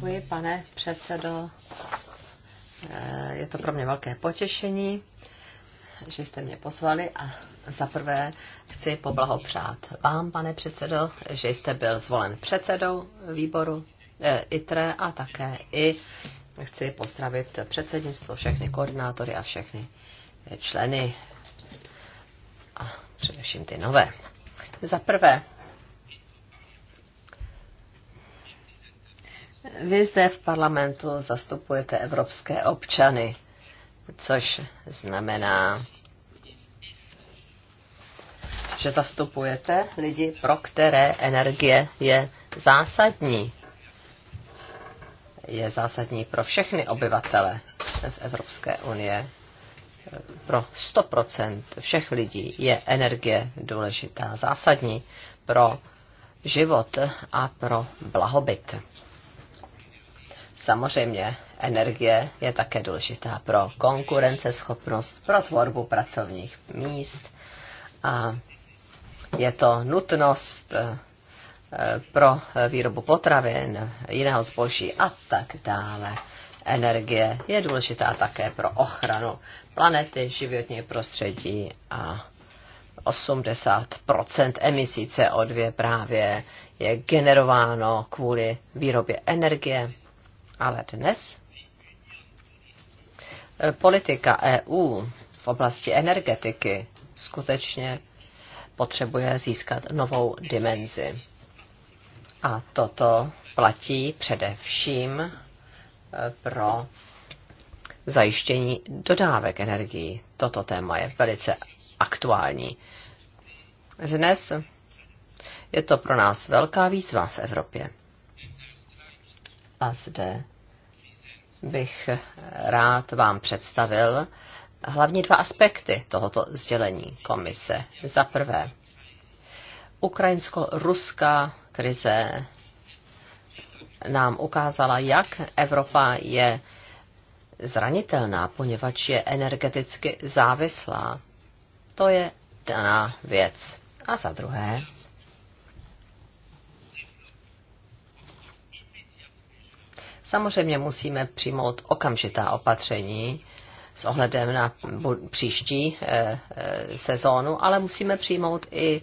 Děkuji, pane předsedo. Eh, je to pro mě velké potěšení, že jste mě pozvali a za prvé chci poblahopřát vám, pane předsedo, že jste byl zvolen předsedou výboru eh, ITRE a také i chci pozdravit předsednictvo, všechny koordinátory a všechny členy a především ty nové. Za prvé Vy zde v parlamentu zastupujete evropské občany, což znamená, že zastupujete lidi, pro které energie je zásadní. Je zásadní pro všechny obyvatele v Evropské unie. Pro 100% všech lidí je energie důležitá, zásadní pro život a pro blahobyt. Samozřejmě energie je také důležitá pro konkurenceschopnost, pro tvorbu pracovních míst a je to nutnost eh, eh, pro výrobu potravin, jiného zboží a tak dále. Energie je důležitá také pro ochranu planety, životní prostředí a 80 emisí CO2 právě je generováno kvůli výrobě energie. Ale dnes e, politika EU v oblasti energetiky skutečně potřebuje získat novou dimenzi. A toto platí především e, pro zajištění dodávek energií. Toto téma je velice aktuální. Dnes je to pro nás velká výzva v Evropě. A zde bych rád vám představil hlavní dva aspekty tohoto sdělení komise. Za prvé, ukrajinsko-ruská krize nám ukázala, jak Evropa je zranitelná, poněvadž je energeticky závislá. To je daná věc. A za druhé, Samozřejmě musíme přijmout okamžitá opatření s ohledem na příští eh, eh, sezónu, ale musíme přijmout i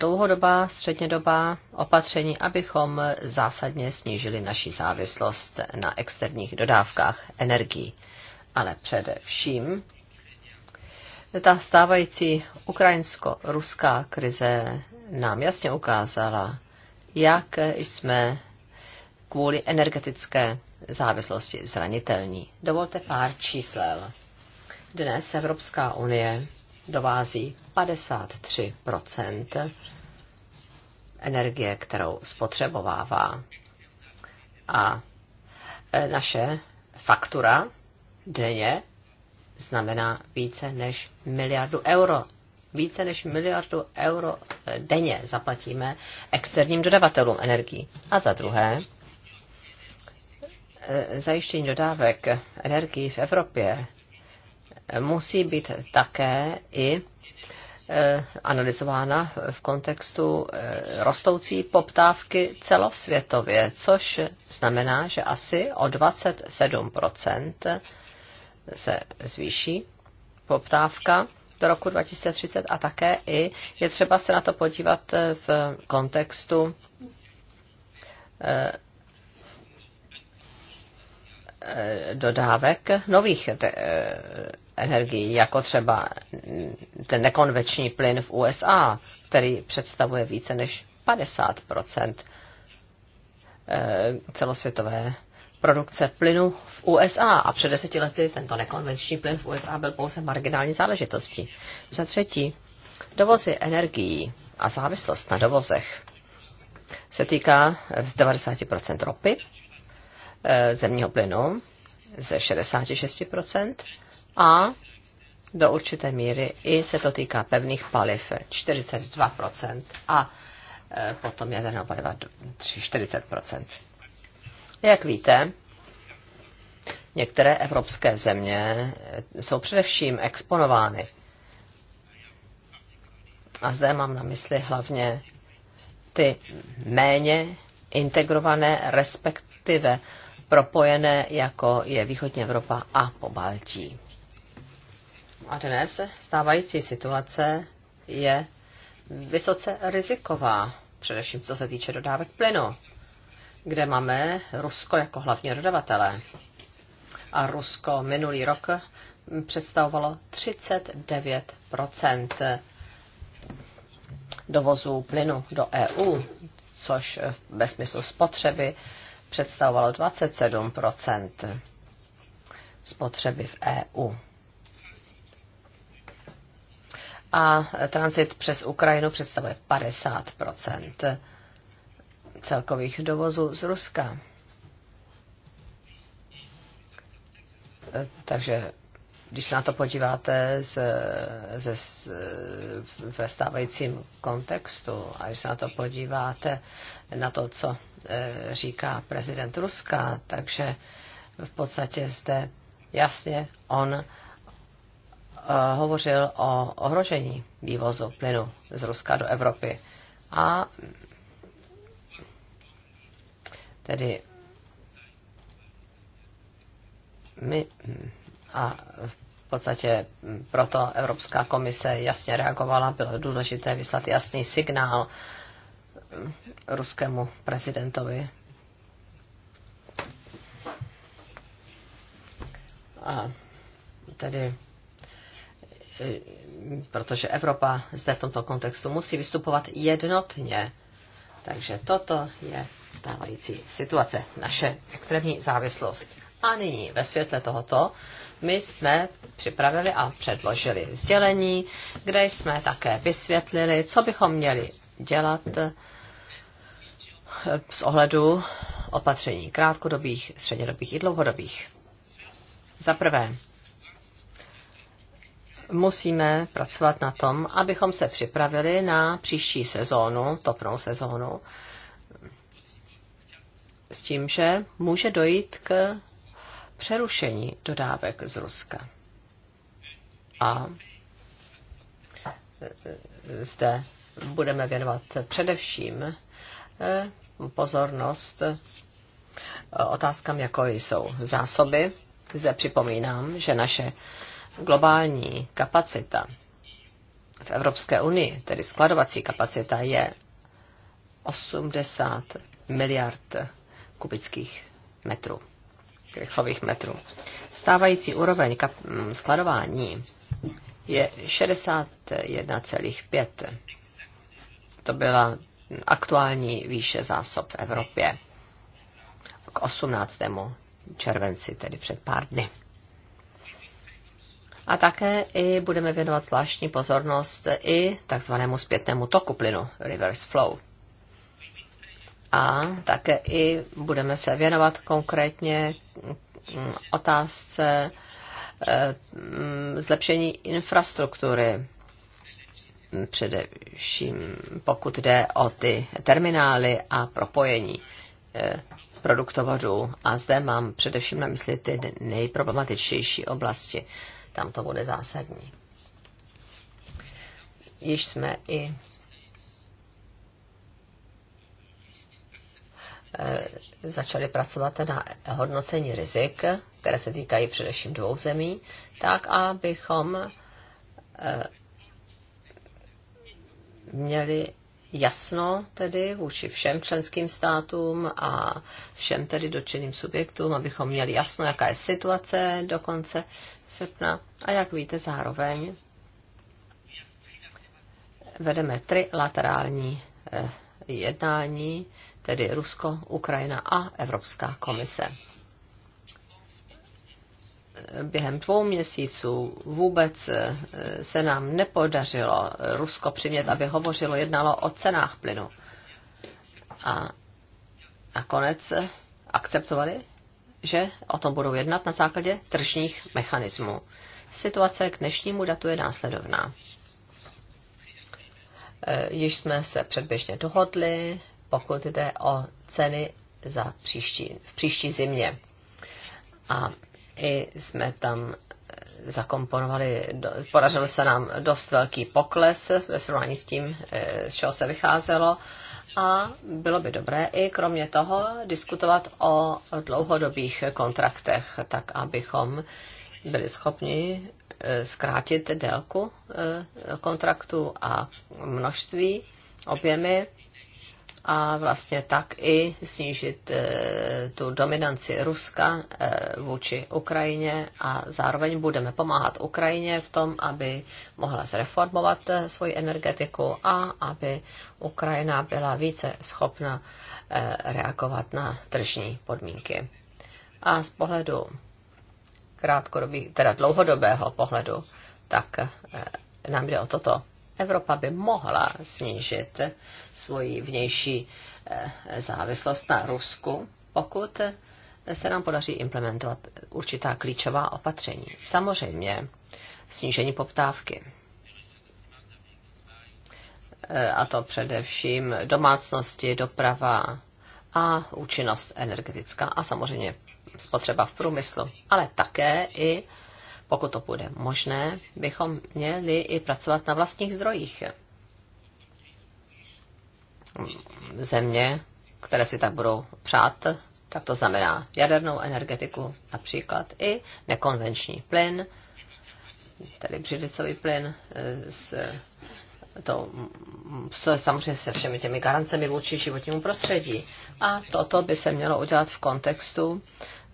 dlouhodobá, střednědobá opatření, abychom zásadně snížili naši závislost na externích dodávkách energií. Ale především ta stávající ukrajinsko-ruská krize nám jasně ukázala, jak jsme kvůli energetické závislosti zranitelní. Dovolte pár čísel. Dnes Evropská unie dovází 53 energie, kterou spotřebovává. A e, naše faktura denně znamená více než miliardu euro. Více než miliardu euro e, denně zaplatíme externím dodavatelům energii. A za druhé, Eh, zajištění dodávek energii v Evropě musí být také i eh, analyzována v kontextu eh, rostoucí poptávky celosvětově, což znamená, že asi o 27 se zvýší poptávka do roku 2030 a také i je třeba se na to podívat v kontextu Eh, dodávek nových eh, energií, jako třeba mm, ten nekonveční plyn v USA, který představuje více než 50 eh, celosvětové produkce plynu v USA a před deseti lety tento nekonvenční plyn v USA byl pouze marginální záležitostí. Za třetí, dovozy energií a závislost na dovozech se týká z 90% ropy Eh, zemního plynu ze 66% a do určité míry i se to týká pevných paliv 42% a eh, potom jaderného paliva 40%. Jak víte, některé evropské země eh, jsou především exponovány. A zde mám na mysli hlavně ty méně integrované, respektive propojené, jako je východní Evropa a po Pobaltí. A dnes stávající situace je vysoce riziková, především co se týče dodávek plynu, kde máme Rusko jako hlavní dodavatele. A Rusko minulý rok představovalo 39 dovozu plynu do EU, což ve smyslu spotřeby představovalo 27 spotřeby v EU. A transit přes Ukrajinu představuje 50 celkových dovozů z Ruska. E, takže když se na to podíváte z, ze, ve stávajícím kontextu a když se na to podíváte na to, co eh, říká prezident Ruska, takže v podstatě zde jasně on eh, hovořil o ohrožení vývozu plynu z Ruska do Evropy. A tedy my a v v podstatě mm, proto Evropská komise jasně reagovala, bylo důležité vyslat jasný signál mm, ruskému prezidentovi. A tedy mm, protože Evropa zde v tomto kontextu musí vystupovat jednotně. Takže toto je stávající situace, naše extrémní závislost. A nyní ve světle tohoto my jsme připravili a předložili sdělení, kde jsme také vysvětlili, co bychom měli dělat eh, z ohledu opatření krátkodobých, střednědobých i dlouhodobých. Za prvé, musíme pracovat na tom, abychom se připravili na příští sezónu, topnou sezónu, s tím, že může dojít k přerušení dodávek z Ruska. A e, zde budeme věnovat především e, pozornost otázkám, jako jsou zásoby. Zde připomínám, že naše globální kapacita v Evropské unii, tedy skladovací kapacita, je 80 miliard kubických metrů krychlových metrů. Stávající úroveň kap- mm, skladování je 61,5. To byla aktuální výše zásob v Evropě k 18. červenci, tedy před pár dny. A také i budeme věnovat zvláštní pozornost i takzvanému zpětnému toku plynu, reverse flow a také i budeme se věnovat konkrétně otázce eh, mm, zlepšení infrastruktury, především pokud jde o ty terminály a propojení eh, produktovodů. A zde mám především na mysli ty nejproblematičtější oblasti. Tam to bude zásadní. Již jsme i Eh, začali pracovat na hodnocení rizik, které se týkají především dvou zemí, tak abychom eh, měli jasno tedy vůči všem členským státům a všem tedy dotčeným subjektům, abychom měli jasno, jaká je situace do konce srpna. A jak víte, zároveň vedeme trilaterální eh, jednání tedy Rusko, Ukrajina a Evropská komise. Během dvou měsíců vůbec eh, se nám nepodařilo eh, Rusko přimět, aby hovořilo, jednalo o cenách plynu. A nakonec eh, akceptovali, že o tom budou jednat na základě tržních mechanismů. Situace k dnešnímu datu je následovná. Již jsme se předběžně dohodli pokud jde o ceny za příští, v příští zimě. A i jsme tam zakomponovali, podařil se nám dost velký pokles ve srovnání s tím, eh, z čeho se vycházelo. A bylo by dobré i kromě toho diskutovat o dlouhodobých kontraktech, tak abychom byli schopni eh, zkrátit délku eh, kontraktu a množství, objemy a vlastně tak i snížit eh, tu dominanci Ruska eh, vůči Ukrajině a zároveň budeme pomáhat Ukrajině v tom, aby mohla zreformovat eh, svoji energetiku a aby Ukrajina byla více schopna reagovat na tržní podmínky. A z pohledu krátkodobí, teda dlouhodobého pohledu, tak nám jde o toto Evropa by mohla snížit svoji vnější eh, závislost na Rusku, pokud se nám podaří implementovat určitá klíčová opatření. Samozřejmě snížení poptávky. Eh, a to především domácnosti, doprava a účinnost energetická a samozřejmě spotřeba v průmyslu, ale také i pokud to bude možné, bychom měli i pracovat na vlastních zdrojích. Země, které si tak budou přát, tak to znamená jadernou energetiku například i nekonvenční plyn, tedy břidlicový plyn eh, s to, to samozřejmě se všemi těmi garancemi vůči životnímu prostředí. A toto by se mělo udělat v kontextu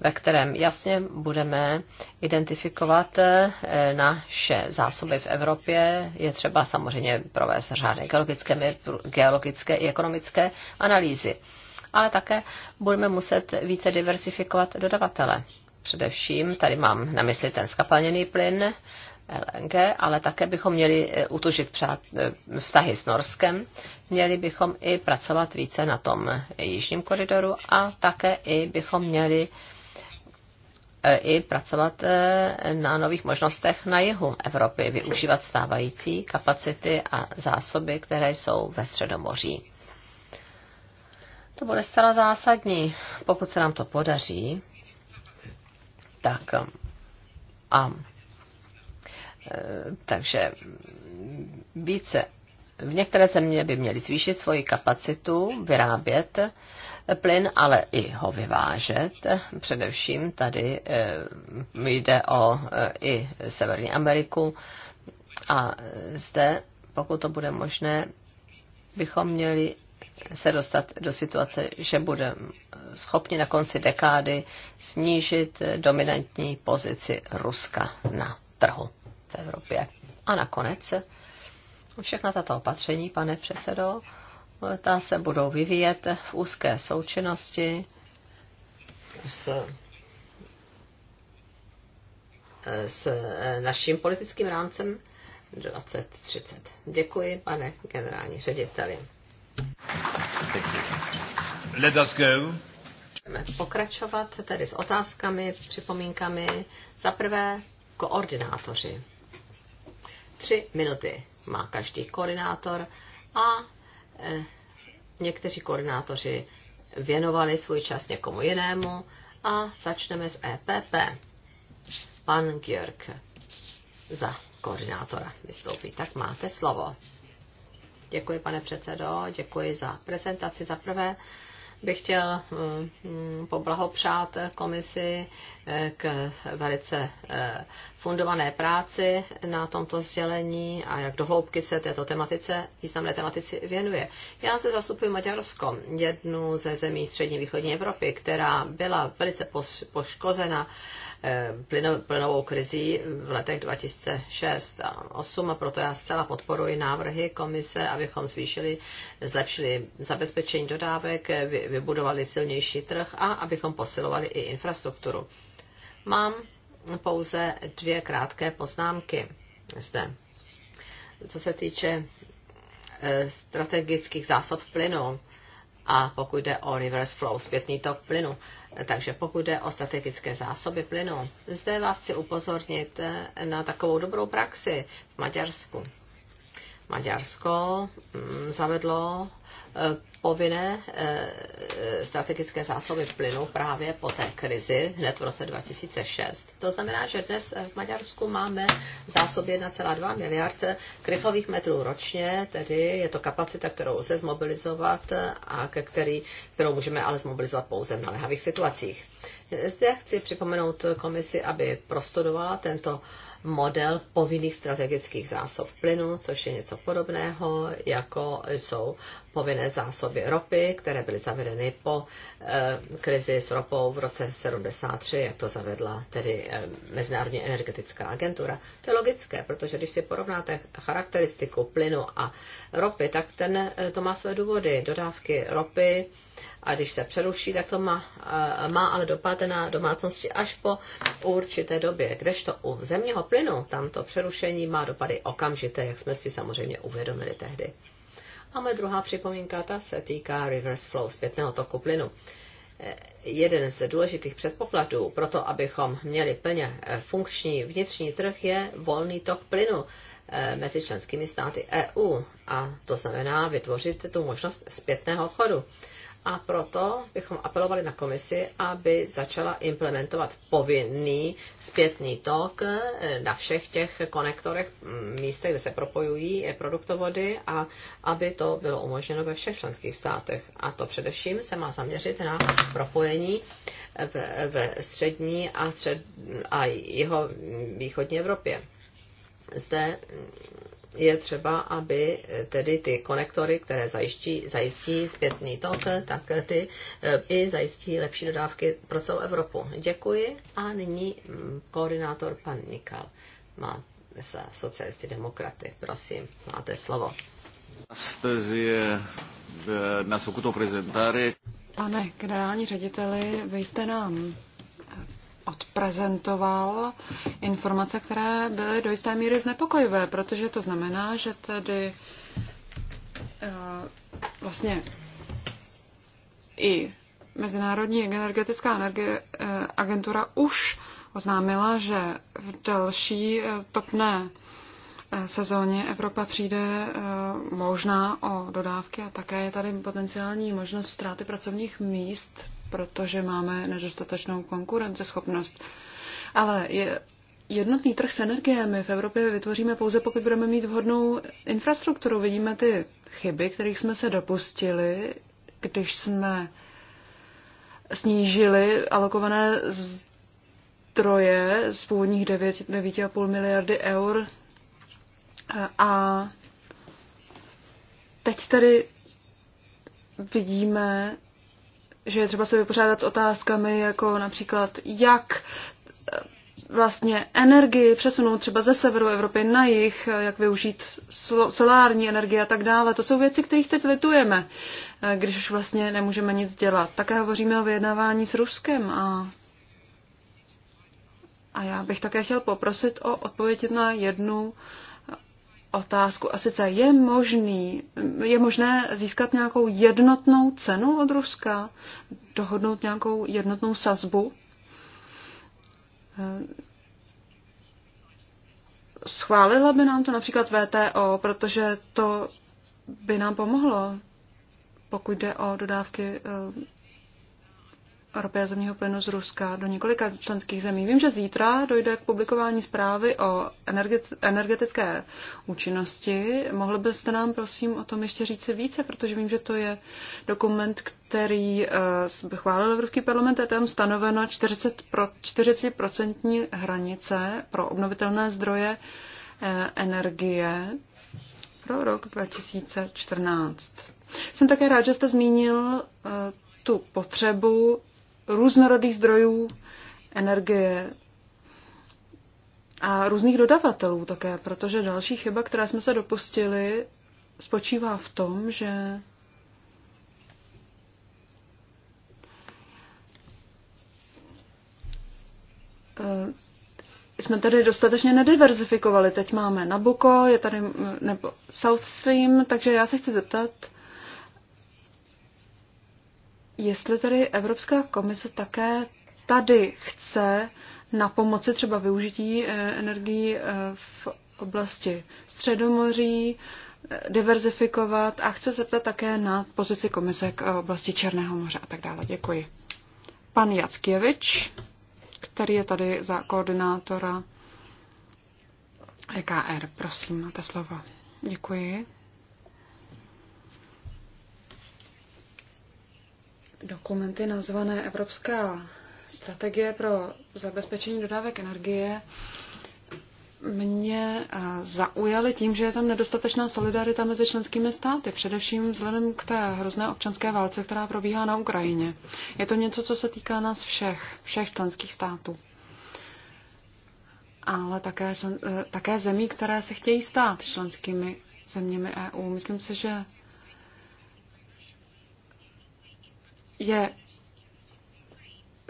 ve kterém jasně budeme identifikovat eh, naše zásoby v Evropě. Je třeba samozřejmě provést řádné geologické, geologické i ekonomické analýzy. Ale také budeme muset více diversifikovat dodavatele. Především tady mám na mysli ten skapalněný plyn, LNG, ale také bychom měli eh, utužit přát, eh, vztahy s Norskem, měli bychom i pracovat více na tom jižním koridoru a také i bychom měli Eh, i pracovat eh, na nových možnostech na jihu Evropy, využívat stávající kapacity a zásoby, které jsou ve Středomoří. To bude zcela zásadní, pokud se nám to podaří, tak eh, a takže více v některé země by měly zvýšit svoji kapacitu vyrábět plyn, ale i ho vyvážet. Především tady eh, jde o eh, i Severní Ameriku. A zde, pokud to bude možné, bychom měli se dostat do situace, že budeme schopni na konci dekády snížit dominantní pozici Ruska na trhu v Evropě. A nakonec všechna tato opatření, pane předsedo, ta se budou vyvíjet v úzké součinnosti s, s naším politickým rámcem 2030. Děkuji, pane generální řediteli. Let us go. Můžeme pokračovat tedy s otázkami, připomínkami. Za prvé koordinátoři. Tři minuty má každý koordinátor a Eh, někteří koordinátoři věnovali svůj čas někomu jinému a začneme s EPP. Pan Gjörg za koordinátora vystoupí. Tak máte slovo. Děkuji, pane předsedo, děkuji za prezentaci za prvé bych chtěl mm, poblahopřát komisi eh, k velice eh, fundované práci na tomto sdělení a jak dohloubky se této tematice, významné tematici věnuje. Já zde zastupuji Maďarsko, jednu ze zemí střední východní Evropy, která byla velice poškozena Eh, plynovou krizí v letech 2006 a 2008 a proto já zcela podporuji návrhy komise, abychom zvýšili, zlepšili zabezpečení dodávek, vybudovali silnější trh a abychom posilovali i infrastrukturu. Mám pouze dvě krátké poznámky zde. Co se týče eh, strategických zásob plynu a pokud jde o reverse flow, zpětný tok plynu, takže pokud jde o strategické zásoby plynu, zde vás chci upozornit eh, na takovou dobrou praxi v Maďarsku. Maďarsko mm, zavedlo eh, povinné eh, eh, strategické zásoby plynu právě po té krizi hned v roce 2006. To znamená, že dnes v Maďarsku máme zásoby 1,2 miliard krychlových metrů ročně, tedy je to kapacita, kterou lze zmobilizovat a ke který, kterou můžeme ale zmobilizovat pouze v naléhavých situacích. Zde chci připomenout komisi, aby prostudovala tento model povinných strategických zásob plynu, což je něco podobného, jako jsou povinné zásoby zásoby ropy, které byly zavedeny po eh, krizi s ropou v roce 73, jak to zavedla tedy eh, Mezinárodní energetická agentura. To je logické, protože když si porovnáte charakteristiku plynu a ropy, tak ten, eh, to má své důvody. Dodávky ropy a když se přeruší, tak to má, má ale dopad na domácnosti až po určité době. Kdežto u zemního plynu, tam to přerušení má dopady okamžité, jak jsme si samozřejmě uvědomili tehdy. A moje druhá připomínka, ta se týká reverse flow, zpětného toku plynu. Eh, jeden z důležitých předpokladů pro to, abychom měli plně eh, funkční vnitřní trh, je volný tok plynu eh, mezi členskými státy EU, a to znamená vytvořit tu možnost zpětného chodu. A proto bychom apelovali na komisi, aby začala implementovat povinný zpětný tok eh, na všech těch konektorech, mm, místech, kde se propojují eh, produktovody a aby to bylo umožněno ve všech členských státech. A to především se má zaměřit na propojení eh, ve, střední a, střed, a jeho východní Evropě. Zde mm, je třeba, aby tedy ty konektory, které zajistí, zajistí zpětný tok, tak ty eh, i zajistí lepší dodávky pro celou Evropu. Děkuji. A nyní mm, koordinátor pan Nikal má za socialisty demokraty. Prosím, máte slovo. Eh, Pane generální řediteli, vy jste nám odprezentoval informace, které byly do jisté míry znepokojivé, protože to znamená, že tedy eh, vlastně i Mezinárodní energetická energie, eh, agentura už oznámila, že v další eh, topné sezóně Evropa přijde eh, možná o dodávky a také je tady potenciální možnost ztráty pracovních míst, protože máme nedostatečnou konkurenceschopnost. Ale je, jednotný trh s energiemi v Evropě vytvoříme pouze, pokud budeme mít vhodnou infrastrukturu. Vidíme ty chyby, kterých jsme se dopustili, když jsme snížili alokované zdroje z původních 9,5 miliardy eur a teď tady vidíme, že je třeba se vypořádat s otázkami jako například, jak eh, vlastně energii přesunout třeba ze severu Evropy na jih, eh, jak využít solární energii a tak dále. To jsou věci, kterých teď litujeme, eh, když už vlastně nemůžeme nic dělat. Také hovoříme o vyjednávání s Ruskem a, a já bych také chtěl poprosit o odpověď na jednu otázku. A sice je, možný, je možné získat nějakou jednotnou cenu od Ruska, dohodnout nějakou jednotnou sazbu, schválila by nám to například VTO, protože to by nám pomohlo, pokud jde o dodávky eh, ropy a zemního plynu z Ruska do několika členských zemí. Vím, že zítra dojde k publikování zprávy o energetické účinnosti. Mohli byste nám prosím o tom ještě říct více, protože vím, že to je dokument, který uh, chválil Evropský parlament a tam stanoveno 40%, pro, 40 hranice pro obnovitelné zdroje eh, energie pro rok 2014. Jsem také rád, že jste zmínil eh, tu potřebu různorodých zdrojů energie a různých dodavatelů také, protože další chyba, která jsme se dopustili, spočívá v tom, že eh, jsme tady dostatečně nediverzifikovali. Teď máme Nabuko, je tady mm, nebo South Stream, takže já se chci zeptat, jestli tedy Evropská komise také tady chce na pomoci třeba využití eh, energií eh, v oblasti Středomoří, eh, diverzifikovat a chce zeptat také na pozici komise k oblasti Černého moře a tak dále. Děkuji. Pan Jackěvič, který je tady za koordinátora EKR, prosím, máte slovo. Děkuji. dokumenty nazvané Evropská strategie pro zabezpečení dodávek energie mě eh, zaujaly tím, že je tam nedostatečná solidarita mezi členskými státy, především vzhledem k té hrozné občanské válce, která probíhá na Ukrajině. Je to něco, co se týká nás všech, všech členských států. Ale také, eh, také zemí, které se chtějí stát členskými zeměmi EU. Myslím si, že je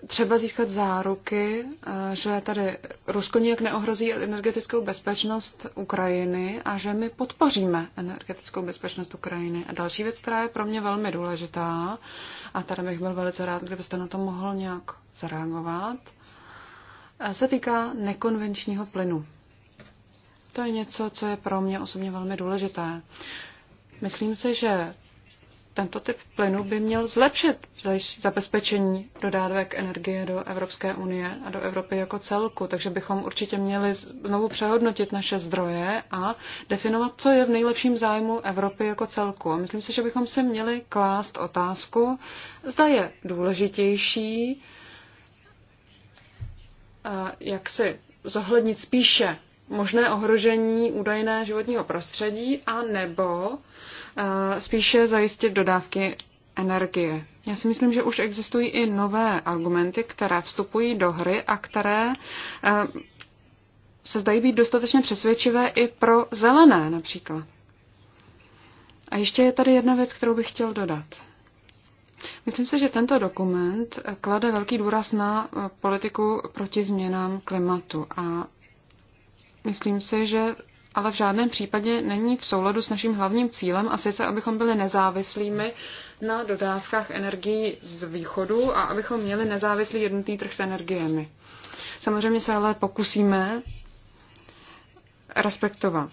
třeba získat záruky, eh, že tady Rusko nijak neohrozí energetickou bezpečnost Ukrajiny a že my podpoříme energetickou bezpečnost Ukrajiny. A další věc, která je pro mě velmi důležitá, a tady bych byl velice rád, kdybyste na to mohl nějak zareagovat, eh, se týká nekonvenčního plynu. To je něco, co je pro mě osobně velmi důležité. Myslím si, že tento typ plynu by měl zlepšit zabezpečení dodávek energie do Evropské unie a do Evropy jako celku. Takže bychom určitě měli znovu přehodnotit naše zdroje a definovat, co je v nejlepším zájmu Evropy jako celku. A myslím si, že bychom si měli klást otázku, zda je důležitější, jak si zohlednit spíše možné ohrožení údajné životního prostředí a nebo Eh, spíše zajistit dodávky energie. Já si myslím, že už existují i nové argumenty, které vstupují do hry a které eh, se zdají být dostatečně přesvědčivé i pro zelené například. A ještě je tady jedna věc, kterou bych chtěl dodat. Myslím si, že tento dokument eh, klade velký důraz na politiku proti změnám klimatu a myslím si, že ale v žádném případě není v souladu s naším hlavním cílem, a sice abychom byli nezávislými na dodávkách energií z východu a abychom měli nezávislý jednotný trh s energiemi. Samozřejmě se ale pokusíme respektovat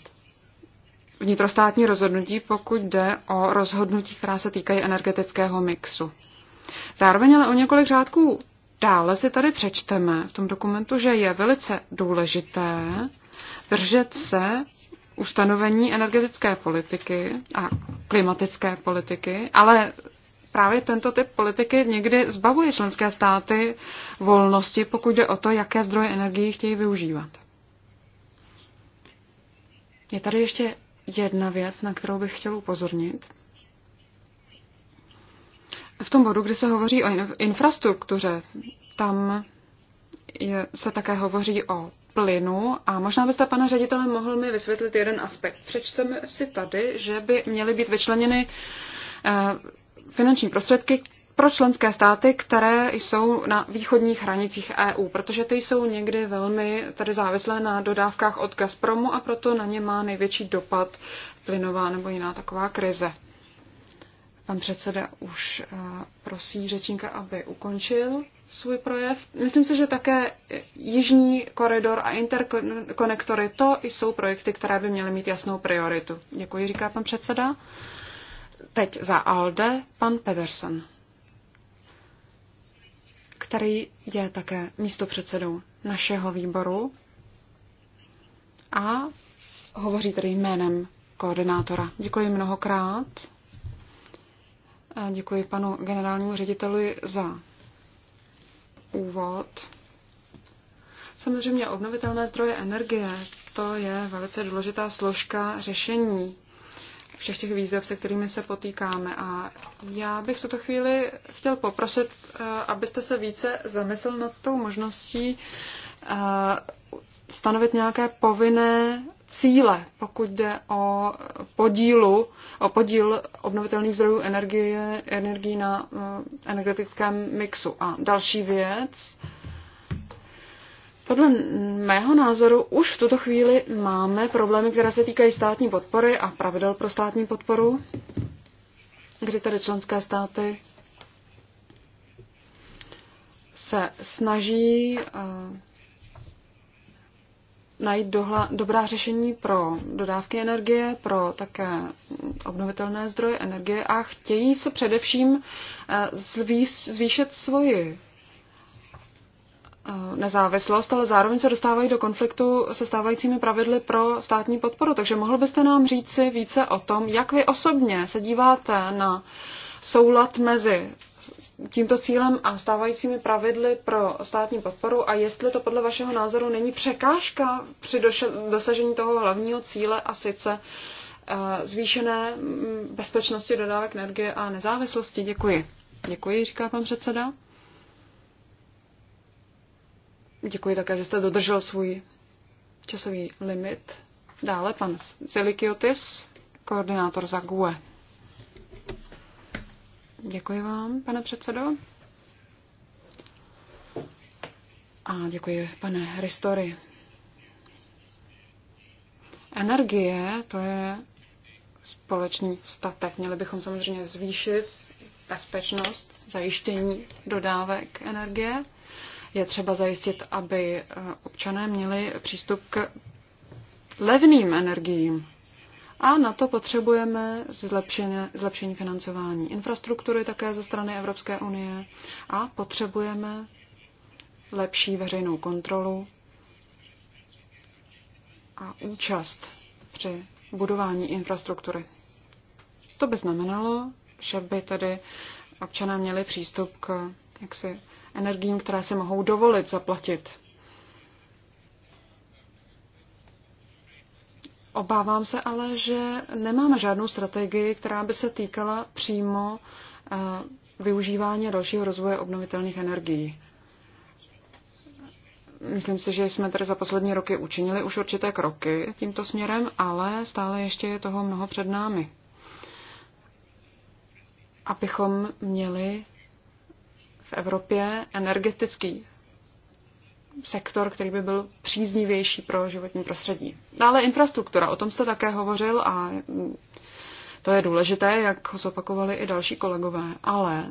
vnitrostátní rozhodnutí, pokud jde o rozhodnutí, která se týkají energetického mixu. Zároveň ale o několik řádků dále si tady přečteme v tom dokumentu, že je velice důležité, držet se ustanovení energetické politiky a klimatické politiky, ale právě tento typ politiky někdy zbavuje členské státy volnosti, pokud jde o to, jaké zdroje energie chtějí využívat. Je tady ještě jedna věc, na kterou bych chtěl upozornit. V tom bodu, kdy se hovoří o infrastruktuře, tam je, se také hovoří o plynu a možná byste, pane ředitele, mohl mi vysvětlit jeden aspekt. Přečteme si tady, že by měly být vyčleněny eh, finanční prostředky pro členské státy, které jsou na východních hranicích EU, protože ty jsou někdy velmi tady závislé na dodávkách od Gazpromu a proto na ně má největší dopad plynová nebo jiná taková krize. Pan předseda už eh, prosí řečníka, aby ukončil svůj projev. Myslím si, že také Jižní koridor a interkonektory, to jsou projekty, které by měly mít jasnou prioritu. Děkuji, říká pan předseda. Teď za ALDE pan Pedersen, který je také místopředsedou našeho výboru a hovoří tedy jménem koordinátora. Děkuji mnohokrát. A děkuji panu generálnímu řediteli za úvod. Samozřejmě obnovitelné zdroje energie, to je velice důležitá složka řešení všech těch výzev, se kterými se potýkáme. A já bych v tuto chvíli chtěl poprosit, eh, abyste se více zamyslel nad tou možností eh, stanovit nějaké povinné cíle, pokud jde o, podílu, o podíl obnovitelných zdrojů energie, energie na eh, energetickém mixu. A další věc, podle mého názoru už v tuto chvíli máme problémy, které se týkají státní podpory a pravidel pro státní podporu, kdy tady členské státy se snaží eh, najít dohla, dobrá řešení pro dodávky energie, pro také obnovitelné zdroje energie a chtějí se především eh, zvýš, zvýšit svoji eh, nezávislost, ale zároveň se dostávají do konfliktu se stávajícími pravidly pro státní podporu. Takže mohl byste nám říci více o tom, jak vy osobně se díváte na soulad mezi tímto cílem a stávajícími pravidly pro státní podporu a jestli to podle vašeho názoru není překážka při dosažení toho hlavního cíle a sice eh, zvýšené mm, bezpečnosti dodávek energie a nezávislosti. Děkuji. Děkuji, říká pan předseda. Děkuji také, že jste dodržel svůj časový limit. Dále pan Zelikiotis, koordinátor za GUE. Děkuji vám, pane předsedo. A děkuji, pane Ristory. Energie, to je společný statek. Měli bychom samozřejmě zvýšit bezpečnost, zajištění dodávek energie. Je třeba zajistit, aby eh, občané měli přístup k levným energiím. A na to potřebujeme zlepšení financování infrastruktury také ze strany Evropské unie a potřebujeme lepší veřejnou kontrolu a účast při budování infrastruktury. To by znamenalo, že by tedy občané měli přístup k jaksi, energiím, které si mohou dovolit zaplatit Obávám se ale, že nemáme žádnou strategii, která by se týkala přímo eh, využívání dalšího rozvoje obnovitelných energií. Myslím si, že jsme tady za poslední roky učinili už určité kroky tímto směrem, ale stále ještě je toho mnoho před námi. Abychom měli v Evropě energetický sektor, který by byl příznivější pro životní prostředí. Dále infrastruktura, o tom jste také hovořil a mm, to je důležité, jak ho zopakovali i další kolegové, ale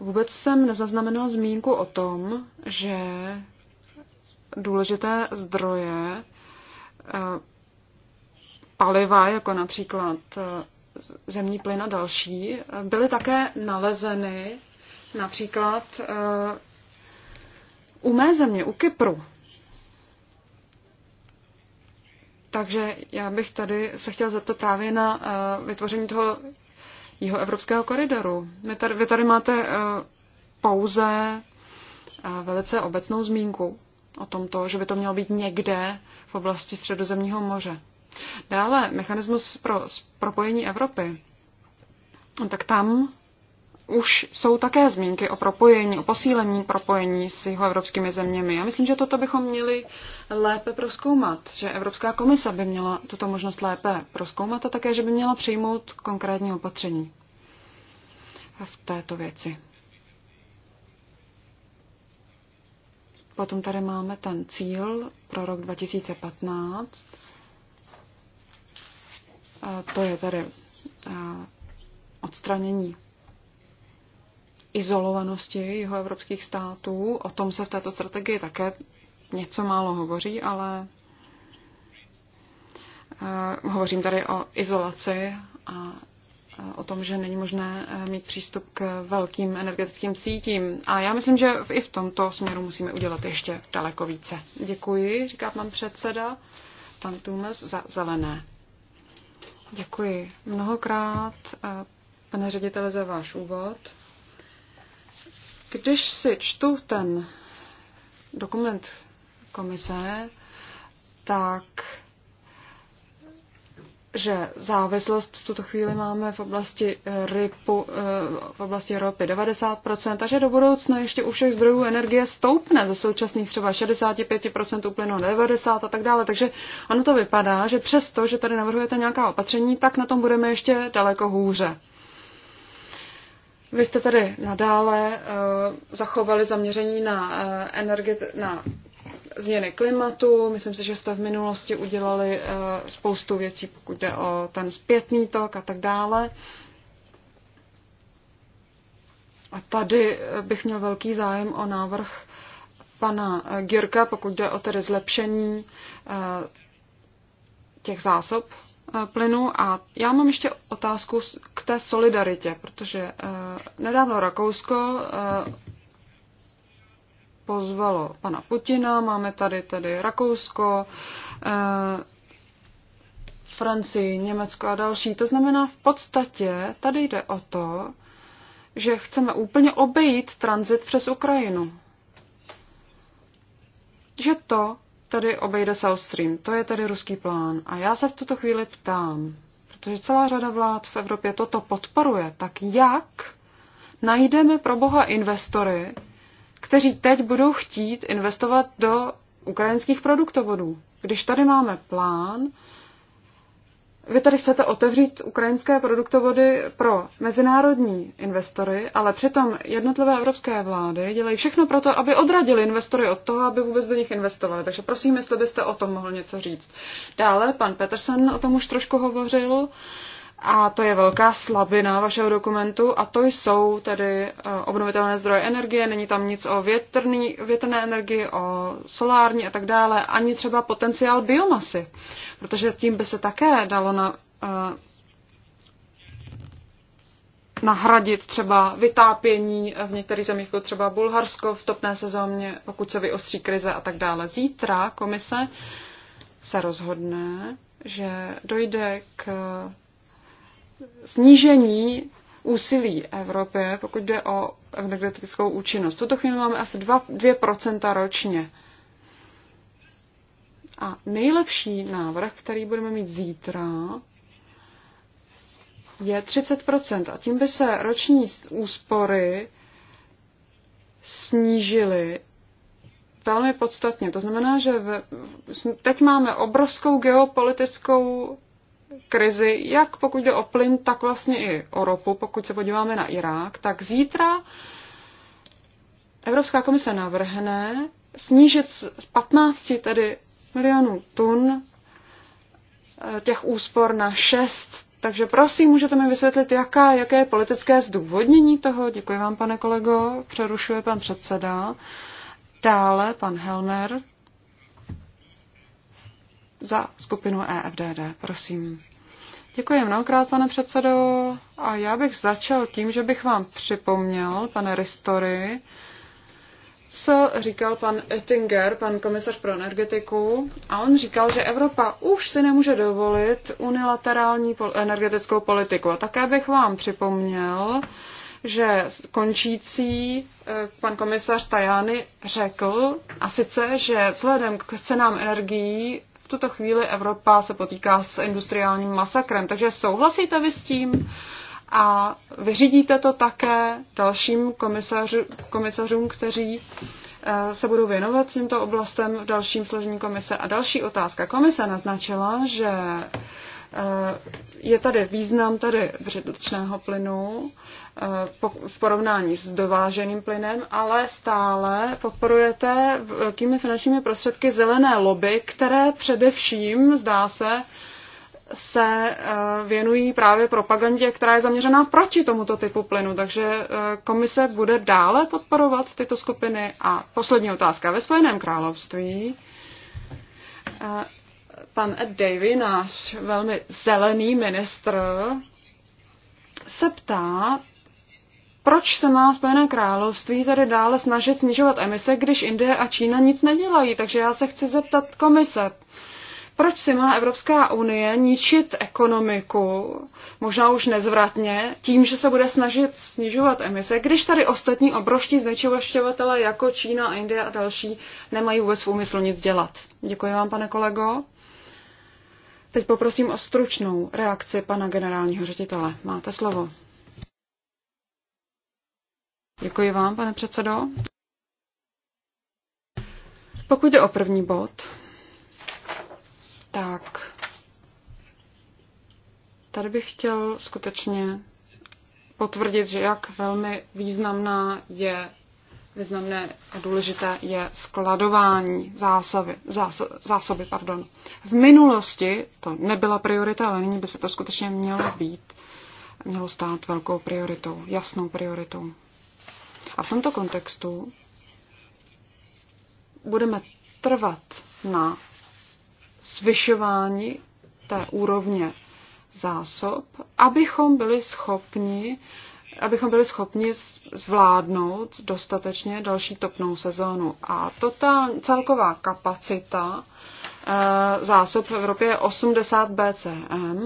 vůbec jsem nezaznamenal zmínku o tom, že důležité zdroje eh, paliva, jako například eh, zemní plyn a další, eh, byly také nalezeny například u mé země, u Kypru. Takže já bych tady se chtěl zeptat právě na uh, vytvoření toho jeho evropského koridoru. Vy tady, vy tady máte uh, pouze uh, velice obecnou zmínku o tomto, že by to mělo být někde v oblasti Středozemního moře. Dále mechanismus pro propojení Evropy. Tak tam už jsou také zmínky o propojení, o posílení propojení s jeho evropskými zeměmi. Já myslím, že toto bychom měli lépe proskoumat, že Evropská komise by měla tuto možnost lépe proskoumat a také, že by měla přijmout konkrétní opatření v této věci. Potom tady máme ten cíl pro rok 2015. A to je tady odstranění izolovanosti jeho evropských států. O tom se v této strategii také něco málo hovoří, ale eh, hovořím tady o izolaci a eh, o tom, že není možné eh, mít přístup k velkým energetickým sítím. A já myslím, že i v tomto směru musíme udělat ještě daleko více. Děkuji, říká pan předseda, pan Tumes za zelené. Děkuji mnohokrát, pane řediteli, za váš úvod. Když si čtu ten dokument komise, tak že závislost v tuto chvíli máme v oblasti, rypu, eh, v oblasti ropy 90% a že do budoucna ještě u všech zdrojů energie stoupne ze současných třeba 65% uplynu 90% a tak dále. Takže ono to vypadá, že přesto, že tady navrhujete nějaká opatření, tak na tom budeme ještě daleko hůře. Vy jste tady nadále eh, zachovali zaměření na, eh, energeti- na změny klimatu. Myslím si, že jste v minulosti udělali eh, spoustu věcí, pokud jde o ten zpětný tok a tak dále. A tady bych měl velký zájem o návrh pana Girka, pokud jde o tedy zlepšení těch zásob Eh, plynu. A já mám ještě otázku k té solidaritě, protože eh, nedávno Rakousko eh, pozvalo pana Putina, máme tady tedy Rakousko, Francii, Německo a další. To znamená, v podstatě tady jde o to, že chceme úplně obejít tranzit přes Ukrajinu. Že to tedy obejde South Stream. To je tedy ruský plán. A já se v tuto chvíli ptám, protože celá řada vlád v Evropě toto podporuje, tak jak najdeme pro boha investory, kteří teď budou chtít investovat do ukrajinských produktovodů? Když tady máme plán, vy tady chcete otevřít ukrajinské produktovody pro mezinárodní investory, ale přitom jednotlivé evropské vlády dělají všechno pro to, aby odradili investory od toho, aby vůbec do nich investovali. Takže prosím, jestli byste o tom mohl něco říct. Dále pan Petersen o tom už trošku hovořil. Uh, a to je velká slabina vašeho dokumentu a to jsou tedy eh, obnovitelné zdroje energie, není tam nic o větrný, větrné energii, o solární a tak dále, ani třeba potenciál biomasy, protože tím by se také dalo na, eh, nahradit třeba vytápění v některých zemích, jako třeba Bulharsko v topné sezóně, pokud se vyostří krize a tak dále. Zítra komise se rozhodne, že dojde k snížení úsilí Evropy, pokud jde o energetickou účinnost. tuto chvíli máme asi 2, 2% ročně. A nejlepší návrh, který budeme mít zítra, je 30%. A tím by se roční úspory snížily velmi podstatně. To znamená, že v, teď máme obrovskou geopolitickou krizi, jak pokud jde o plyn, tak vlastně i o ropu, pokud se podíváme na Irák, tak zítra Evropská komise navrhne snížit z 15 tedy milionů tun eh, těch úspor na 6. Takže prosím, můžete mi vysvětlit, jaká, jaké je politické zdůvodnění toho? Děkuji vám, pane kolego, přerušuje pan předseda. Dále pan Helmer, za skupinu EFDD. Prosím. Děkuji mnohokrát, pane předsedo. A já bych začal tím, že bych vám připomněl, pane Ristory, co říkal pan Ettinger, pan komisař pro energetiku, a on říkal, že Evropa už si nemůže dovolit unilaterální energetickou politiku. A také bych vám připomněl, že končící eh, pan komisař Tajany řekl, a sice, že vzhledem k cenám energií v tuto chvíli Evropa se potýká s industriálním masakrem. Takže souhlasíte vy s tím a vyřídíte to také dalším komisařů, komisařům, kteří eh, se budou věnovat těmto oblastem v dalším složení komise. A další otázka. Komise naznačila, že Eh, je tady význam tady břidličného plynu eh, v porovnání s dováženým plynem, ale stále podporujete velkými finančními prostředky zelené lobby, které především, zdá se, se eh, věnují právě propagandě, která je zaměřená proti tomuto typu plynu. Takže komise bude dále podporovat tyto skupiny. A poslední otázka. Ve Spojeném království pan Ed Davy, náš velmi zelený ministr, se ptá, proč se má Spojené království tedy dále snažit snižovat emise, když Indie a Čína nic nedělají. Takže já se chci zeptat komise, proč si má Evropská unie ničit ekonomiku, možná už nezvratně, tím, že se bude snažit snižovat emise, když tady ostatní obroští znečišťovatele jako Čína, Indie a další nemají vůbec v úmyslu nic dělat. Děkuji vám, pane kolego. Teď poprosím o stručnou reakci pana generálního ředitele. Máte slovo. Děkuji vám, pane předsedo. Pokud jde o první bod, tak tady bych chtěl skutečně potvrdit, že jak velmi významná je Významné a důležité je skladování zásoby. Zásoby, zásoby pardon. V minulosti to nebyla priorita, ale nyní by se to skutečně mělo být, mělo stát velkou prioritou, jasnou prioritou. A v tomto kontextu budeme trvat na zvyšování té úrovně zásob, abychom byli schopni abychom byli schopni zvládnout dostatečně další topnou sezónu. A ta celková kapacita eh, zásob v Evropě je 80 BCM.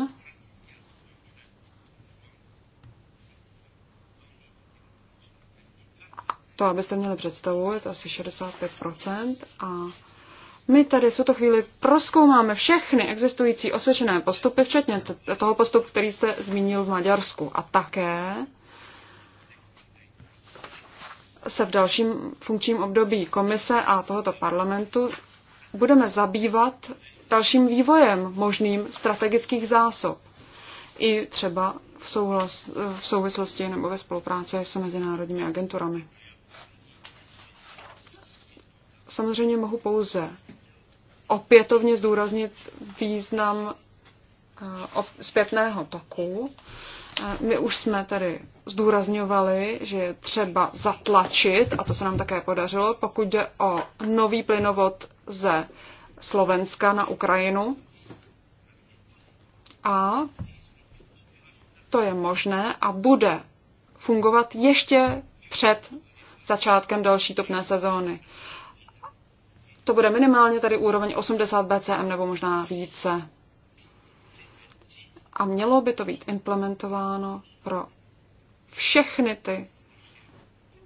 To, abyste měli představu, je to asi 65%. A my tady v tuto chvíli proskoumáme všechny existující osvědčené postupy, včetně toho postupu, který jste zmínil v Maďarsku. A také se v dalším funkčním období komise a tohoto parlamentu budeme zabývat dalším vývojem možným strategických zásob. I třeba v, souhlas, v souvislosti nebo ve spolupráci s mezinárodními agenturami. Samozřejmě mohu pouze opětovně zdůraznit význam eh, zpětného toku, my už jsme tady zdůrazňovali, že je třeba zatlačit, a to se nám také podařilo, pokud jde o nový plynovod ze Slovenska na Ukrajinu. A to je možné a bude fungovat ještě před začátkem další topné sezóny. To bude minimálně tady úroveň 80 BCM nebo možná více a mělo by to být implementováno pro všechny ty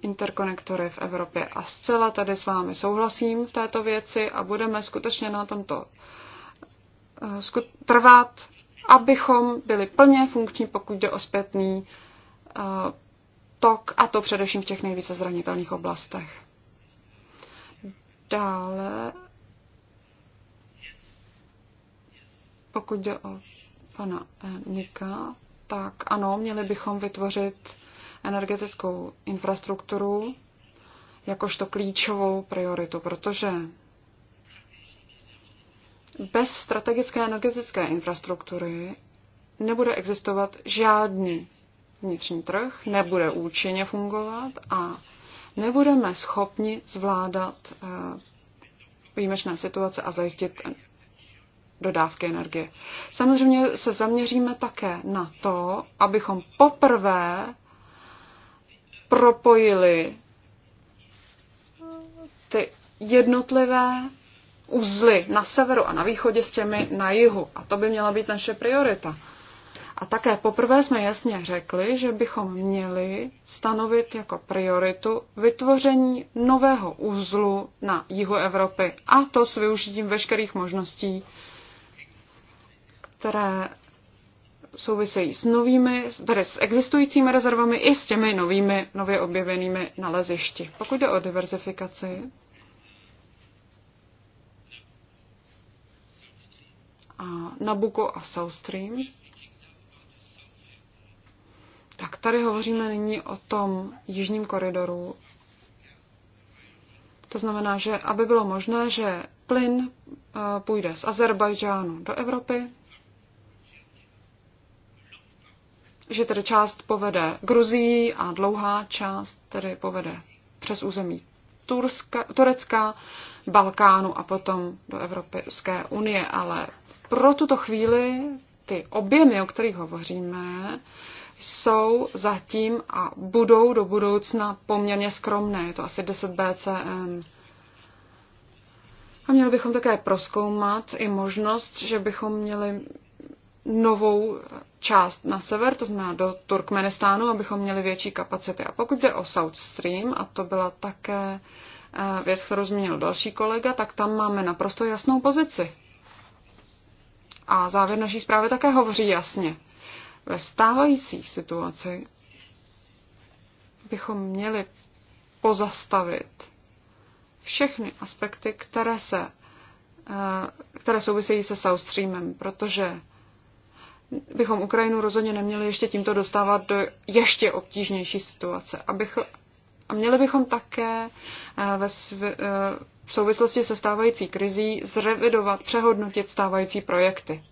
interkonektory v Evropě. A zcela tady s vámi souhlasím v této věci a budeme skutečně na tomto eh, trvat, abychom byli plně funkční, pokud jde o zpětný eh, tok, a to především v těch nejvíce zranitelných oblastech. Dále, pokud jde o pana Nika, eh, tak ano, měli bychom vytvořit energetickou infrastrukturu jakožto klíčovou prioritu, protože bez strategické energetické infrastruktury nebude existovat žádný vnitřní trh, nebude účinně fungovat a nebudeme schopni zvládat eh, výjimečné situace a zajistit dodávky energie. Samozřejmě se zaměříme také na to, abychom poprvé propojili ty jednotlivé uzly na severu a na východě s těmi na jihu. A to by měla být naše priorita. A také poprvé jsme jasně řekli, že bychom měli stanovit jako prioritu vytvoření nového uzlu na jihu Evropy a to s využitím veškerých možností, které souvisejí s novými, tedy s existujícími rezervami i s těmi novými, nově objevenými nalezišti. Pokud jde o diverzifikaci, a Nabuko a South Stream, tak tady hovoříme nyní o tom jižním koridoru. To znamená, že aby bylo možné, že plyn eh, půjde z Azerbajdžánu do Evropy, že tedy část povede Gruzii a dlouhá část tedy povede přes území Turska, Turecka, Balkánu a potom do Evropské unie. Ale pro tuto chvíli ty objemy, o kterých hovoříme, jsou zatím a budou do budoucna poměrně skromné. Je to asi 10 BCM. A měli bychom také proskoumat i možnost, že bychom měli novou část na sever, to znamená do Turkmenistánu, abychom měli větší kapacity. A pokud jde o South Stream, a to byla také eh, věc, kterou zmínil další kolega, tak tam máme naprosto jasnou pozici. A závěr naší zprávy také hovoří jasně. Ve stávající situaci bychom měli pozastavit všechny aspekty, které, se, eh, které souvisejí se South Streamem, protože bychom Ukrajinu rozhodně neměli ještě tímto dostávat do ještě obtížnější situace. Abych, a měli bychom také eh, ve sv, eh, v souvislosti se stávající krizí zrevidovat, přehodnotit stávající projekty.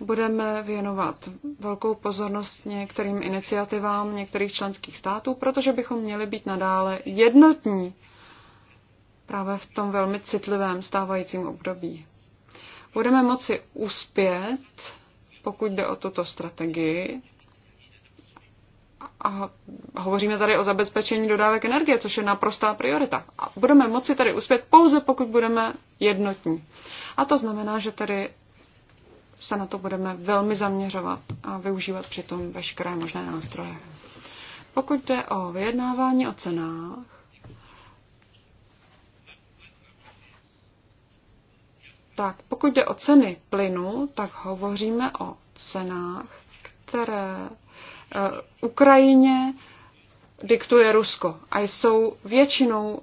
Budeme věnovat velkou pozornost některým iniciativám některých členských států, protože bychom měli být nadále jednotní právě v tom velmi citlivém stávajícím období budeme moci uspět, pokud jde o tuto strategii. A hovoříme tady o zabezpečení dodávek energie, což je naprostá priorita. A budeme moci tady uspět pouze, pokud budeme jednotní. A to znamená, že tady se na to budeme velmi zaměřovat a využívat přitom veškeré možné nástroje. Pokud jde o vyjednávání o cenách, Tak pokud jde o ceny plynu, tak hovoříme o cenách, které eh, Ukrajině diktuje Rusko a jsou většinou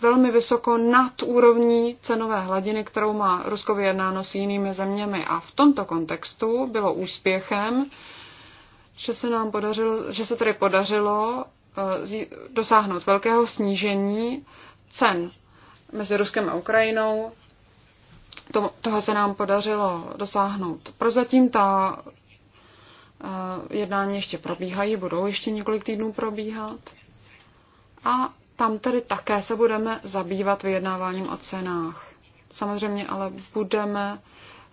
velmi vysoko nad úrovní cenové hladiny, kterou má Rusko vyjednáno s jinými zeměmi. A v tomto kontextu bylo úspěchem, že se nám podařilo, že se tedy podařilo eh, dosáhnout velkého snížení cen mezi Ruskem a Ukrajinou to, toho se nám podařilo dosáhnout. Prozatím ta eh, jednání ještě probíhají, budou ještě několik týdnů probíhat. A tam tedy také se budeme zabývat vyjednáváním o cenách. Samozřejmě ale budeme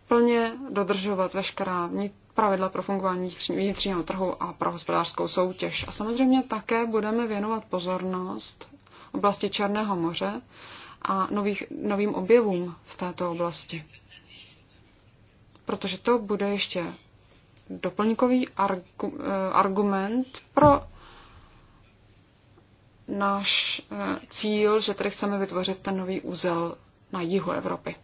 plně dodržovat veškerá pravidla pro fungování vnitřního trhu a pro hospodářskou soutěž. A samozřejmě také budeme věnovat pozornost oblasti Černého moře, a nových, novým objevům v této oblasti. Protože to bude ještě doplňkový argu, eh, argument pro náš eh, cíl, že tady chceme vytvořit ten nový úzel na jihu Evropy.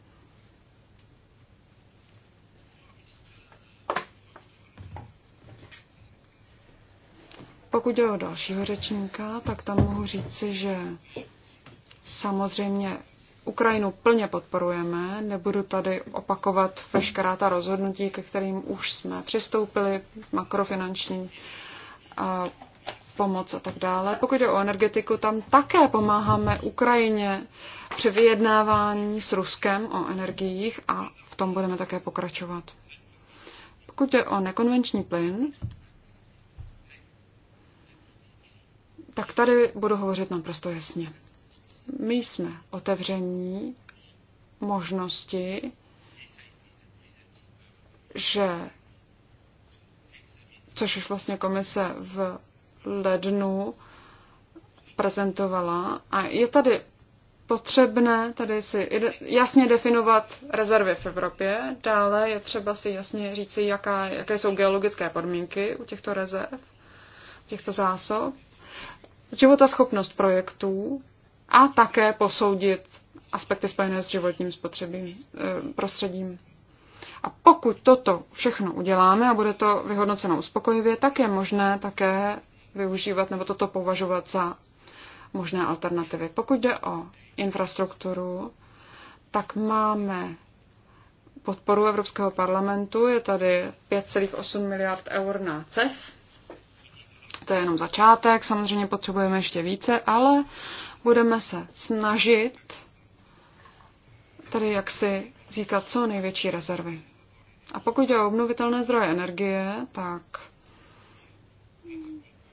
Pokud jde o dalšího řečníka, tak tam mohu říci, že Samozřejmě Ukrajinu plně podporujeme, nebudu tady opakovat veškerá ta rozhodnutí, ke kterým už jsme přistoupili, makrofinanční a pomoc a tak dále. Pokud jde o energetiku, tam také pomáháme Ukrajině při vyjednávání s Ruskem o energiích a v tom budeme také pokračovat. Pokud jde o nekonvenční plyn, tak tady budu hovořit naprosto jasně. My jsme otevření možnosti, že, což už vlastně komise v lednu prezentovala, a je tady potřebné tady si jasně definovat rezervy v Evropě, dále je třeba si jasně říci, jaká, jaké jsou geologické podmínky u těchto rezerv, těchto zásob, životaschopnost projektů, a také posoudit aspekty spojené s životním spotřebím, eh, prostředím. A pokud toto všechno uděláme a bude to vyhodnoceno uspokojivě, tak je možné také využívat nebo toto považovat za možné alternativy. Pokud jde o infrastrukturu, tak máme podporu Evropského parlamentu. Je tady 5,8 miliard eur na CEF. To je jenom začátek, samozřejmě potřebujeme ještě více, ale Budeme se snažit tady jaksi získat co největší rezervy. A pokud jde o obnovitelné zdroje energie, tak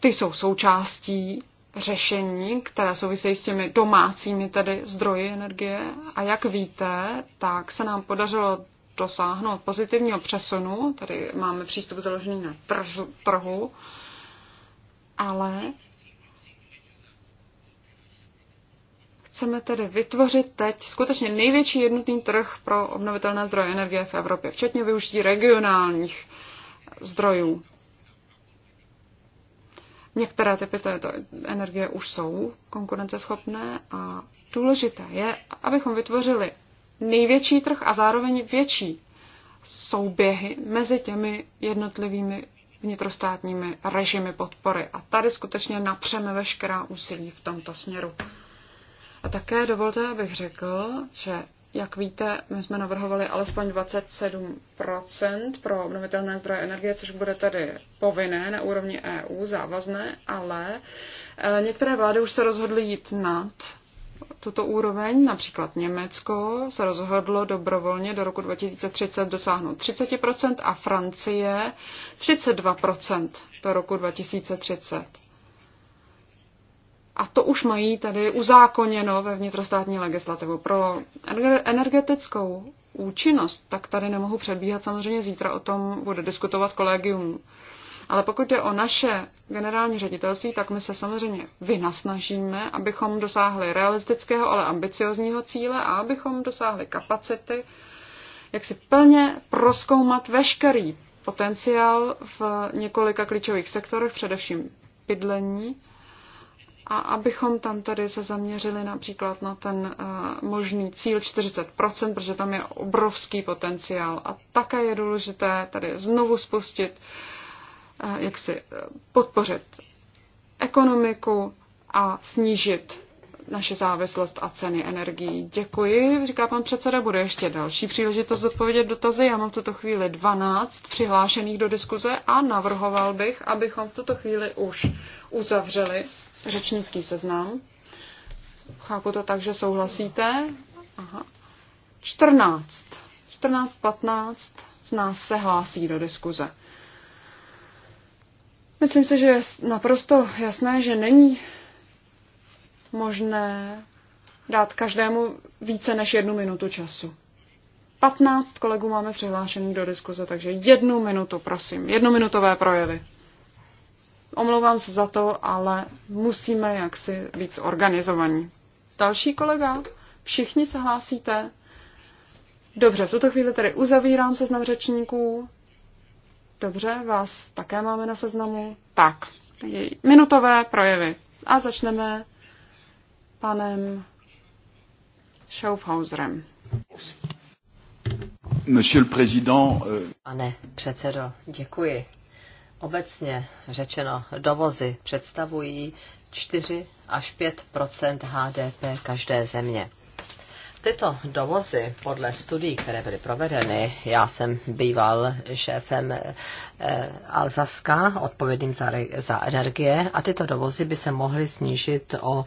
ty jsou součástí řešení, které souvisejí s těmi domácími tedy zdroji energie. A jak víte, tak se nám podařilo dosáhnout pozitivního přesunu, tady máme přístup založený na trhu, ale Chceme tedy vytvořit teď skutečně největší jednotný trh pro obnovitelné zdroje energie v Evropě, včetně využití regionálních zdrojů. Některé typy této energie už jsou konkurenceschopné a důležité je, abychom vytvořili největší trh a zároveň větší souběhy mezi těmi jednotlivými vnitrostátními režimy podpory. A tady skutečně napřeme veškerá úsilí v tomto směru. A také dovolte, abych řekl, že, jak víte, my jsme navrhovali alespoň 27% pro obnovitelné zdroje energie, což bude tedy povinné na úrovni EU, závazné, ale e, některé vlády už se rozhodly jít nad tuto úroveň, například Německo se rozhodlo dobrovolně do roku 2030 dosáhnout 30% a Francie 32% do roku 2030. A to už mají tady uzákoněno ve vnitrostátní legislativu. Pro energetickou účinnost, tak tady nemohu předbíhat. Samozřejmě zítra o tom bude diskutovat kolegium. Ale pokud je o naše generální ředitelství, tak my se samozřejmě vynasnažíme, abychom dosáhli realistického, ale ambiciozního cíle a abychom dosáhli kapacity, jak si plně proskoumat veškerý potenciál v několika klíčových sektorech, především bydlení, a abychom tam tady se zaměřili například na ten eh, možný cíl 40%, protože tam je obrovský potenciál. A také je důležité tady znovu spustit, eh, jak si eh, podpořit ekonomiku a snížit naše závislost a ceny energií. Děkuji, říká pan předseda, bude ještě další příležitost odpovědět dotazy. Já mám v tuto chvíli 12 přihlášených do diskuze a navrhoval bych, abychom v tuto chvíli už uzavřeli řečnický seznam. Chápu to tak, že souhlasíte. Aha. 14. 14, 15 z nás se hlásí do diskuze. Myslím si, že je naprosto jasné, že není možné dát každému více než jednu minutu času. 15 kolegů máme přihlášených do diskuze, takže jednu minutu, prosím. Jednominutové projevy. Omlouvám se za to, ale musíme jaksi být organizovaní. Další kolega, všichni se hlásíte? Dobře, v tuto chvíli tedy uzavírám seznam řečníků. Dobře, vás také máme na seznamu. Tak, minutové projevy. A začneme panem Schaufhauserem. Monsieur le Président. Euh, Pane předsedo, děkuji. Obecně řečeno, dovozy představují 4 až 5 HDP každé země. Tyto dovozy, podle studií, které byly provedeny, já jsem býval šéfem eh, Alzaska, odpovědným za, za energie, a tyto dovozy by se mohly snížit o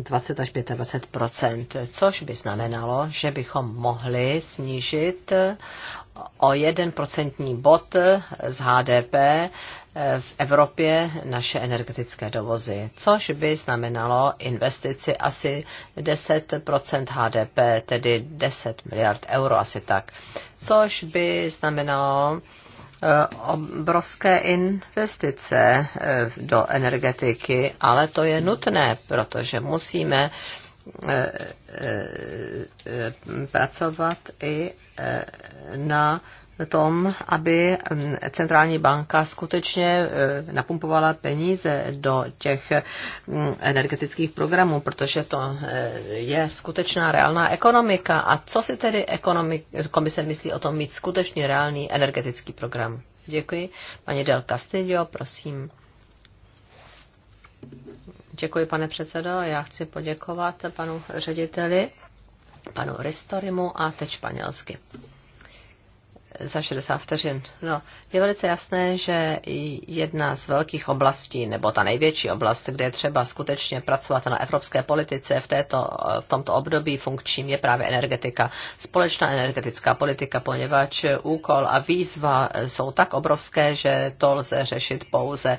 20 až 25 což by znamenalo, že bychom mohli snížit o 1 procentní bod z HDP v Evropě naše energetické dovozy, což by znamenalo investici asi 10 HDP, tedy 10 miliard euro asi tak, což by znamenalo Eh, obrovské investice eh, do energetiky, ale to je nutné, protože musíme eh, pracovat i na tom, aby mm, centrální banka skutečně eh, napumpovala peníze do těch mm, energetických programů, protože to eh, je skutečná reálná ekonomika. A co si tedy ekonomik, komise myslí o tom mít skutečně reálný energetický program? Děkuji. Paní Del Castillo, prosím. Děkuji, pane předsedo. Já chci poděkovat panu řediteli, panu Ristorimu a teď španělsky za 60 vteřin. No, je velice jasné, že jedna z velkých oblastí, nebo ta největší oblast, kde je třeba skutečně pracovat na evropské politice v, této, v tomto období funkčním, je právě energetika. Společná energetická politika, poněvadž úkol a výzva jsou tak obrovské, že to lze řešit pouze,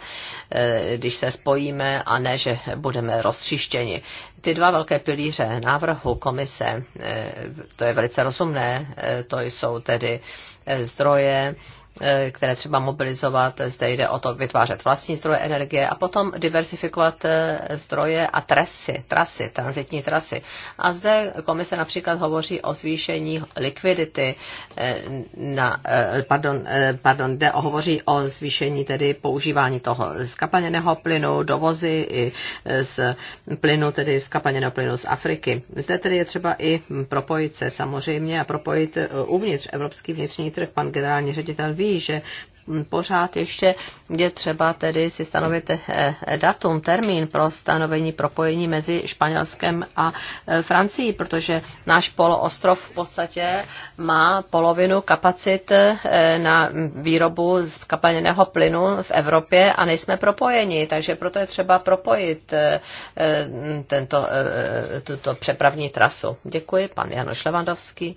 eh, když se spojíme a ne, že budeme roztříštěni ty dva velké pilíře návrhu komise, eh, to je velice rozumné, eh, to jsou tedy eh, zdroje E, které třeba mobilizovat, zde jde o to vytvářet vlastní zdroje energie a potom diversifikovat e, zdroje a trasy, trasy, transitní trasy. A zde komise například hovoří o zvýšení likvidity, e, na, pardon, pardon jde o, hovoří o zvýšení tedy používání toho skapaněného plynu, dovozy i z plynu, tedy skapaněného plynu z Afriky. Zde tedy je třeba i propojit se samozřejmě a propojit uvnitř evropský vnitřní trh. Pan generální ředitel ví, ví, že pořád ještě je třeba tedy si stanovit eh, datum, termín pro stanovení propojení mezi Španělskem a eh, Francií, protože náš poloostrov v podstatě má polovinu kapacit eh, na výrobu z kapalněného plynu v Evropě a nejsme propojeni, takže proto je třeba propojit tento, tuto přepravní trasu. Děkuji, pan Janoš Levandovský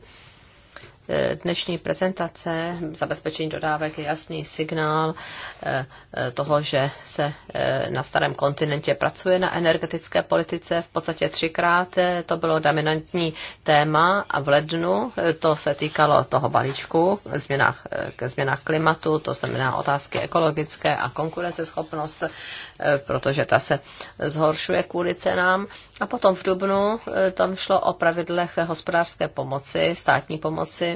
dnešní prezentace zabezpečení dodávek je jasný signál eh, eh, toho, že se eh, na starém kontinentě pracuje na energetické politice. V podstatě třikrát to bylo dominantní téma a v lednu to se týkalo toho balíčku změnách, k změnách klimatu, to znamená otázky ekologické a konkurenceschopnost, protože ta se zhoršuje kvůli cenám. A potom v Dubnu tam šlo o pravidlech hospodářské pomoci, státní pomoci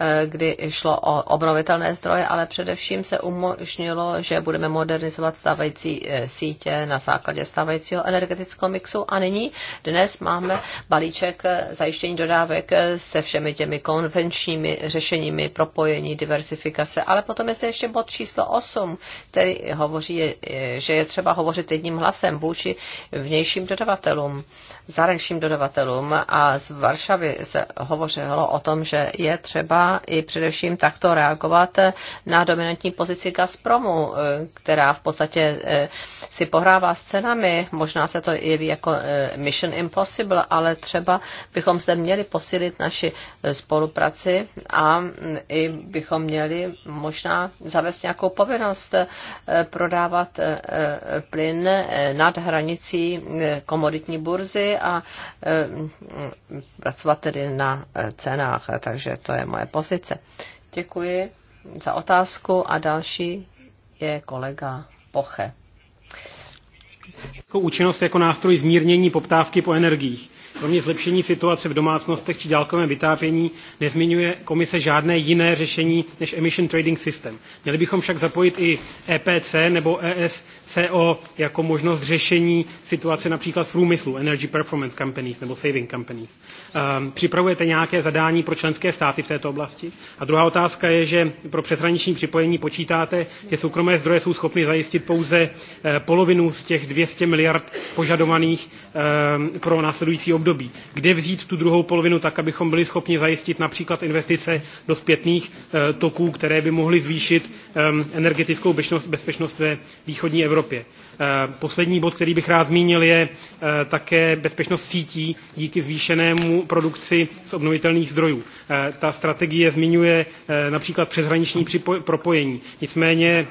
Eh, kdy šlo o obnovitelné zdroje, ale především se umožnilo, že budeme modernizovat stávající eh, sítě na základě stávajícího energetického mixu. A nyní dnes máme balíček eh, zajištění dodávek se všemi těmi konvenčními řešeními propojení, diversifikace. Ale potom je zde ještě bod číslo 8, který hovoří, že je třeba hovořit jedním hlasem vůči vnějším dodavatelům, zahraničním dodavatelům. A z Varšavy se hovořilo o tom, že je třeba i především takto reagovat na dominantní pozici Gazpromu, eh, která v podstatě eh, si pohrává s cenami. Možná se to jeví jako eh, Mission Impossible, ale třeba bychom zde měli posílit naši spolupráci a mm, i bychom měli možná zavést nějakou povinnost prodávat plyn nad hranicí komoditní burzy a mm, pracovat tedy na cenách. Takže to je moje pozice. Děkuji za otázku a další je kolega Poche. Jako účinnost jako nástroj zmírnění poptávky po energiích. Kromě zlepšení situace v domácnostech či dálkovém vytápění nezmiňuje komise žádné jiné řešení než Emission Trading System. Měli bychom však zapojit i EPC nebo ESCO jako možnost řešení situace například v průmyslu, Energy Performance Companies nebo Saving Companies. Ehm, připravujete nějaké zadání pro členské státy v této oblasti? A druhá otázka je, že pro přeshraniční připojení počítáte, že soukromé zdroje jsou schopny zajistit pouze eh, polovinu z těch 200 miliard požadovaných ehm, pro následující období období, kde vzít tu druhou polovinu tak, abychom byli schopni zajistit například investice do zpětných eh, toků, které by mohly zvýšit ehm, energetickou bezpečnost ve východní Evropě. Eh, poslední bod, který bych rád zmínil, je eh, také bezpečnost sítí díky zvýšenému produkci z obnovitelných zdrojů. Ta strategie zmiňuje například přeshraniční propojení. Nicméně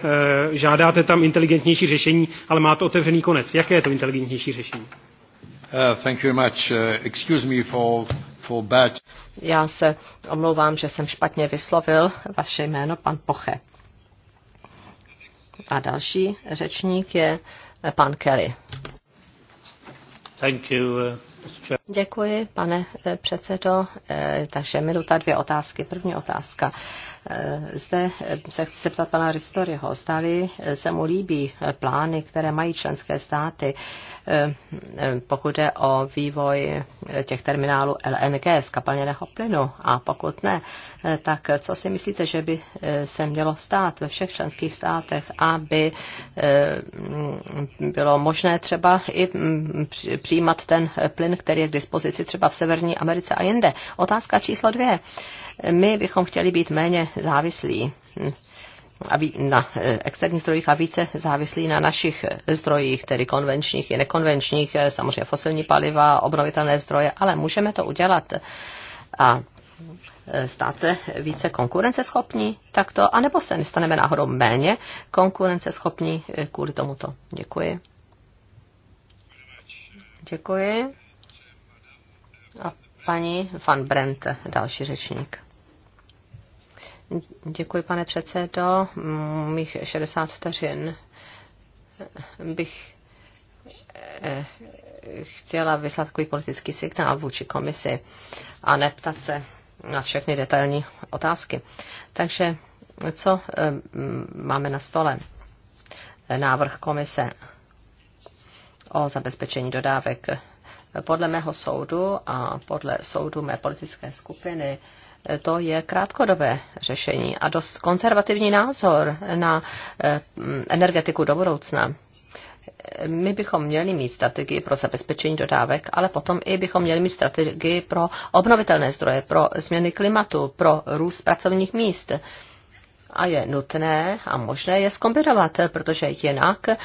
žádáte tam inteligentnější řešení, ale má to otevřený konec. Jaké je to inteligentnější řešení? Uh, uh, Já se omlouvám, že jsem špatně vyslovil vaše jméno, pan Poche. A další řečník je eh, pan Kelly. Thank you, uh, Děkuji, pane eh, předsedo. Eh, takže minuta, dvě otázky. První otázka. Uh, Eh, zde se chci zeptat pana Ristoryho, Stále eh, se mu líbí eh, plány, které mají členské státy, pokud je o vývoj těch terminálů LNG z kapalněného plynu a pokud ne, tak co si myslíte, že by se mělo stát ve všech členských státech, aby mm, bylo možné třeba i mm, přijímat ten plyn, který je k dispozici třeba v Severní Americe a jinde. Otázka číslo dvě. My bychom chtěli být méně závislí hm, na eh, externích zdrojích a více závislí na našich eh, zdrojích, tedy konvenčních i nekonvenčních, eh, samozřejmě fosilní paliva, obnovitelné zdroje, ale můžeme to udělat a stát se více konkurenceschopní takto, anebo se nestaneme náhodou méně konkurenceschopní kvůli tomuto. Děkuji. Děkuji. A paní Van Brent, další řečník. Děkuji, pane předsedo. Mých 60 vteřin bych eh, chtěla vyslat takový politický signál vůči komisi a neptat se na všechny detailní otázky. Takže co eh, máme na stole? Návrh komise o zabezpečení dodávek. Podle mého soudu a podle soudu mé politické skupiny to je krátkodobé řešení a dost konzervativní názor na eh, energetiku do budoucna. My bychom měli mít strategii pro zabezpečení dodávek, ale potom i bychom měli mít strategii pro obnovitelné zdroje, pro změny klimatu, pro růst pracovních míst a je nutné a možné je zkombinovat, protože jinak eh,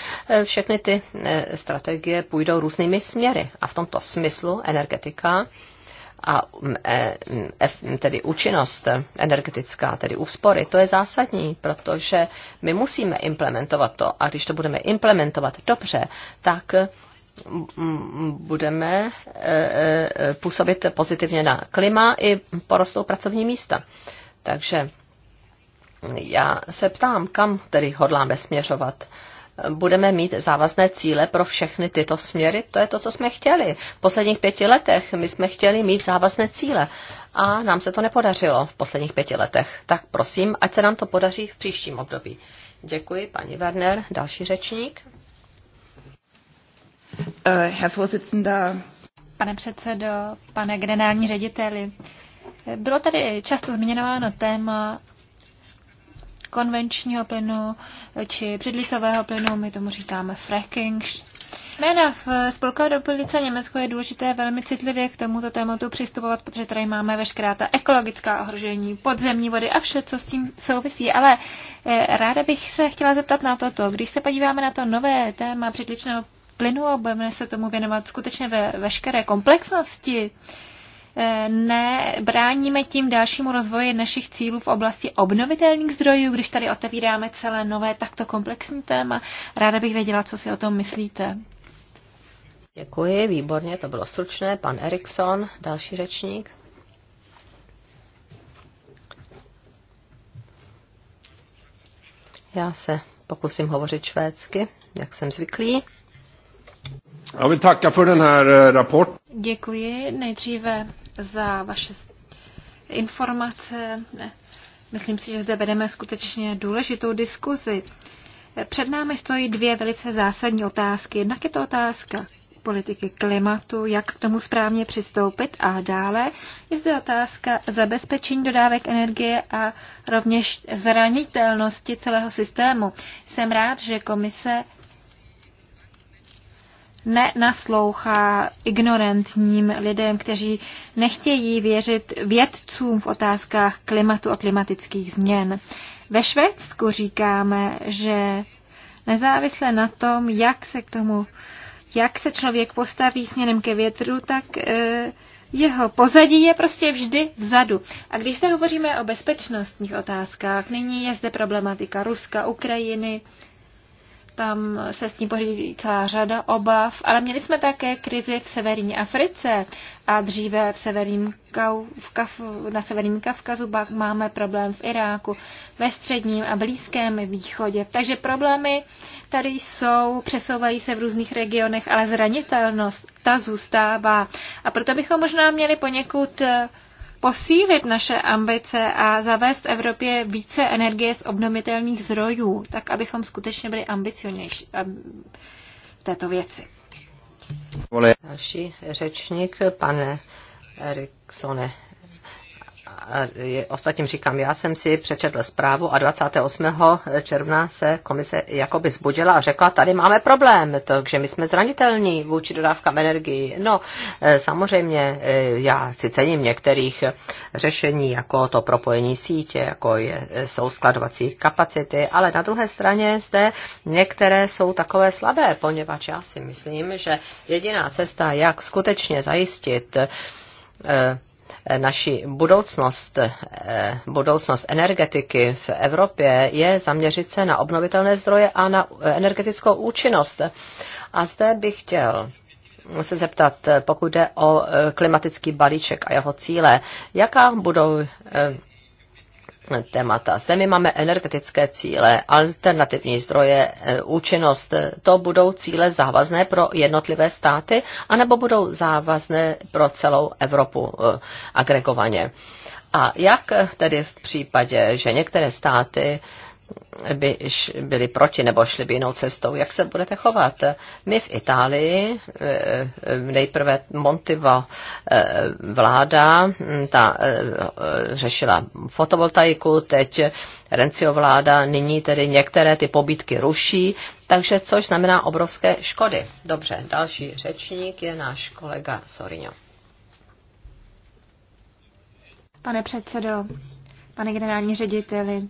všechny ty eh, strategie půjdou různými směry. A v tomto smyslu energetika a mm, e, mm, mm, tedy účinnost energetická, tedy úspory, to je zásadní, protože my musíme implementovat to a když to budeme implementovat dobře, tak budeme e, e, působit pozitivně na klima i porostou pracovní místa. Takže já se ptám, kam tedy hodláme směřovat budeme mít závazné cíle pro všechny tyto směry. To je to, co jsme chtěli. V posledních pěti letech my jsme chtěli mít závazné cíle a nám se to nepodařilo v posledních pěti letech. Tak prosím, ať se nám to podaří v příštím období. Děkuji, paní Werner. Další řečník. Eh, pane předsedo, pane generální řediteli, bylo tady často zmiňováno téma konvenčního plynu či předlicového plynu, my tomu říkáme fracking. Jména v Spolkové republice Německo je důležité velmi citlivě k tomuto tématu přistupovat, protože tady máme veškerá ta ekologická ohrožení, podzemní vody a vše, co s tím souvisí. Ale eh, ráda bych se chtěla zeptat na toto. Když se podíváme na to nové téma předličného plynu a budeme se tomu věnovat skutečně ve veškeré komplexnosti, Eh, nebráníme tím dalšímu rozvoji našich cílů v oblasti obnovitelných zdrojů, když tady otevíráme celé nové takto komplexní téma. Ráda bych věděla, co si o tom myslíte. Děkuji, výborně, to bylo stručné. Pan Erikson, další řečník. Já se pokusím hovořit švédsky, jak jsem zvyklý. Já den eh, rapport. Děkuji nejdříve za vaše informace. Myslím si, že zde vedeme skutečně důležitou diskuzi. Před námi stojí dvě velice zásadní otázky. Jednak je to otázka politiky klimatu, jak k tomu správně přistoupit a dále je zde otázka zabezpečení dodávek energie a rovněž zranitelnosti celého systému. Jsem rád, že komise nenaslouchá ignorantním lidem, kteří nechtějí věřit vědcům v otázkách klimatu a klimatických změn. Ve Švédsku říkáme, že nezávisle na tom, jak se k tomu, jak se člověk postaví směrem ke větru, tak eh, jeho pozadí je prostě vždy vzadu. A když se hovoříme o bezpečnostních otázkách, nyní je zde problematika Ruska, Ukrajiny, tam se s tím pořídí celá řada obav, ale měli jsme také krizi v severní Africe a dříve v severním Kau, v Kaf, na severním Kavkazu máme problém v Iráku, ve středním a blízkém východě. Takže problémy tady jsou, přesouvají se v různých regionech, ale zranitelnost ta zůstává. A proto bychom možná měli poněkud eh, posílit naše ambice a zavést v Evropě více energie z obnovitelných zdrojů, tak abychom skutečně byli ambicionější v této věci. Další řečník, pane Eriksone, ostatním říkám, já jsem si přečetl zprávu a 28. června se komise jakoby zbudila a řekla, tady máme problém, takže my jsme zranitelní vůči dodávkám energii. No, e, samozřejmě e, já si cením některých řešení, jako to propojení sítě, jako je, e, jsou skladovací kapacity, ale na druhé straně zde některé jsou takové slabé, poněvadž já si myslím, že jediná cesta, jak skutečně zajistit Eh, naši budoucnost, eh, budoucnost energetiky v Evropě je zaměřit se na obnovitelné zdroje a na eh, energetickou účinnost. A zde bych chtěl se zeptat, pokud jde o klimatický balíček a jeho cíle, jaká budou témata. Zde my máme energetické cíle, alternativní zdroje, e, účinnost. To budou cíle závazné pro jednotlivé státy, anebo budou závazné pro celou Evropu e, agregovaně. A jak tedy v případě, že některé státy by byli proti nebo šli by jinou cestou. Jak se budete chovat? My v Itálii, eh, eh, nejprve Montivo eh, vláda, hm, ta řešila fotovoltaiku, teď Rencio vláda, nyní tedy některé ty pobítky ruší, takže což znamená obrovské škody. Dobře, další řečník je náš kolega Sorino. Pane předsedo, pane generální řediteli,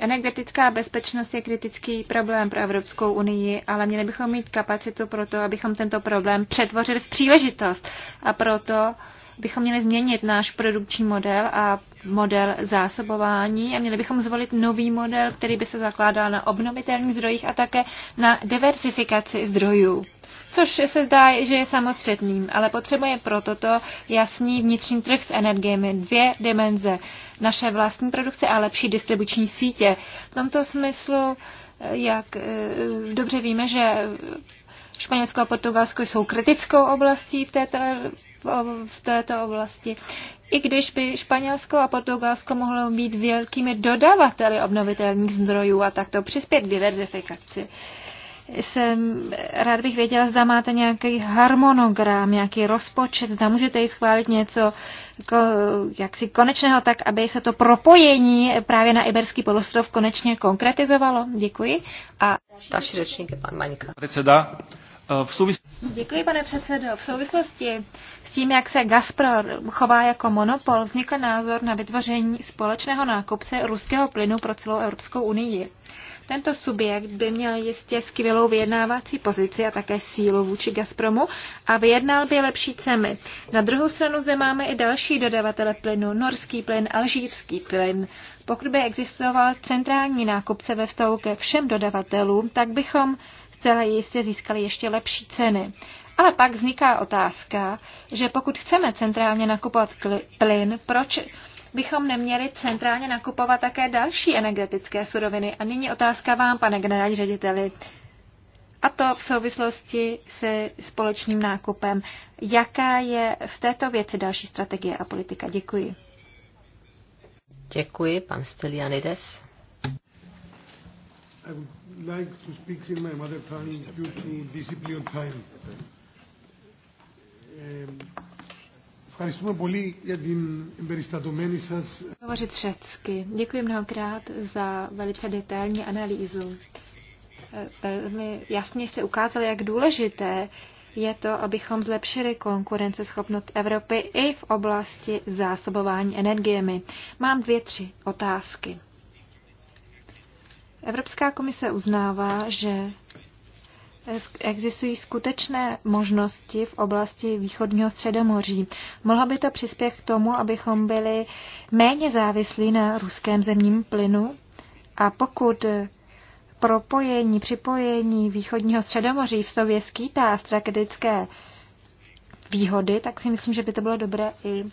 Energetická bezpečnost je kritický problém pro Evropskou unii, ale měli bychom mít kapacitu pro to, abychom tento problém přetvořili v příležitost. A proto bychom měli změnit náš produkční model a model zásobování a měli bychom zvolit nový model, který by se zakládal na obnovitelných zdrojích a také na diversifikaci zdrojů což se zdá, že je samotřetným, ale potřebuje proto to jasný vnitřní trh s energiemi, dvě dimenze naše vlastní produkce a lepší distribuční sítě. V tomto smyslu, eh, jak eh, dobře víme, že Španělsko a Portugalsko jsou kritickou oblastí v této, v této oblasti. I když by Španělsko a Portugalsko mohlo být velkými dodavateli obnovitelných zdrojů a takto přispět k diverzifikaci jsem, rád bych věděla, zda máte nějaký harmonogram, nějaký rozpočet, zda můžete jí schválit něco jako, jaksi konečného, tak aby se to propojení právě na Iberský polostrov konečně konkretizovalo. Děkuji. A další řečník je pan Maňka. Předseda, eh, v souvisl... Děkuji, pane předsedo. V souvislosti s tím, jak se Gazprom chová jako monopol, vznikl názor na vytvoření společného nákupce ruského plynu pro celou Evropskou unii. Tento subjekt by měl jistě skvělou vyjednávací pozici a také sílu vůči Gazpromu a vyjednal by lepší ceny. Na druhou stranu zde máme i další dodavatele plynu, norský plyn, alžírský plyn. Pokud by existoval centrální nákupce ve vztahu ke všem dodavatelům, tak bychom zcela jistě získali ještě lepší ceny. Ale pak vzniká otázka, že pokud chceme centrálně nakupovat plyn, proč bychom neměli centrálně nakupovat také další energetické suroviny. A nyní otázka vám, pane generální řediteli. A to v souvislosti se společným nákupem. Jaká je v této věci další strategie a politika? Děkuji. Děkuji, pan Stelianides. Um, Ευχαριστούμε πολύ για την εμπεριστατωμένη σας... Hovořit řecky. Děkuji mnohokrát za velice detailní analýzu. Velmi jasně jste ukázali, jak důležité je to, abychom zlepšili konkurenceschopnost Evropy i v oblasti zásobování energiemi. Mám dvě, tři otázky. Evropská komise uznává, že existují skutečné možnosti v oblasti východního středomoří. Mohla by to přispět k tomu, abychom byli méně závislí na ruském zemním plynu? A pokud propojení, připojení východního středomoří v sobě skýtá strategické výhody, tak si myslím, že by to bylo dobré i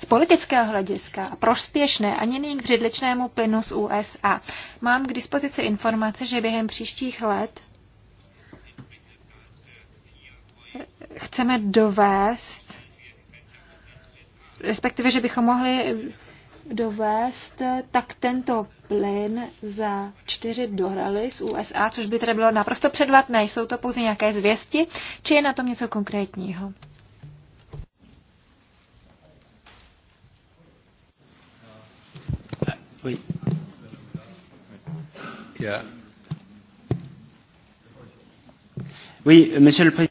z politického hlediska a prospěšné ani nyní k břidličnému plynu z USA. Mám k dispozici informace, že během příštích let chceme dovést, respektive, že bychom mohli dovést tak tento plyn za čtyři dohrali z USA, což by tedy bylo naprosto předvatné. Jsou to pouze nějaké zvěsti, či je na tom něco konkrétního? Oui. Yeah.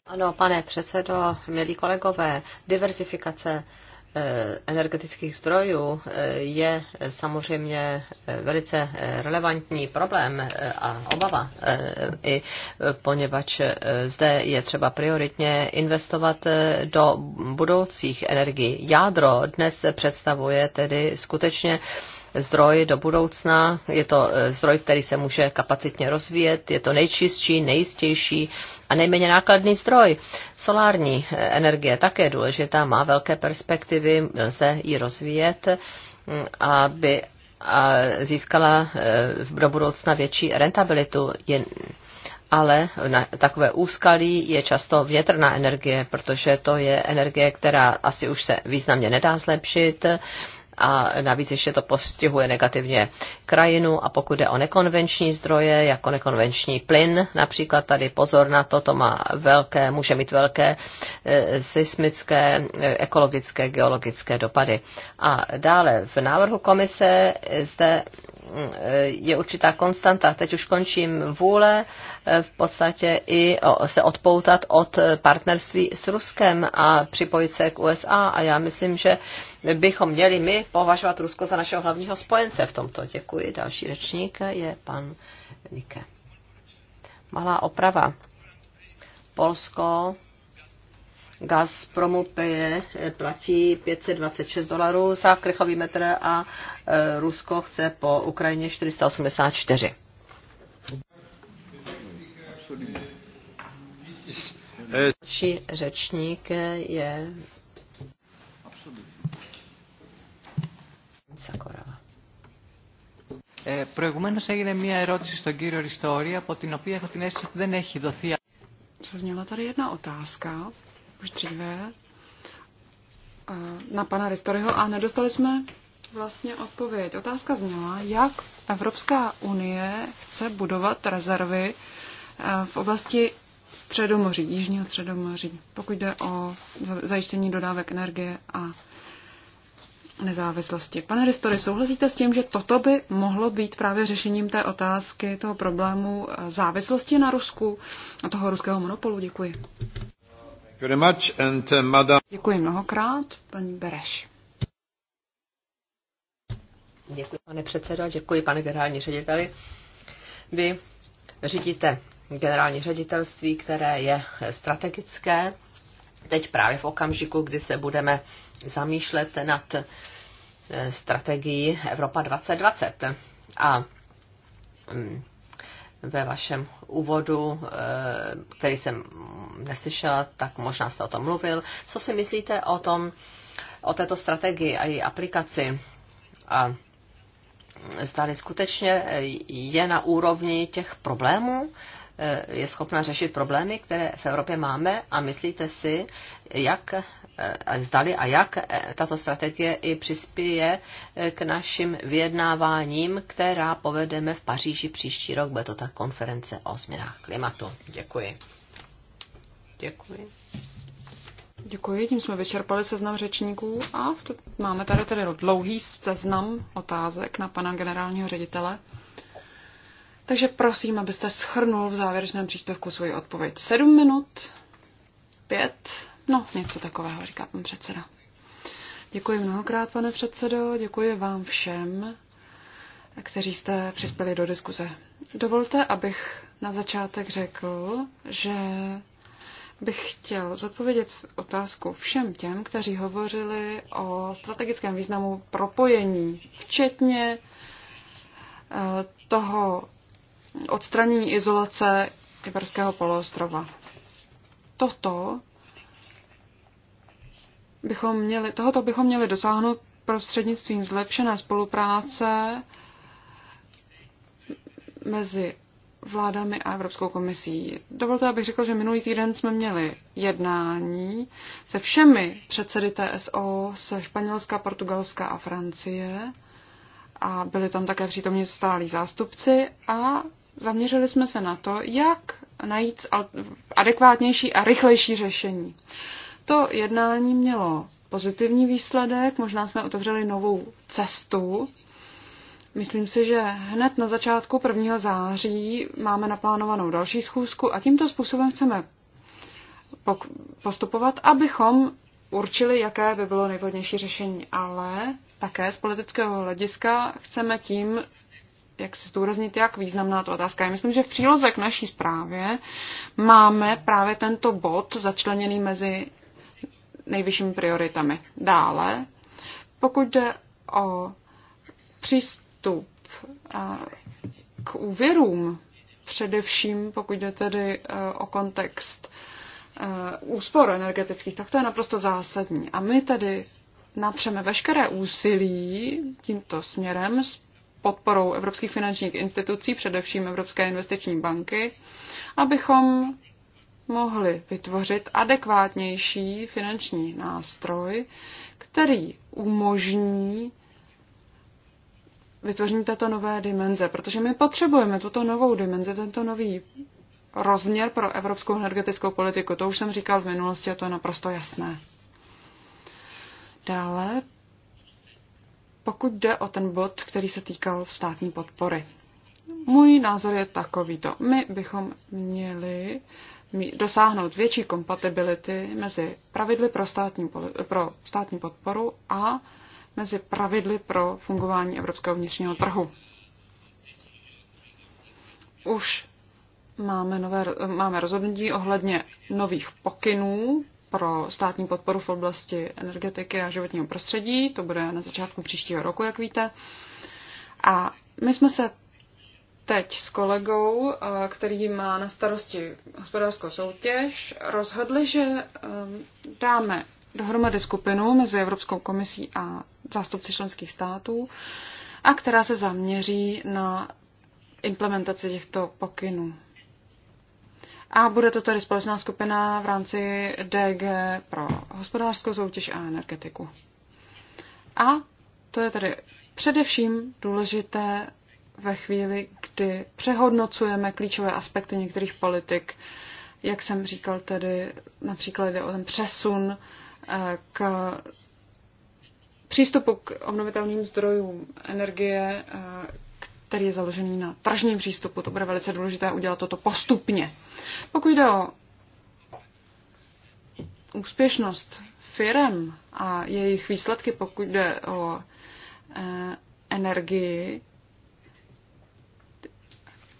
Ano, pane předsedo, milí kolegové, diversifikace eh, energetických zdrojů eh, je samozřejmě eh, velice relevantní problém a obava, i poněvadž zde je třeba prioritně investovat do budoucích energií. Jádro dnes představuje tedy skutečně zdroj do budoucna. Je to eh, zdroj, který se může kapacitně rozvíjet, je to nejčistší, nejistější a nejméně nákladný zdroj. Solární eh, energie také důležitá, má velké perspektivy, lze ji rozvíjet, mm, aby a získala eh, do budoucna větší rentabilitu. Je, ale na takové úskalí je často větrná energie, protože to je energie, která asi už se významně nedá zlepšit a navíc ještě to postihuje negativně krajinu a pokud jde o nekonvenční zdroje, jako nekonvenční plyn, například tady pozor na to, to má velké, může mít velké e, seismické, e, ekologické, geologické dopady. A dále v návrhu komise zde mm, e, je určitá konstanta. Teď už končím vůle e, v podstatě i se odpoutat od partnerství s Ruskem a připojit se k USA. A já myslím, že bychom měli my považovat Rusko za našeho hlavního spojence v tomto. Děkuji. Další řečník je pan Nike. Malá oprava. Polsko Gazpromu peje, eh, platí 526 dolarů za krychový metr a eh, Rusko chce po Ukrajině 484. Další řečník je Sakorava. Ε, προηγουμένως έγινε μια ερώτηση στον κύριο Ριστόρη, από την οποία έχω την αίσθηση ότι δεν έχει δοθεί. Zazněla tady jedna otázka, už dříve, na pana Ristoryho a nedostali jsme vlastně odpověď. Otázka zněla, jak Evropská unie chce budovat rezervy e, v oblasti středomoří, jižního středomoří, pokud jde o zajištění dodávek energie a nezávislosti. Pane Ristory, souhlasíte s tím, že toto by mohlo být právě řešením té otázky, toho problému eh, závislosti na Rusku a toho ruského monopolu? Děkuji. Eh, děkuji mnohokrát, paní Bereš. Děkuji, pane předsedo, děkuji, pane generální řediteli. Vy řídíte generální ředitelství, které je strategické teď právě v okamžiku, kdy se budeme zamýšlet nad strategii Evropa 2020. A mm, ve vašem úvodu, eh, který jsem neslyšela, tak možná jste o tom mluvil. Co si myslíte o, tom, o této strategii a její aplikaci? A zdali skutečně je na úrovni těch problémů, eh, je schopna řešit problémy, které v Evropě máme a myslíte si, jak Eh, zdali a jak eh, tato strategie i přispěje eh, k našim vyjednáváním, která povedeme v Paříži příští rok. Bude to ta konference o změnách klimatu. Děkuji. Děkuji. Děkuji, tím jsme vyčerpali seznam řečníků a máme tady tedy dlouhý seznam otázek na pana generálního ředitele. Takže prosím, abyste schrnul v závěrečném příspěvku svoji odpověď. Sedm minut, pět, No, něco takového, říká pan předseda. Děkuji mnohokrát, pane předsedo, děkuji vám všem, kteří jste přispěli do diskuze. Dovolte, abych na začátek řekl, že bych chtěl zodpovědět otázku všem těm, kteří hovořili o strategickém významu propojení, včetně eh, toho odstranění izolace Iberského poloostrova. Toto bychom měli, tohoto bychom měli dosáhnout prostřednictvím zlepšené spolupráce mezi vládami a Evropskou komisí. Dovolte, abych řekl, že minulý týden jsme měli jednání se všemi předsedy TSO, se Španělska, Portugalska a Francie a byli tam také přítomni stálí zástupci a zaměřili jsme se na to, jak najít adekvátnější a rychlejší řešení. Uh, to jednání mělo pozitivní výsledek, možná jsme otevřeli novou cestu. Myslím si, že hned na začátku 1. září máme naplánovanou další schůzku a tímto způsobem chceme postupovat, abychom určili, jaké by bylo nejvhodnější řešení. Ale také z politického hlediska chceme tím, jak si zdůraznit, jak významná to otázka je. Myslím, že v příloze k naší zprávě máme právě tento bod začleněný mezi nejvyššími prioritami. Dále, pokud jde o přístup eh, k úvěrům, především pokud jde tedy eh, o kontext eh, úspor energetických, tak to je naprosto zásadní. A my tedy napřeme veškeré úsilí tímto směrem s podporou evropských finančních institucí, především Evropské investiční banky, abychom mohli vytvořit adekvátnější finanční nástroj, který umožní vytvoření této nové dimenze, protože my potřebujeme tuto novou dimenzi, tento nový rozměr pro evropskou energetickou politiku. To už jsem říkal v minulosti a to je naprosto jasné. Dále, pokud jde o ten bod, který se týkal státní podpory. Můj názor je takovýto. My bychom měli dosáhnout větší kompatibility mezi pravidly pro státní, pro státní podporu a mezi pravidly pro fungování evropského vnitřního trhu. Už máme, nové, máme rozhodnutí ohledně nových pokynů pro státní podporu v oblasti energetiky a životního prostředí. To bude na začátku příštího roku, jak víte. A my jsme se teď s kolegou, eh, který má na starosti hospodářskou soutěž, rozhodli, že eh, dáme dohromady skupinu mezi Evropskou komisí a zástupci členských států, a která se zaměří na implementaci těchto pokynů. A bude to tedy společná skupina v rámci DG pro hospodářskou soutěž a energetiku. A to je tedy především důležité ve chvíli, kdy přehodnocujeme klíčové aspekty některých politik, jak jsem říkal tedy, například jde o ten přesun eh, k přístupu k obnovitelným zdrojům energie, eh, který je založený na tržním přístupu. To bude velice důležité udělat toto postupně. Pokud jde o úspěšnost firem a jejich výsledky, pokud jde o eh, energii,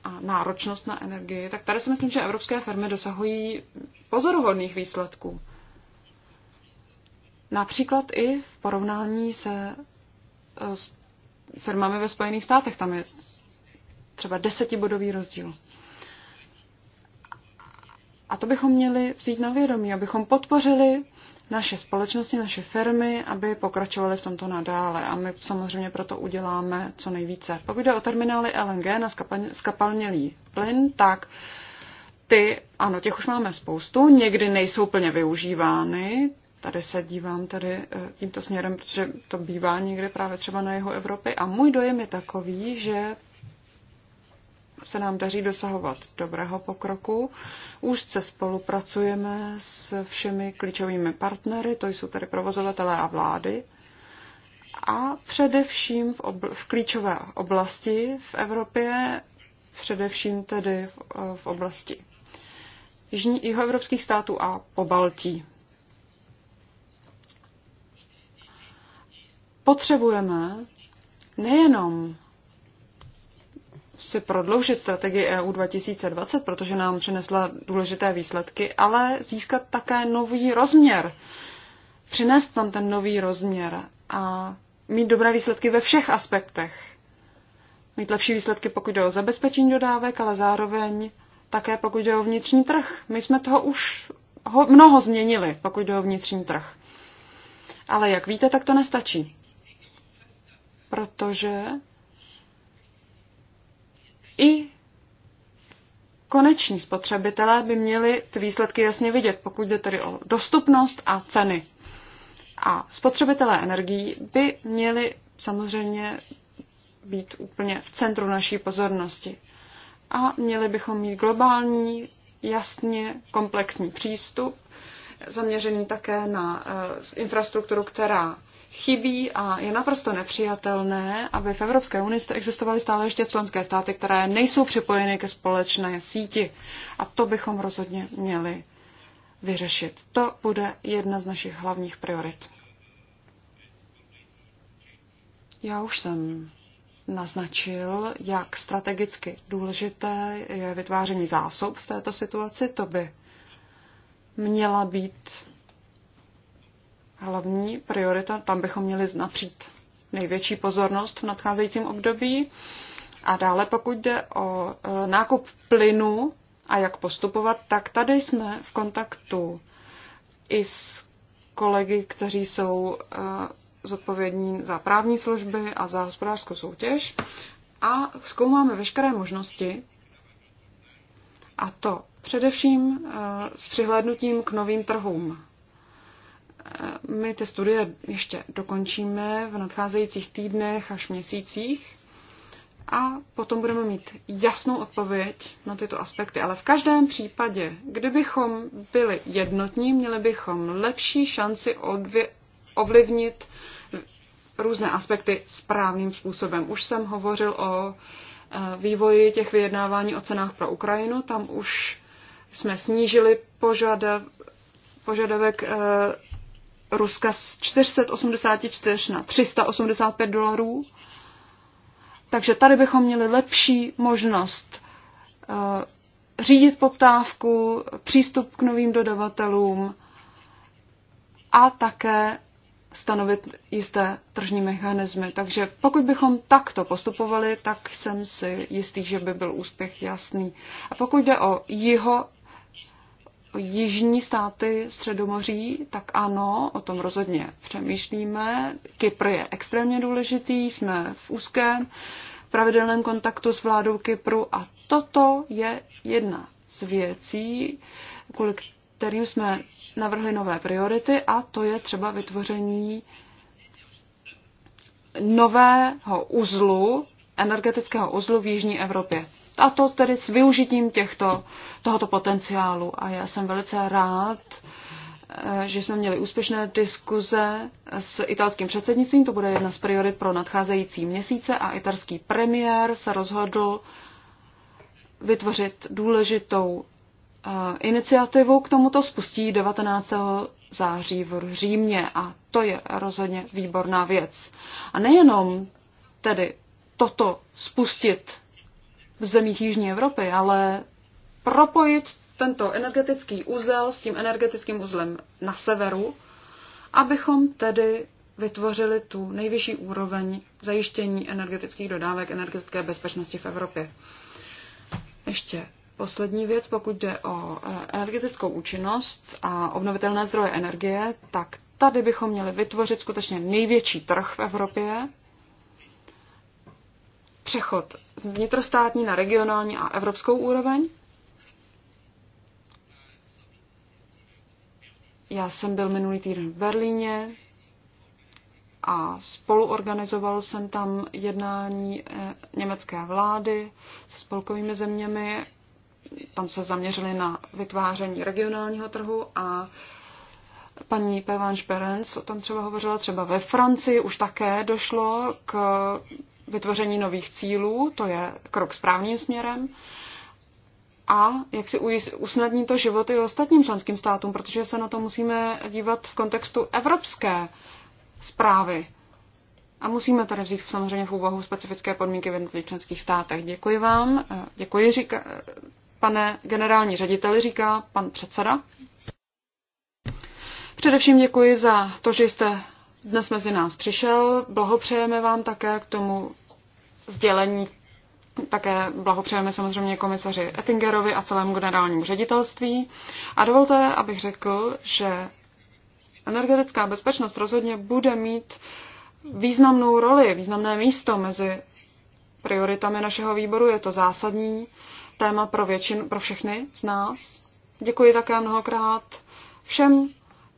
a náročnost na energii, tak tady si myslím, že evropské firmy dosahují pozoruhodných výsledků. Například i v porovnání se e, s firmami ve Spojených státech, tam je třeba desetibodový rozdíl. A to bychom měli vzít na vědomí, abychom podpořili naše společnosti, naše firmy, aby pokračovaly v tomto nadále. A my samozřejmě proto uděláme co nejvíce. Pokud jde o terminály LNG na skapalnělý plyn, tak ty, ano, těch už máme spoustu, někdy nejsou plně využívány, tady se dívám tady eh, tímto směrem, protože to bývá někde právě třeba na jeho Evropy. A můj dojem je takový, že se nám daří dosahovat dobrého pokroku. Úzce spolupracujeme s všemi klíčovými partnery, to jsou tedy provozovatelé a vlády. A především v, obl- v klíčové oblasti v Evropě, především tedy v, v oblasti jižní jihoevropských států a po Baltí. Potřebujeme nejenom si prodloužit strategii EU 2020, protože nám přinesla důležité výsledky, ale získat také nový rozměr. Přinést tam ten nový rozměr a mít dobré výsledky ve všech aspektech. Mít lepší výsledky, pokud jde o zabezpečení dodávek, ale zároveň také pokud jde o vnitřní trh. My jsme toho už ho mnoho změnili, pokud jde o vnitřní trh. Ale jak víte, tak to nestačí. Protože i koneční spotřebitelé by měli ty výsledky jasně vidět, pokud jde tedy o dostupnost a ceny. A spotřebitelé energií by měli samozřejmě být úplně v centru naší pozornosti. A měli bychom mít globální, jasně komplexní přístup, zaměřený také na eh, infrastrukturu, která chybí a je naprosto nepřijatelné, aby v Evropské unii existovaly stále ještě členské státy, které nejsou připojeny ke společné síti. A to bychom rozhodně měli vyřešit. To bude jedna z našich hlavních priorit. Já už jsem naznačil, jak strategicky důležité je vytváření zásob v této situaci. To by měla být hlavní priorita, tam bychom měli napřít největší pozornost v nadcházejícím období. A dále, pokud jde o e, nákup plynu a jak postupovat, tak tady jsme v kontaktu i s kolegy, kteří jsou e, zodpovědní za právní služby a za hospodářskou soutěž a zkoumáme veškeré možnosti, a to především e, s přihlédnutím k novým trhům. Eh, my ty studie ještě dokončíme v nadcházejících týdnech až měsících a potom budeme mít jasnou odpověď na tyto aspekty. Ale v každém případě, kdybychom byli jednotní, měli bychom lepší šanci odvě- ovlivnit různé aspekty správným způsobem. Už jsem hovořil o eh, vývoji těch vyjednávání o cenách pro Ukrajinu. Tam už jsme snížili požadav, požadavek eh, Ruska z 484 na 385 dolarů. Takže tady bychom měli lepší možnost eh, řídit poptávku, přístup k novým dodavatelům a také stanovit jisté tržní mechanismy. Takže pokud bychom takto postupovali, tak jsem si jistý, že by byl úspěch jasný. A pokud jde o jeho jižní státy Středomoří, tak ano, o tom rozhodně přemýšlíme. Kypr je extrémně důležitý, jsme v úzkém pravidelném kontaktu s vládou Kypru a toto je jedna z věcí, kvůli kterým jsme navrhli nové priority a to je třeba vytvoření nového uzlu, energetického uzlu v Jižní Evropě. A to tedy s využitím těchto, tohoto potenciálu. A já jsem velice rád, eh, že jsme měli úspěšné diskuze s italským předsednictvím. To bude jedna z priorit pro nadcházející měsíce a italský premiér se rozhodl vytvořit důležitou eh, iniciativu k tomuto spustí 19. září v Římě a to je rozhodně výborná věc. A nejenom tedy toto spustit v zemích Jižní Evropy, ale propojit tento energetický úzel s tím energetickým uzlem na severu, abychom tedy vytvořili tu nejvyšší úroveň zajištění energetických dodávek, energetické bezpečnosti v Evropě. Ještě poslední věc, pokud jde o eh, energetickou účinnost a obnovitelné zdroje energie, tak tady bychom měli vytvořit skutečně největší trh v Evropě, přechod z vnitrostátní na regionální a evropskou úroveň. Já jsem byl minulý týden v Berlíně a spoluorganizoval jsem tam jednání eh, německé vlády se spolkovými zeměmi. Tam se zaměřili na vytváření regionálního trhu a paní Pevan Šperenc o tom třeba hovořila, třeba ve Francii už také došlo k vytvoření nových cílů, to je krok správným směrem, a jak si usnadní to život i ostatním členským státům, protože se na to musíme dívat v kontextu evropské zprávy. A musíme tady vzít samozřejmě v úvahu specifické podmínky v jednotlivých členských státech. Děkuji vám. Děkuji, říká, pane generální řediteli, říká pan předseda. Především děkuji za to, že jste dnes mezi nás přišel. Blahopřejeme vám také k tomu sdělení také blahopřejeme samozřejmě komisaři Ettingerovi a celému generálnímu ředitelství. A dovolte, abych řekl, že energetická bezpečnost rozhodně bude mít významnou roli, významné místo mezi prioritami našeho výboru. Je to zásadní téma pro, většin, pro všechny z nás. Děkuji také mnohokrát všem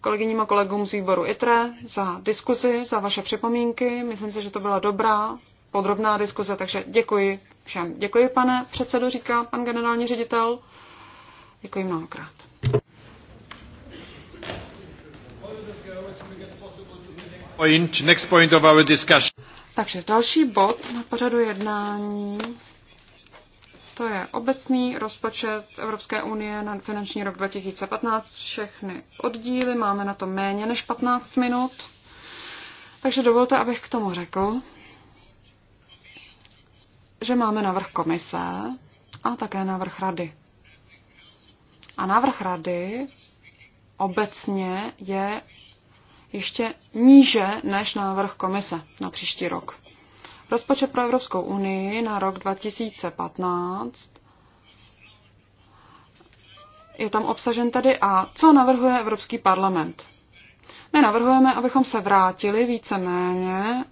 kolegyním a kolegům z výboru ITRE za diskuzi, za vaše připomínky. Myslím si, že to byla dobrá podrobná diskuze, takže děkuji všem. Děkuji, pane předsedo, říká pan generální ředitel. Děkuji mnohokrát. Point, next point of our discussion. Takže další bod na pořadu jednání, to je obecný rozpočet Evropské unie na finanční rok 2015, všechny oddíly, máme na to méně než 15 minut. Takže dovolte, abych k tomu řekl, že máme návrh komise a také návrh rady. A návrh rady obecně je ještě níže než návrh komise na příští rok. Rozpočet pro Evropskou unii na rok 2015 je tam obsažen tedy a co navrhuje Evropský parlament. My navrhujeme, abychom se vrátili víceméně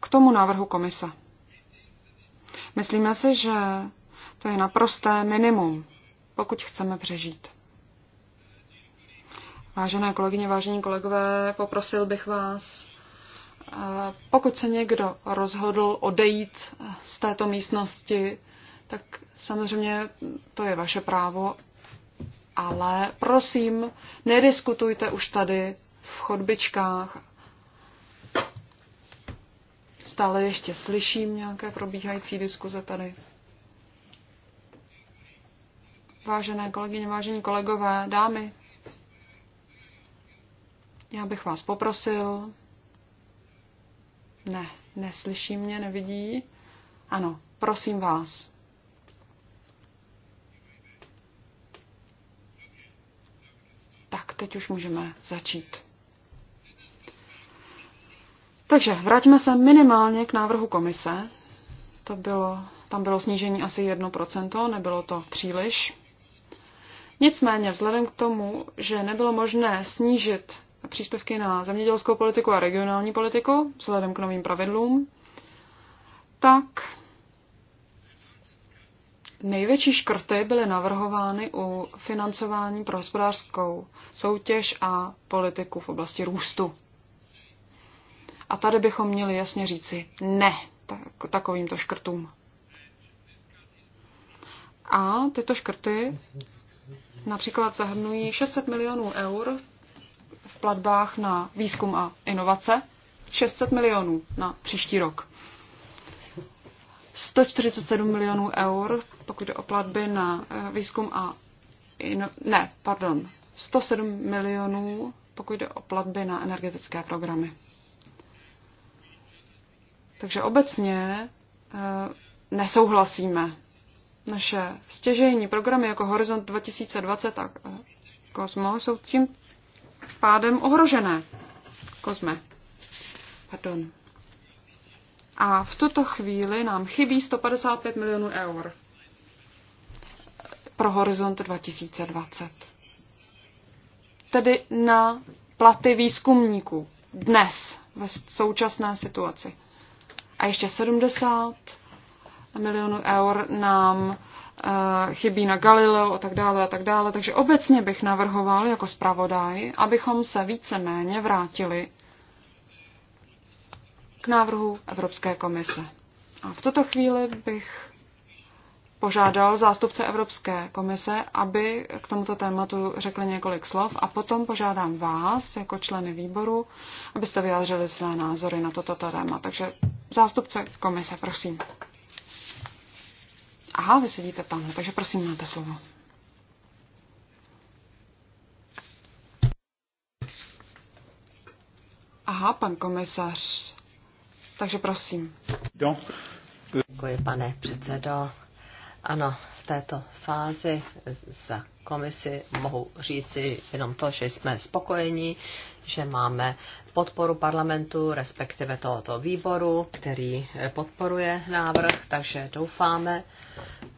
k tomu návrhu komise. Myslíme si, že to je naprosté minimum, pokud chceme přežít. Vážené kolegyně, vážení kolegové, poprosil bych vás, eh, pokud se někdo rozhodl odejít z této místnosti, tak samozřejmě to je vaše právo, ale prosím, nediskutujte už tady v chodbičkách Stále ještě slyším nějaké probíhající diskuze tady. Vážené kolegyně, vážení kolegové, dámy, já bych vás poprosil. Ne, neslyší mě, nevidí. Ano, prosím vás. Tak, teď už můžeme začít. Takže vrátíme se minimálně k návrhu komise. To bylo, tam bylo snížení asi 1%, nebylo to příliš. Nicméně vzhledem k tomu, že nebylo možné snížit příspěvky na zemědělskou politiku a regionální politiku, vzhledem k novým pravidlům, tak největší škrty byly navrhovány u financování pro hospodářskou soutěž a politiku v oblasti růstu. A tady bychom měli jasně říci ne tak, takovýmto škrtům. A tyto škrty například zahrnují 600 milionů eur v platbách na výzkum a inovace, 600 milionů na příští rok. 147 milionů eur, pokud jde o platby na eh, výzkum a ino... ne, pardon, 107 milionů, pokud jde o platby na energetické programy. Takže obecně eh, nesouhlasíme. Naše stěžejní programy jako Horizont 2020 a eh, Kosmo jsou tím pádem ohrožené. Kosme, Pardon. A v tuto chvíli nám chybí 155 milionů eur pro horizont 2020. Tedy na platy výzkumníků dnes ve současné situaci. A ještě 70 milionů eur nám eh, chybí na Galileo a tak dále a tak dále. Takže obecně bych navrhoval jako zpravodaj, abychom se víceméně vrátili k návrhu Evropské komise. A v tuto chvíli bych požádal zástupce Evropské komise, aby k tomuto tématu řekli několik slov a potom požádám vás, jako členy výboru, abyste vyjádřili své názory na toto téma. Takže zástupce komise, prosím. Aha, vy sedíte tam, takže prosím, máte slovo. Aha, pan komisař. Takže prosím. Děkuji, pane předsedo. Ano, v této fázi za komisi mohu říci jenom to, že jsme spokojeni, že máme podporu parlamentu, respektive tohoto výboru, který eh, podporuje návrh, takže doufáme,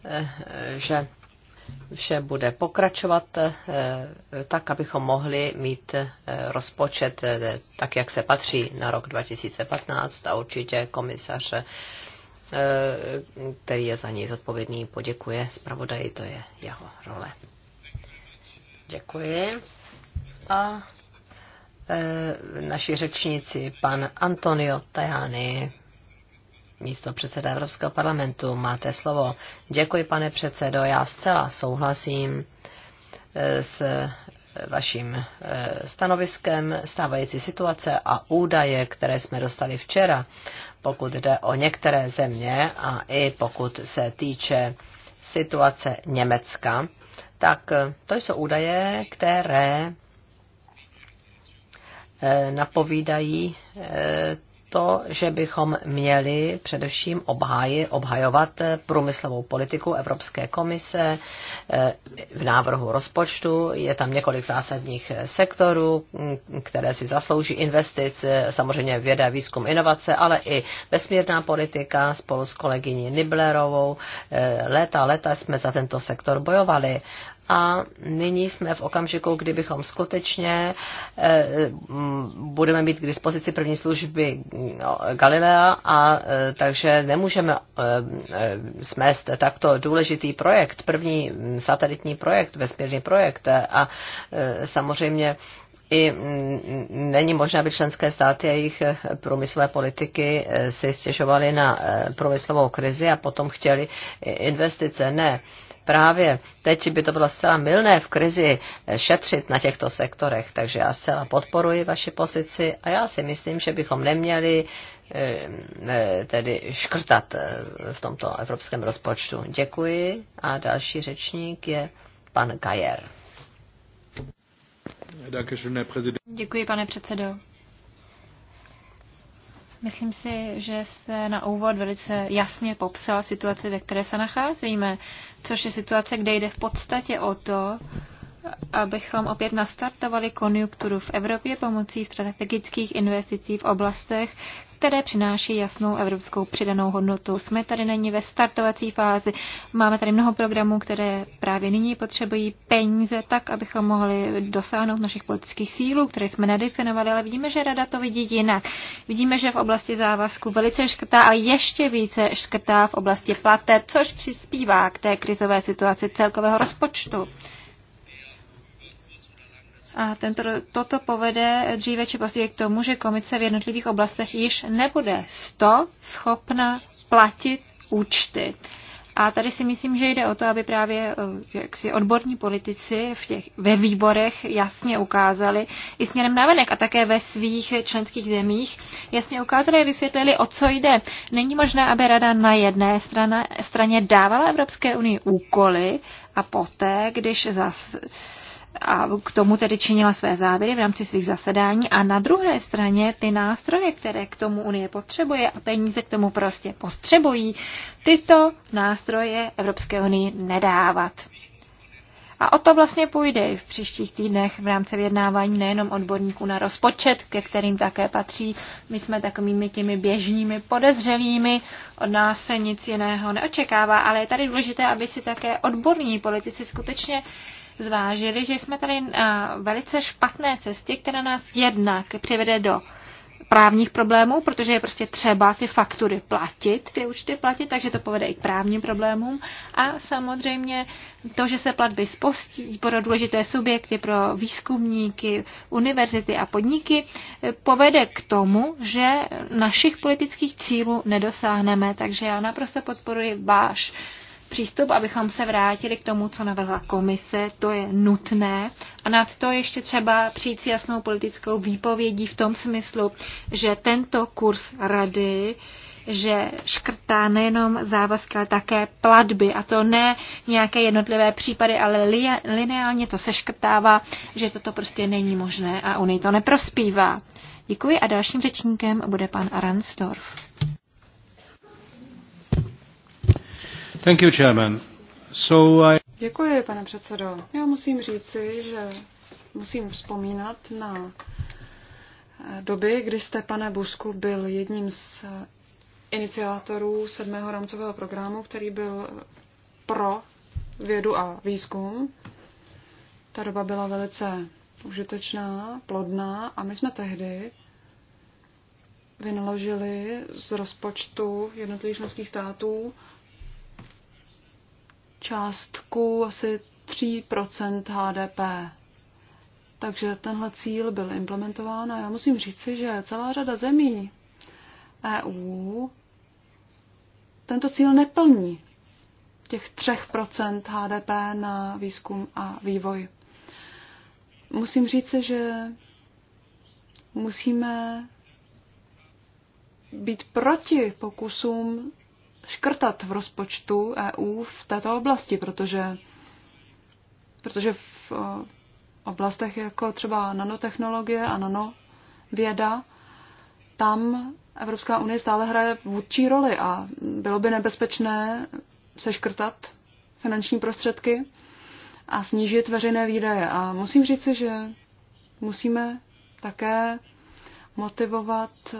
eh, že vše bude pokračovat eh, tak, abychom mohli mít rozpočet tak, jak se patří na rok 2015 a určitě komisaře. Eh, který je za něj zodpovědný, poděkuje zpravodaji, to je jeho role. Děkuji. A eh, naši řečníci, pan Antonio Tajani, místo předseda Evropského parlamentu, máte slovo. Děkuji, pane předsedo, já zcela souhlasím eh, s vaším eh, stanoviskem stávající situace a údaje, které jsme dostali včera, pokud jde o některé země a i pokud se týče situace Německa, tak eh, to jsou údaje, které eh, napovídají to, že bychom měli především obháji, obhajovat eh, průmyslovou politiku Evropské komise. Eh, v návrhu rozpočtu je tam několik zásadních eh, sektorů, mm, které si zaslouží investic, samozřejmě věda, výzkum, inovace, ale i vesmírná politika spolu s kolegyní Niblerovou. Léta, léta jsme za tento sektor bojovali a nyní jsme v okamžiku, kdybychom skutečně eh, budeme mít k dispozici první služby no, Galilea a eh, takže nemůžeme eh, smést takto důležitý projekt, první hm, satelitní projekt, vesmírný projekt a samozřejmě i hm, hm, není možné, aby členské státy a jejich průmyslové politiky si stěžovaly na průmyslovou krizi a potom chtěli investice. Ne, právě teď by to bylo zcela milné v krizi eh, šetřit na těchto sektorech, takže já zcela podporuji vaši pozici a já si myslím, že bychom neměli eh, eh, tedy škrtat v tomto evropském rozpočtu. Děkuji a další řečník je pan Gajer. Děkuji, pane předsedo. Myslím si, že jste na úvod velice jasně popsal situaci, ve které se nacházíme což je situace, kde jde v podstatě o to, abychom opět nastartovali konjunkturu v Evropě pomocí strategických investicí v oblastech, které přináší jasnou evropskou přidanou hodnotu. Jsme tady není ve startovací fázi, máme tady mnoho programů, které právě nyní potřebují peníze tak, abychom mohli dosáhnout našich politických sílů, které jsme nedefinovali, ale vidíme, že rada to vidí jinak. Vidíme, že v oblasti závazku velice škrtá, ale ještě více škrtá v oblasti plateb, což přispívá k té krizové situaci celkového rozpočtu. A tento, toto povede dříve či později k tomu, že komice v jednotlivých oblastech již nebude 100 schopna platit účty. A tady si myslím, že jde o to, aby právě eh, si odborní politici v těch, ve výborech jasně ukázali i směrem navenek a také ve svých členských zemích jasně ukázali a vysvětlili, o co jde. Není možné, aby rada na jedné straně dávala Evropské unii úkoly a poté, když zase a k tomu tedy činila své závěry v rámci svých zasedání a na druhé straně ty nástroje, které k tomu Unie potřebuje a peníze k tomu prostě postřebují, tyto nástroje Evropské unii nedávat. A o to vlastně půjde i v příštích týdnech v rámci vyjednávání nejenom odborníků na rozpočet, ke kterým také patří. My jsme takovými těmi běžnými podezřelými, od nás se nic jiného neočekává, ale je tady důležité, aby si také odborní politici skutečně zvážili, že jsme tady na velice špatné cestě, která nás jednak přivede do právních problémů, protože je prostě třeba ty faktury platit, ty účty platit, takže to povede i k právním problémům. A samozřejmě to, že se platby spostí pro důležité subjekty, pro výzkumníky, univerzity a podniky, povede k tomu, že našich politických cílů nedosáhneme. Takže já naprosto podporuji váš přístup, abychom se vrátili k tomu, co navrhla komise, to je nutné. A nad to ještě třeba přijít s jasnou politickou výpovědí v tom smyslu, že tento kurz rady že škrtá nejenom závazky, ale také platby. A to ne nějaké jednotlivé případy, ale lineálně to seškrtává, že toto prostě není možné a Unii to neprospívá. Děkuji a dalším řečníkem bude pan Aransdorf. Děkuji, pane předsedo. Já musím říci, že musím vzpomínat na doby, kdy jste, pane Busku, byl jedním z iniciátorů sedmého rámcového programu, který byl pro vědu a výzkum. Ta doba byla velice užitečná, plodná a my jsme tehdy vynaložili z rozpočtu jednotlivých členských států částku asi 3 HDP. Takže tenhle cíl byl implementován a já musím říci, že celá řada zemí EU tento cíl neplní těch 3 HDP na výzkum a vývoj. Musím říci, že musíme být proti pokusům škrtat v rozpočtu EU v této oblasti, protože, protože v eh, oblastech jako třeba nanotechnologie a nanověda, tam Evropská unie stále hraje vůdčí roli a bylo by nebezpečné seškrtat finanční prostředky a snížit veřejné výdaje. A musím říci, že musíme také motivovat eh,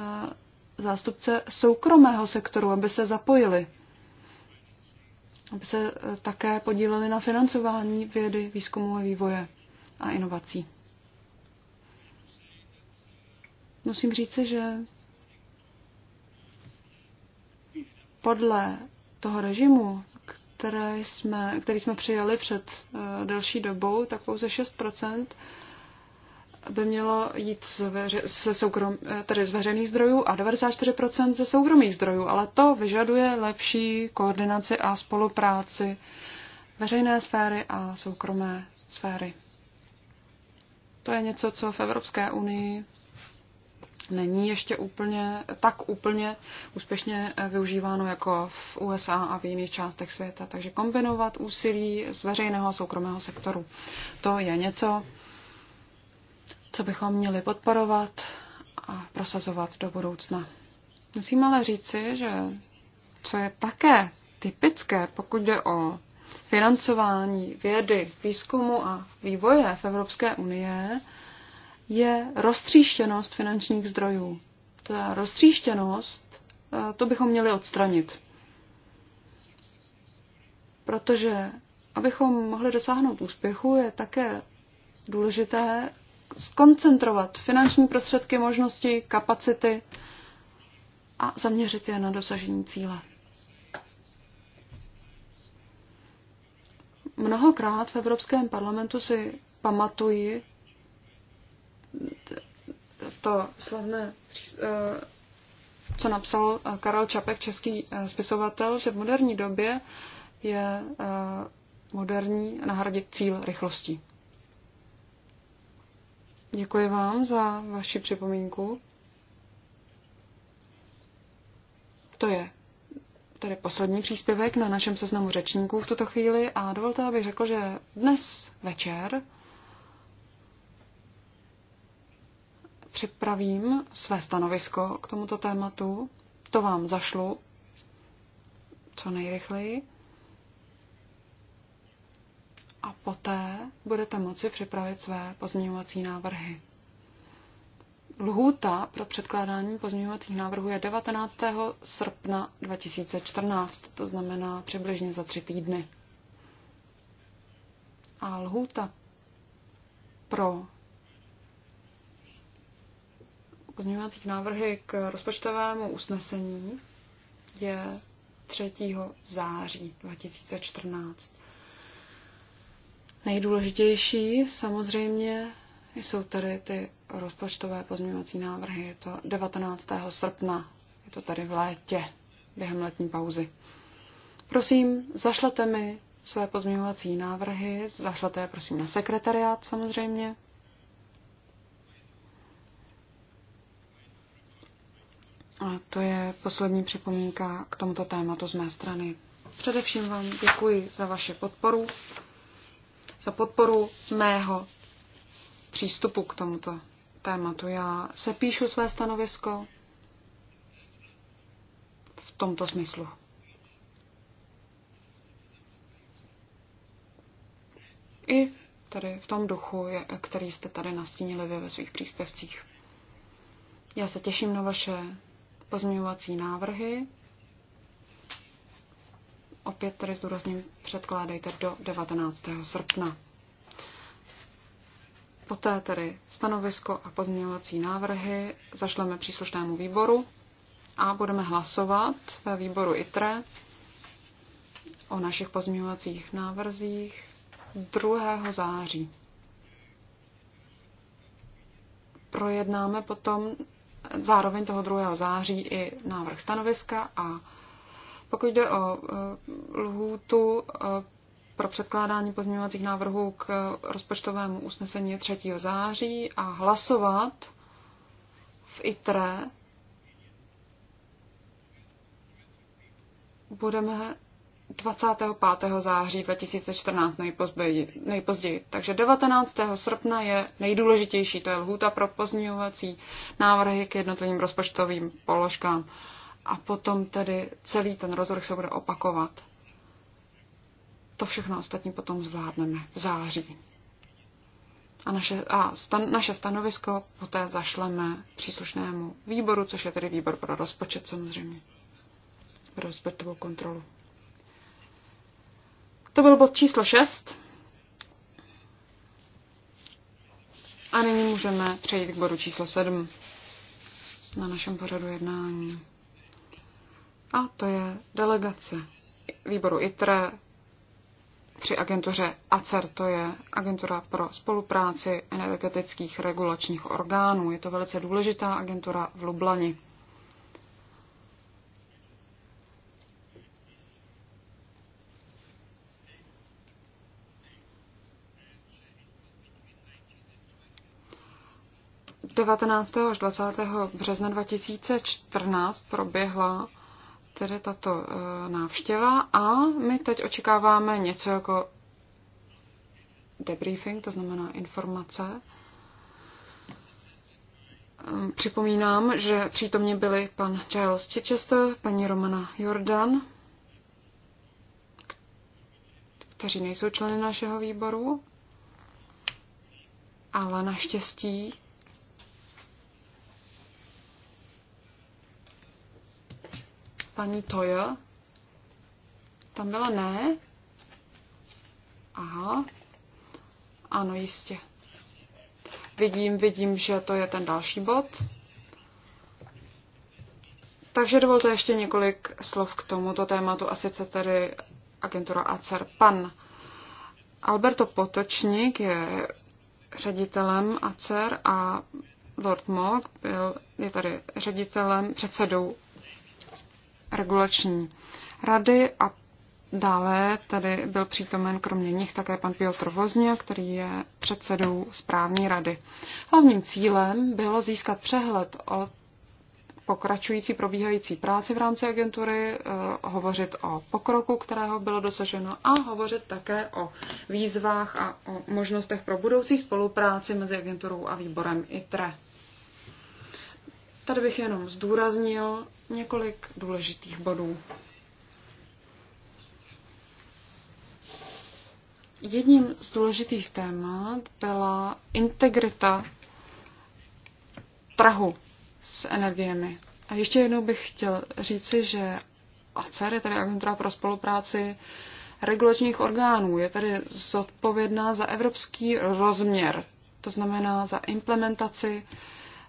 zástupce soukromého sektoru, aby se zapojili, aby se eh, také podíleli na financování vědy, výzkumu a vývoje a inovací. Musím říci, že podle toho režimu, které jsme, který jsme přijali před uh, delší dobou, tak pouze 6 by mělo jít ze, soukrom, eh, tedy z veřejných zdrojů a 94% ze soukromých zdrojů, ale to vyžaduje lepší koordinaci a spolupráci veřejné sféry a soukromé sféry. To je něco, co v Evropské unii není ještě úplně, tak úplně úspěšně eh, využíváno jako v USA a v jiných částech světa. Takže kombinovat úsilí z veřejného a soukromého sektoru, to je něco, co bychom měli podporovat a prosazovat do budoucna. Musím ale říci, že co je také typické, pokud jde o financování vědy, výzkumu a vývoje v Evropské unie, je roztříštěnost finančních zdrojů. Ta roztříštěnost, eh, to bychom měli odstranit. Protože abychom mohli dosáhnout úspěchu, je také důležité skoncentrovat finanční prostředky, možnosti, kapacity a zaměřit je na dosažení cíle. Mnohokrát v Evropském parlamentu si pamatuji to slavné, eh, co napsal eh, Karel Čapek, český eh, spisovatel, že v moderní době je moderní nahradit cíl rychlostí. Děkuji vám za vaši připomínku. To je tady poslední příspěvek na našem seznamu řečníků v tuto chvíli a dovolte, abych řekl, že dnes večer připravím své stanovisko k tomuto tématu. To vám zašlu co nejrychleji a poté budete moci připravit své pozměňovací návrhy. Lhůta pro předkládání pozměňovacích návrhů je 19. srpna 2014, to znamená přibližně za tři týdny. A lhůta pro pozměňovacích návrhy k rozpočtovému usnesení je 3. září 2014. Nejdůležitější samozřejmě jsou tady ty rozpočtové pozměňovací návrhy. Je to 19. srpna, je to tady v létě, během letní pauzy. Prosím, zašlete mi své pozměňovací návrhy, zašlete je prosím na sekretariát samozřejmě. A to je poslední připomínka k tomuto tématu z mé strany. Především vám děkuji za vaši podporu za podporu mého přístupu k tomuto tématu. Já se píšu své stanovisko v tomto smyslu. I tady v tom duchu, který jste tady nastínili vy ve svých příspěvcích. Já se těším na vaše pozměňovací návrhy opět tedy zdůrazním, předkládejte do 19. srpna. Poté tedy stanovisko a pozměňovací návrhy zašleme příslušnému výboru a budeme hlasovat ve výboru ITRE o našich pozměňovacích návrzích 2. září. Projednáme potom zároveň toho 2. září i návrh stanoviska a pokud jde o eh, lhůtu eh, pro předkládání pozměňovacích návrhů k rozpočtovému usnesení 3. září a hlasovat v ITRE budeme 25. září 2014 nejpozději, nejpozději. Takže 19. srpna je nejdůležitější, to je lhůta pro pozměňovací návrhy k jednotlivým rozpočtovým položkám a potom tedy celý ten rozvrh se bude opakovat. To všechno ostatní potom zvládneme v září. A naše, a stan, naše stanovisko poté zašleme příslušnému výboru, což je tedy výbor pro rozpočet samozřejmě, pro rozpočtovou kontrolu. To byl bod číslo 6. A nyní můžeme přejít k bodu číslo 7 na našem pořadu jednání. A to je delegace výboru ITRE při agentuře ACER, to je agentura pro spolupráci energetických regulačních orgánů. Je to velice důležitá agentura v Lublani. 19. až 20. března 2014 proběhla tedy tato e, návštěva a my teď očekáváme něco jako debriefing, to znamená informace. Ehm, připomínám, že přítomně byli pan Giles Chichester, paní Romana Jordan, kteří nejsou členy našeho výboru, ale naštěstí paní Toja. Tam byla ne. Aha. Ano, jistě. Vidím, vidím, že to je ten další bod. Takže dovolte ještě několik slov k tomuto tématu, a sice tedy agentura ACER. Pan Alberto Potočník je ředitelem ACER a Lord Mock byl, je tady ředitelem, předsedou regulační rady a dále tady byl přítomen kromě nich také pan Piotr Vozně, který je předsedou správní rady. Hlavním cílem bylo získat přehled o pokračující probíhající práci v rámci agentury, eh, hovořit o pokroku, kterého bylo dosaženo a hovořit také o výzvách a o možnostech pro budoucí spolupráci mezi agenturou a výborem ITRE. Tady bych jenom zdůraznil několik důležitých bodů. Jedním z důležitých témat byla integrita trhu s energiemi. A ještě jednou bych chtěl říci, že ACER je tady agentura pro spolupráci regulačních orgánů. Je tady zodpovědná za evropský rozměr, to znamená za implementaci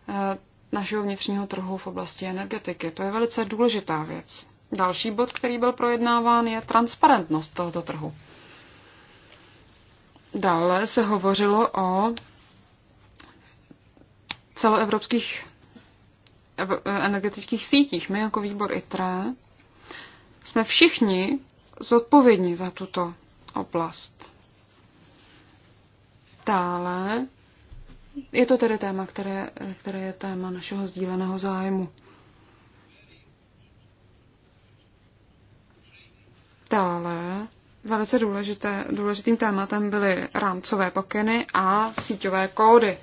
eh, našeho vnitřního trhu v oblasti energetiky. To je velice důležitá věc. Další bod, který byl projednáván, je transparentnost tohoto trhu. Dále se hovořilo o celoevropských energetických sítích. My jako výbor ITRE jsme všichni zodpovědní za tuto oblast. Dále je to tedy téma, které, které je téma našeho sdíleného zájmu. Dále velice důležité, důležitým tématem byly rámcové pokyny a síťové kódy.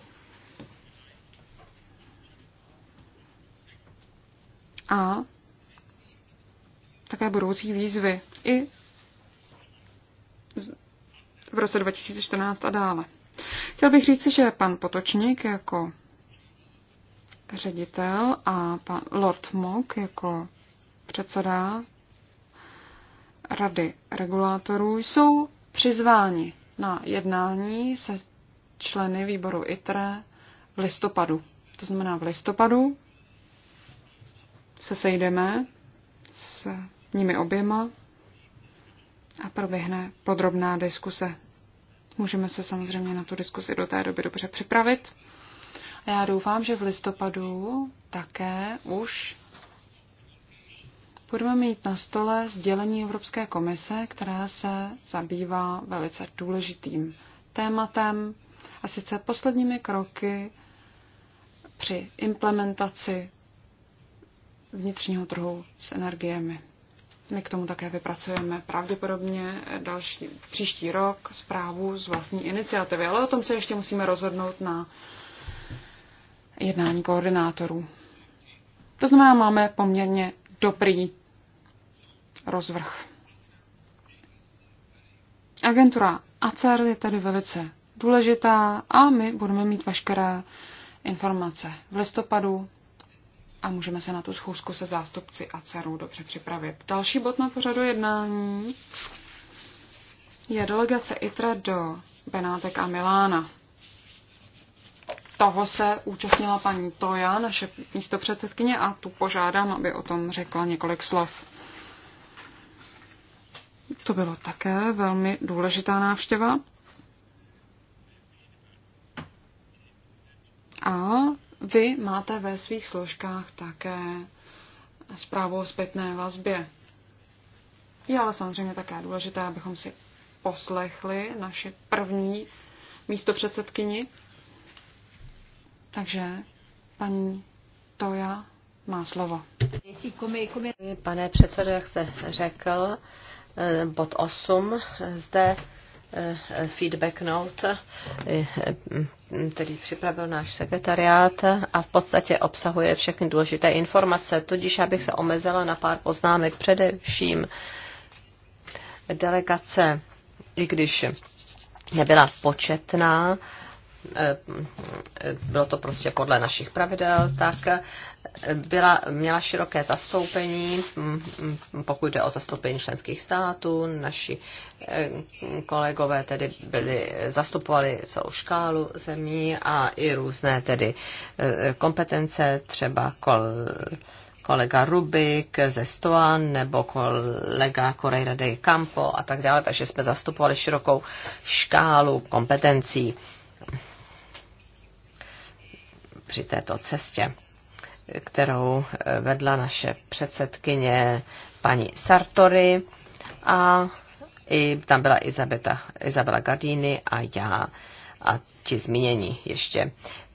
A také budoucí výzvy i v roce 2014 a dále. Chtěl bych říct, že pan Potočník jako ředitel a pan Lord Mock jako předseda rady regulátorů jsou přizváni na jednání se členy výboru ITRE v listopadu. To znamená, v listopadu se sejdeme s nimi oběma a proběhne podrobná diskuse. Můžeme se samozřejmě na tu diskusi do té doby dobře připravit. A já doufám, že v listopadu také už budeme mít na stole sdělení Evropské komise, která se zabývá velice důležitým tématem, a sice posledními kroky při implementaci vnitřního trhu s energiemi. My k tomu také vypracujeme pravděpodobně další, příští rok zprávu z vlastní iniciativy, ale o tom se ještě musíme rozhodnout na jednání koordinátorů. To znamená, máme poměrně dobrý rozvrh. Agentura ACER je tedy velice důležitá a my budeme mít veškeré informace v listopadu a můžeme se na tu schůzku se zástupci a ACERu dobře připravit. Další bod na pořadu jednání je delegace ITRA do Benátek a Milána. Toho se účastnila paní Toja, naše místopředsedkyně, a tu požádám, aby o tom řekla několik slov. To bylo také velmi důležitá návštěva. A vy máte ve svých složkách také zprávu o zpětné vazbě. Je ale samozřejmě také důležité, abychom si poslechli naše první místo předsedkyni. Takže paní Toja má slovo. Pane předsedo, jak jste řekl, eh, bod 8 zde feedback note, eh, eh, který připravil náš sekretariát a v podstatě obsahuje všechny důležité informace, tudíž já bych se omezila na pár poznámek především delegace, i když nebyla početná, Eh, bylo to prostě podle našich pravidel, tak eh, byla, měla široké zastoupení, hm, pokud jde o zastoupení členských států, naši eh, kolegové tedy byli, zastupovali celou škálu zemí a i různé tedy kompetence, třeba kol, kolega Rubik ze Stoan nebo kolega Correira de Campo a tak dále, takže jsme zastupovali širokou škálu kompetencí při této cestě, kterou eh, vedla naše předsedkyně paní Sartory a i, tam byla Izabeta, Izabela Gardini a já a ti zmínění ještě.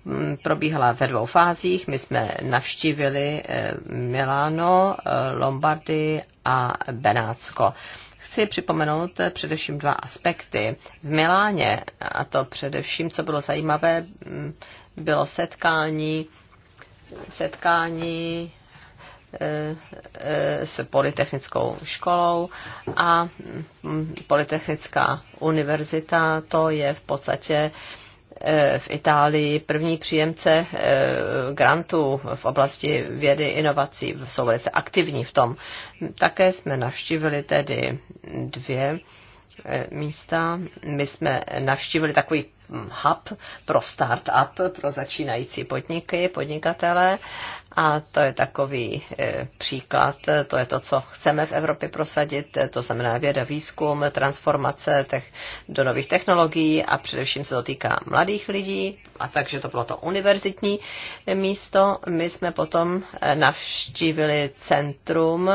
Mm, probíhala ve dvou fázích. My jsme navštívili eh, Milano, eh, Lombardy a Benátsko chci připomenout především dva aspekty. V Miláně, a to především, co bylo zajímavé, mm, bylo setkání, setkání e, e, s Polytechnickou školou a mm, Polytechnická univerzita, to je v podstatě Eh, v Itálii první příjemce eh, grantů v oblasti vědy, inovací, jsou velice aktivní v tom. Také jsme navštívili tedy dvě eh, místa. My jsme navštívili takový hm, hub pro start-up, pro začínající podniky, podnikatele a to je takový e, příklad, e, to je to, co chceme v Evropě prosadit, e, to znamená věda, výzkum, transformace tech, do nových technologií a především se to týká mladých lidí. A takže to bylo to univerzitní místo. My jsme potom navštívili centrum,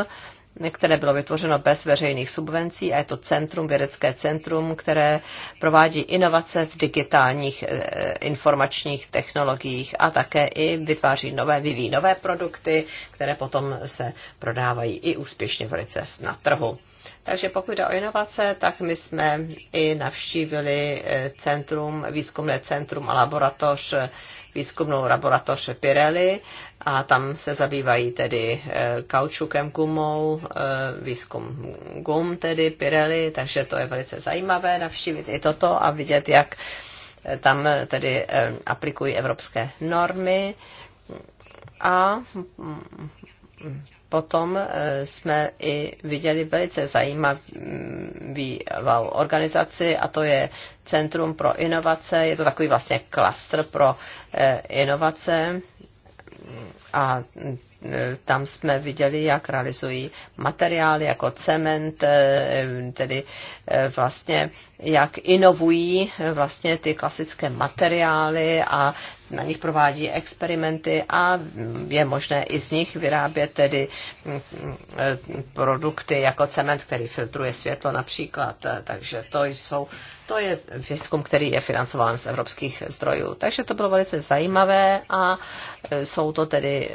které bylo vytvořeno bez veřejných subvencí a je to centrum, vědecké centrum, které provádí inovace v digitálních eh, informačních technologiích a také i vytváří nové, vyvíjí nové produkty, které potom se prodávají i úspěšně velice na trhu. Takže pokud jde o inovace, tak my jsme i navštívili eh, centrum, výzkumné centrum a laboratoř výzkumnou laboratoř Pirelli a tam se zabývají tedy eh, kaučukem gumou, eh, výzkum gum tedy Pirelli, takže to je velice zajímavé navštívit i toto a vidět, jak eh, tam tedy aplikují evropské normy a mm, potom jsme i viděli velice zajímavé býval organizaci a to je Centrum pro inovace. Je to takový vlastně klastr pro eh, inovace a Eh, tam jsme viděli, jak realizují materiály jako cement, eh, tedy eh, vlastně jak inovují vlastně ty klasické materiály a na nich provádí experimenty a mm, je možné i z nich vyrábět tedy mm, mm, produkty jako cement, který filtruje světlo například. Takže to, jsou, to je výzkum, který je financován z evropských zdrojů. Takže to bylo velice zajímavé a jsou to tedy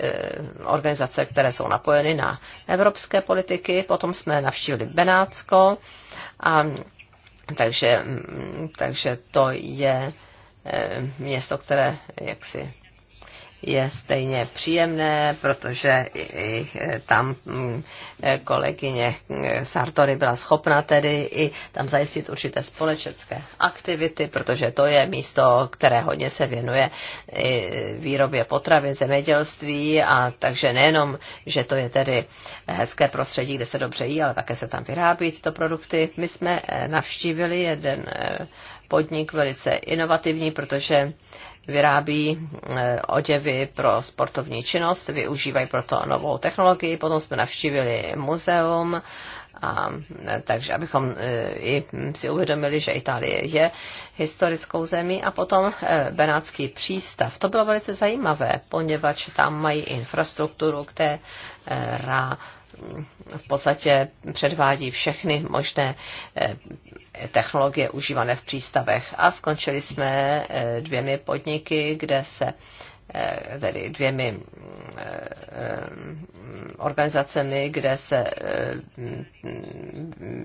organizace, které jsou napojeny na evropské politiky. Potom jsme navštívili Benátsko, a, takže, mm, takže to je eh, město, které jaksi je stejně příjemné, protože i e, tam mm, e, kolegyně e, Sartory byla schopna tedy i tam zajistit určité společenské aktivity, protože to je místo, které hodně se věnuje výrobě potravin, zemědělství a takže nejenom, že to je tedy hezké prostředí, kde se dobře jí, ale také se tam vyrábí tyto produkty. My jsme navštívili jeden podnik velice inovativní, protože vyrábí eh, oděvy pro sportovní činnost, využívají proto novou technologii. Potom jsme navštívili muzeum, a, eh, takže abychom eh, i si uvědomili, že Itálie je historickou zemí a potom Benátský přístav. To bylo velice zajímavé, poněvadž tam mají infrastrukturu, která v podstatě předvádí všechny možné eh, technologie užívané v přístavech. A skončili jsme eh, dvěmi podniky, kde se eh, tedy dvěmi organizacemi, kde se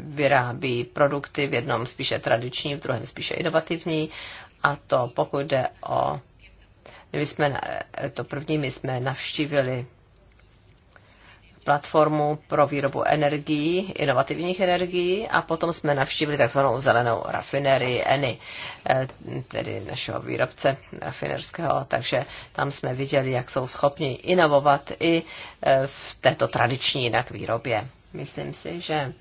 vyrábí produkty, v jednom spíše tradiční, v druhém spíše inovativní. A to pokud jde o... My jsme, to první my jsme navštívili platformu pro výrobu energií, inovativních energií a potom jsme navštívili takzvanou zelenou rafinerii ENI, eh, tedy našeho výrobce rafinerského, takže tam jsme viděli, jak jsou schopni inovovat i eh, v této tradiční jinak výrobě. Myslím si, že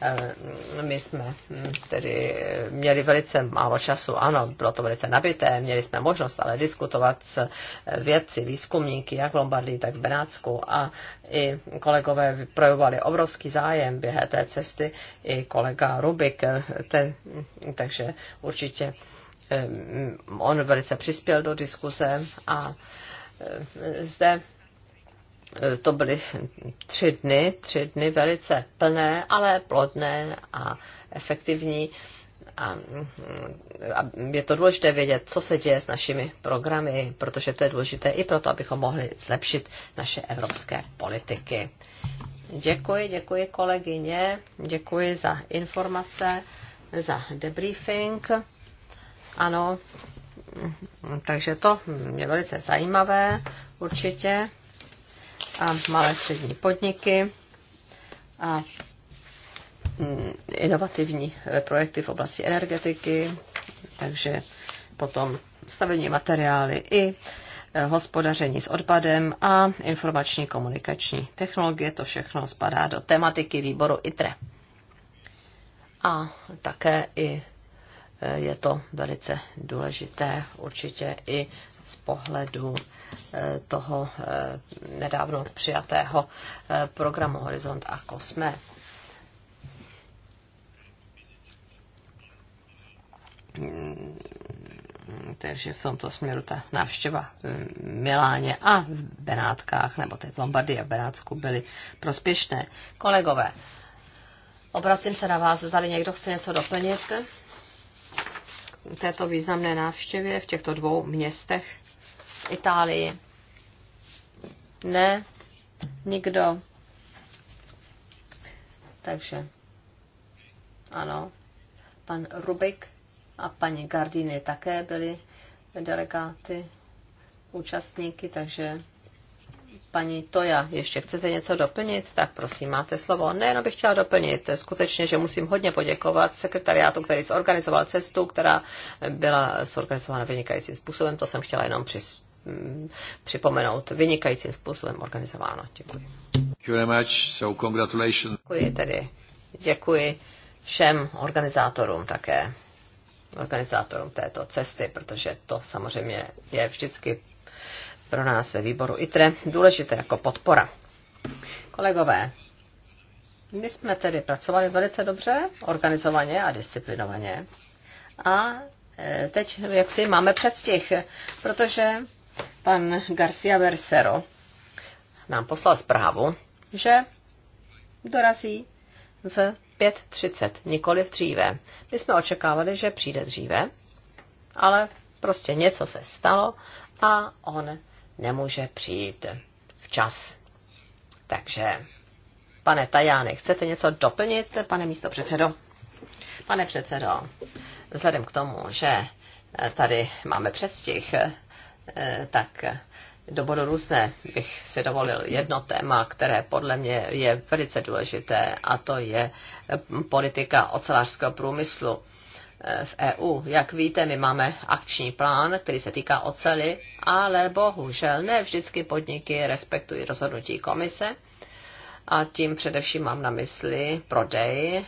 eh, my jsme hm, tedy eh, měli velice málo času, ano, bylo to velice nabité, měli jsme možnost ale diskutovat s eh, vědci, výzkumníky, jak v Lombardii, tak v Benátsku a i kolegové projevovali obrovský zájem během té cesty, i kolega Rubik, ten, takže určitě on velice přispěl do diskuze a zde Eh, to byly tři dny, tři dny velice plné, ale plodné a efektivní. A, mm, a je to důležité vědět, co se děje s našimi programy, protože to je důležité i proto, abychom mohli zlepšit naše evropské politiky. Děkuji, děkuji kolegyně, děkuji za informace, za debriefing. Ano, takže to je velice zajímavé určitě a malé střední podniky a mm, inovativní eh, projekty v oblasti energetiky, takže potom stavební materiály i eh, hospodaření s odpadem a informační komunikační technologie. To všechno spadá do tematiky výboru ITRE. A také i eh, je to velice důležité určitě i z pohledu eh, toho eh, nedávno přijatého eh, programu Horizont a Kosme. Mm, takže v tomto směru ta návštěva v Miláně a v Benátkách, nebo ty v Lombardii a v Benátsku byly prospěšné. Kolegové, obracím se na vás, zda někdo chce něco doplnit této významné návštěvě v těchto dvou městech v Itálii? Ne, nikdo. Takže ano, pan Rubik a paní Gardiny také byli delegáty, účastníky, takže Paní Toja, ještě chcete něco doplnit? Tak prosím, máte slovo. Nejenom bych chtěla doplnit, skutečně, že musím hodně poděkovat sekretariátu, který zorganizoval cestu, která byla zorganizována vynikajícím způsobem. To jsem chtěla jenom mm, připomenout. Vynikajícím způsobem organizováno. Děkuji. Děkuji tedy. Děkuji všem organizátorům také organizátorům této cesty, protože to samozřejmě je vždycky pro nás ve výboru ITRE důležité jako podpora. Kolegové, my jsme tedy pracovali velice dobře, organizovaně a disciplinovaně. A e, teď, jak si máme předstih, protože pan Garcia Versero nám poslal zprávu, že dorazí v 5.30, nikoli v dříve. My jsme očekávali, že přijde dříve, ale prostě něco se stalo a on nemůže přijít včas. Takže, pane Tajány, chcete něco doplnit, pane místo předsedo? Pane předsedo, vzhledem k tomu, že tady máme předstih, eh, tak do bodu různé bych si dovolil jedno téma, které podle mě je velice důležité, a to je politika ocelářského průmyslu v EU. Jak víte, my máme akční plán, který se týká ocely, ale bohužel ne vždycky podniky respektují rozhodnutí komise a tím především mám na mysli prodej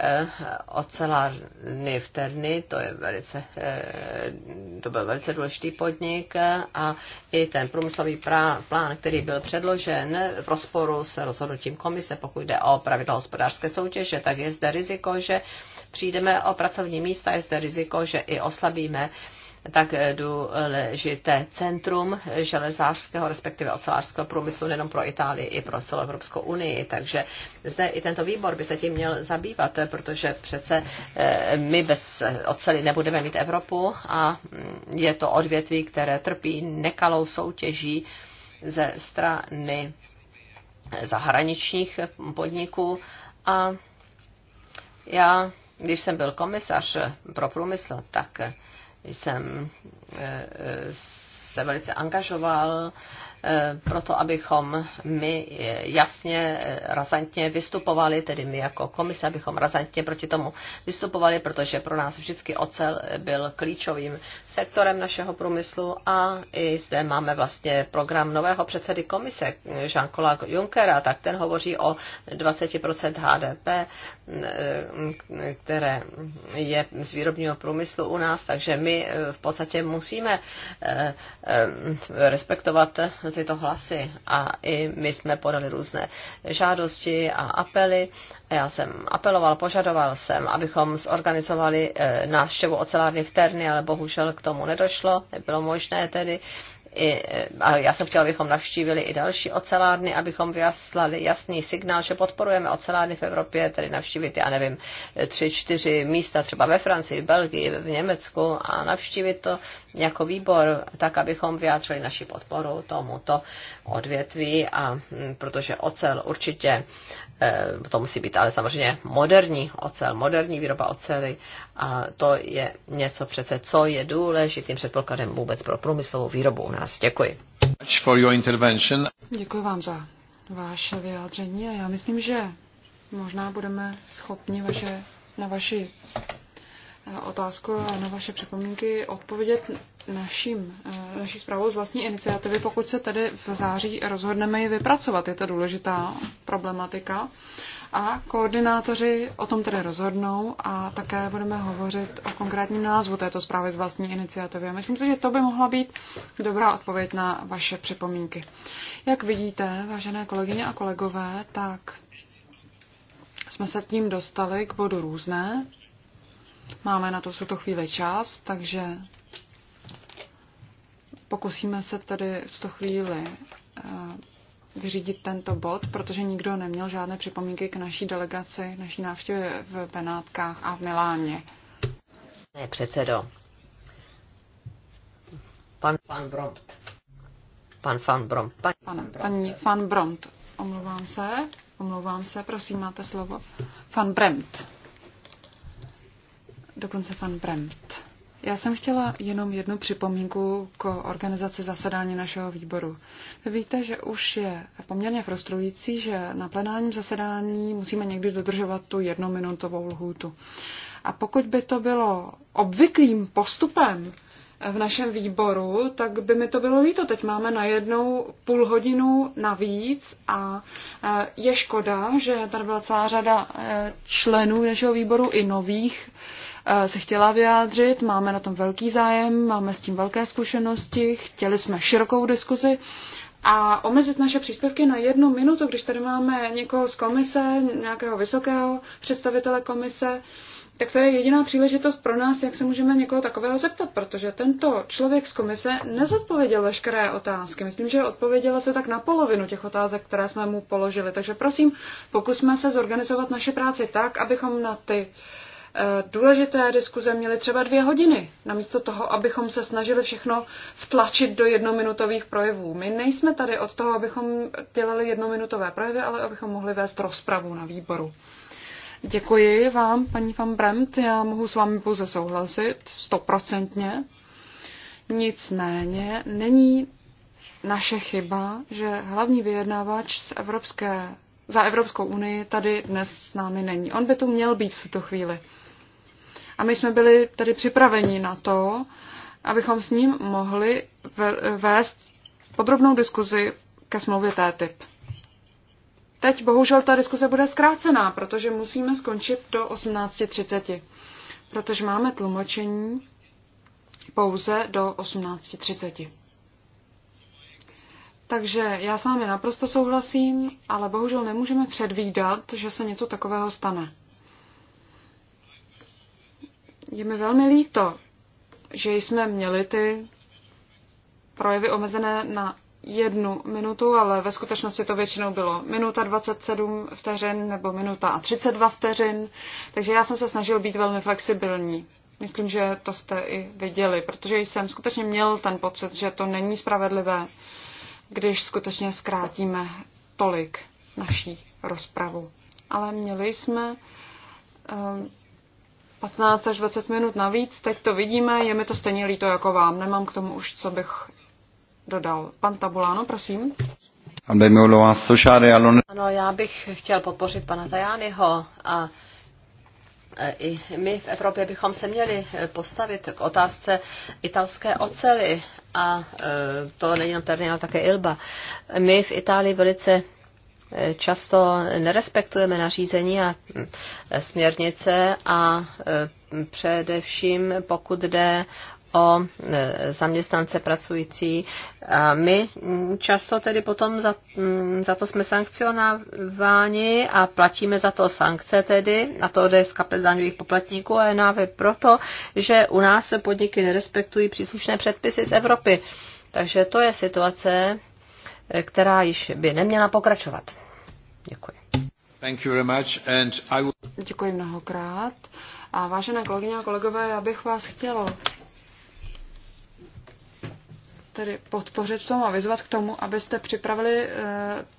eh, ocelárny v Terny, to, je velice, eh, to byl velice důležitý podnik eh, a i ten průmyslový plán, který byl předložen v rozporu s rozhodnutím komise, pokud jde o pravidla hospodářské soutěže, tak je zde riziko, že přijdeme o pracovní místa, je zde riziko, že i oslabíme tak důležité centrum železářského, respektive ocelářského průmyslu nejenom pro Itálii, i pro celou Evropskou unii. Takže zde i tento výbor by se tím měl zabývat, protože přece eh, my bez oceli nebudeme mít Evropu a je to odvětví, které trpí nekalou soutěží ze strany zahraničních podniků a já když jsem byl komisař pro průmysl, tak jsem eh, eh, se velice angažoval Eh, proto abychom my eh, jasně, eh, razantně vystupovali, tedy my jako komise, abychom razantně proti tomu vystupovali, protože pro nás vždycky ocel byl klíčovým sektorem našeho průmyslu a i zde máme vlastně program nového předsedy komise Jean-Claude Junckera, tak ten hovoří o 20% HDP, které je z výrobního průmyslu u nás, takže my v podstatě musíme respektovat tyto hlasy a i my jsme podali různé žádosti a apely. A já jsem apeloval, požadoval jsem, abychom zorganizovali eh, návštěvu ocelárny v Terny, ale bohužel k tomu nedošlo, nebylo možné tedy i, e, a já jsem chtěla, abychom navštívili i další ocelárny, abychom vyjaslali jasný signál, že podporujeme ocelárny v Evropě, tedy navštívit, já nevím, tři, čtyři místa třeba ve Francii, v Belgii, v Německu a navštívit to jako výbor, tak abychom vyjádřili naši podporu tomuto odvětví, a protože ocel určitě Eh, to musí být ale samozřejmě moderní ocel, moderní výroba ocely a to je něco přece, co je důležitým předpokladem vůbec pro průmyslovou výrobu u nás. Děkuji. Děkuji vám za vaše vyjádření a já myslím, že možná budeme schopni vaše, na vaši eh, otázku a na vaše připomínky odpovědět naším, eh, naší zprávou z vlastní iniciativy, pokud se tedy v září rozhodneme ji vypracovat. Je to důležitá problematika. A koordinátoři o tom tedy rozhodnou a také budeme hovořit o konkrétním názvu této zprávy z vlastní iniciativy. Myslím si, že to by mohla být dobrá odpověď na vaše připomínky. Jak vidíte, vážené kolegyně a kolegové, tak jsme se tím dostali k bodu různé. Máme na to v tuto chvíli čas, takže Pokusíme se tedy v tuto chvíli eh, vyřídit tento bod, protože nikdo neměl žádné připomínky k naší delegaci, naší návštěvě v Benátkách a v Miláně. Ne, předsedo. Pan Van Bromt. Pan Van Bromt. Pan, pan, Bromt. paní Van Bromt. Omlouvám se. Omlouvám se, prosím, máte slovo. Van Bremt. Dokonce Van Bremt. Já jsem chtěla jenom jednu připomínku k organizaci zasedání našeho výboru. Vy víte, že už je poměrně frustrující, že na plenárním zasedání musíme někdy dodržovat tu jednominutovou lhůtu. A pokud by to bylo obvyklým postupem v našem výboru, tak by mi to bylo líto. Teď máme na jednou půl hodinu navíc a e, je škoda, že tady byla celá řada e, členů našeho výboru i nových Eh, se chtěla vyjádřit, máme na tom velký zájem, máme s tím velké zkušenosti, chtěli jsme širokou diskuzi a omezit naše příspěvky na jednu minutu, když tady máme někoho z komise, nějakého vysokého představitele komise, tak to je jediná příležitost pro nás, jak se můžeme někoho takového zeptat, protože tento člověk z komise nezodpověděl veškeré otázky. Myslím, že odpověděla se tak na polovinu těch otázek, které jsme mu položili. Takže prosím, pokusme se zorganizovat naše práci tak, abychom na ty uh, Eh, důležité diskuze měly třeba dvě hodiny, namísto toho, abychom se snažili všechno vtlačit do jednominutových projevů. My nejsme tady od toho, abychom dělali jednominutové projevy, ale abychom mohli vést rozpravu na výboru. Děkuji vám, paní van Bremt. Já mohu s vámi pouze souhlasit, stoprocentně. Nicméně není naše chyba, že hlavní vyjednávač z Evropské, za Evropskou unii tady dnes s námi není. On by tu měl být v tuto chvíli. A my jsme byli tady připraveni na to, abychom s ním mohli vést podrobnou diskuzi ke smlouvě TTIP. Teď bohužel ta diskuze bude zkrácená, protože musíme skončit do 18.30, protože máme tlumočení pouze do 18.30. Takže já s vámi naprosto souhlasím, ale bohužel nemůžeme předvídat, že se něco takového stane. Je mi velmi líto, že jsme měli ty projevy omezené na jednu minutu, ale ve skutečnosti to většinou bylo minuta 27 vteřin nebo minuta a 32 vteřin, takže já jsem se snažil být velmi flexibilní. Myslím, že to jste i viděli, protože jsem skutečně měl ten pocit, že to není spravedlivé, když skutečně zkrátíme tolik naší rozpravu. Ale měli jsme um, 15 až 20 minut navíc. Teď to vidíme, je mi to stejně líto jako vám. Nemám k tomu už, co bych dodal. Pan Tabuláno, prosím. Ano, já bych chtěl podpořit pana Tajányho a e, i my v Evropě bychom se měli postavit k otázce italské ocely a e, to není jenom Terni, ale také Ilba. My v Itálii velice často nerespektujeme nařízení a e, směrnice a e, především pokud jde o e, zaměstnance pracující. A my často tedy potom za, mm, za to jsme sankcionováni a platíme za to sankce tedy, a to jde z kapes daňových poplatníků a je proto, že u nás se podniky nerespektují příslušné předpisy z Evropy. Takže to je situace, která již by neměla pokračovat. Děkuji. Thank you very much and I will... Děkuji mnohokrát. A vážené kolegyně a kolegové, já bych vás chtěl tedy podpořit v tom a vyzvat k tomu, abyste připravili e,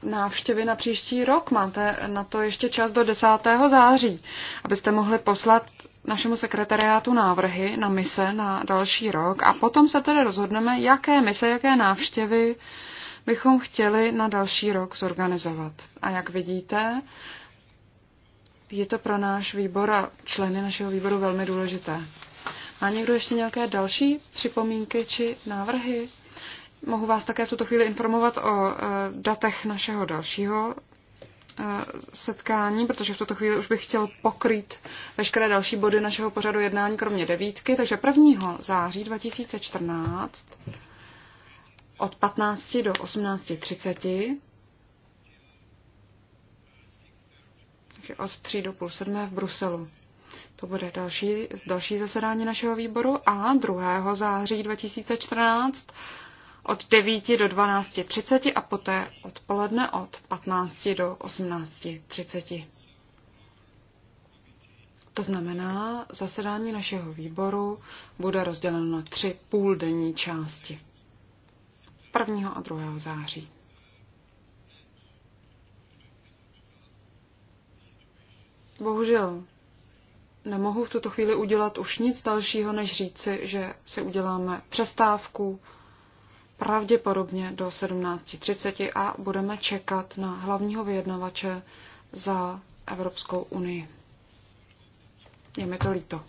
návštěvy na příští rok. Máte na to ještě čas do 10. září, abyste mohli poslat našemu sekretariátu návrhy na mise na další rok a potom se tedy rozhodneme, jaké mise, jaké návštěvy bychom chtěli na další rok zorganizovat. A jak vidíte, je to pro náš výbor a členy našeho výboru velmi důležité. Má někdo ještě nějaké další připomínky či návrhy? Mohu vás také v tuto chvíli informovat o eh, datech našeho dalšího eh, setkání, protože v tuto chvíli už bych chtěl pokrýt veškeré další body našeho pořadu jednání, kromě devítky. Takže 1. září 2014 od 15 do 18.30, takže od 3 do půl sedmé v Bruselu. To bude další, další zasedání našeho výboru a 2. září 2014 od 9 do 12.30 a poté odpoledne od 15 do 18.30. To znamená, zasedání našeho výboru bude rozděleno na tři půldenní části. 1. a 2. září. Bohužel nemohu v tuto chvíli udělat už nic dalšího, než říci, že si uděláme přestávku pravděpodobně do 17.30 a budeme čekat na hlavního vyjednavače za Evropskou unii. Je mi to líto.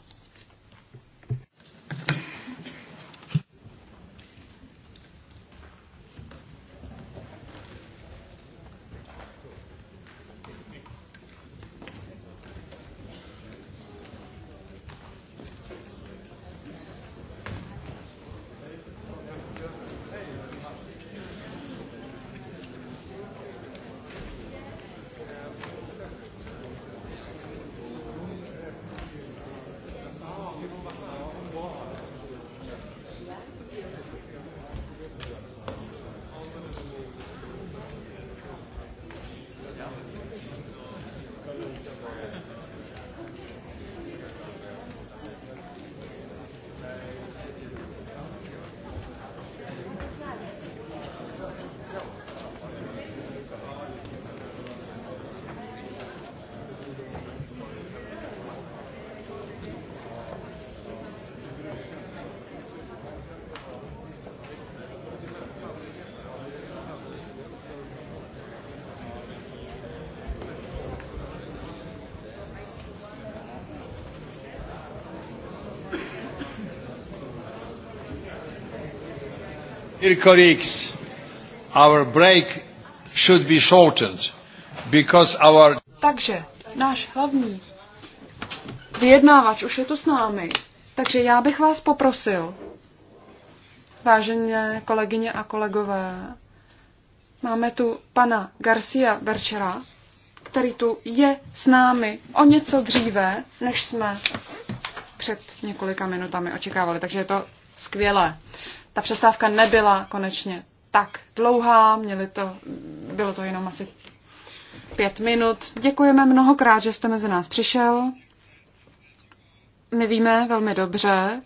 Dear colleagues, our break should be shortened because our... Takže náš hlavní vyjednávač už je tu s námi. Takže já bych vás poprosil, vážené kolegyně a kolegové, máme tu pana Garcia Berchera, který tu je s námi o něco dříve, než jsme před několika minutami očekávali. Takže je to skvělé ta přestávka nebyla konečně tak dlouhá, měli to, bylo to jenom asi pět minut. Děkujeme mnohokrát, že jste mezi nás přišel. My víme velmi dobře,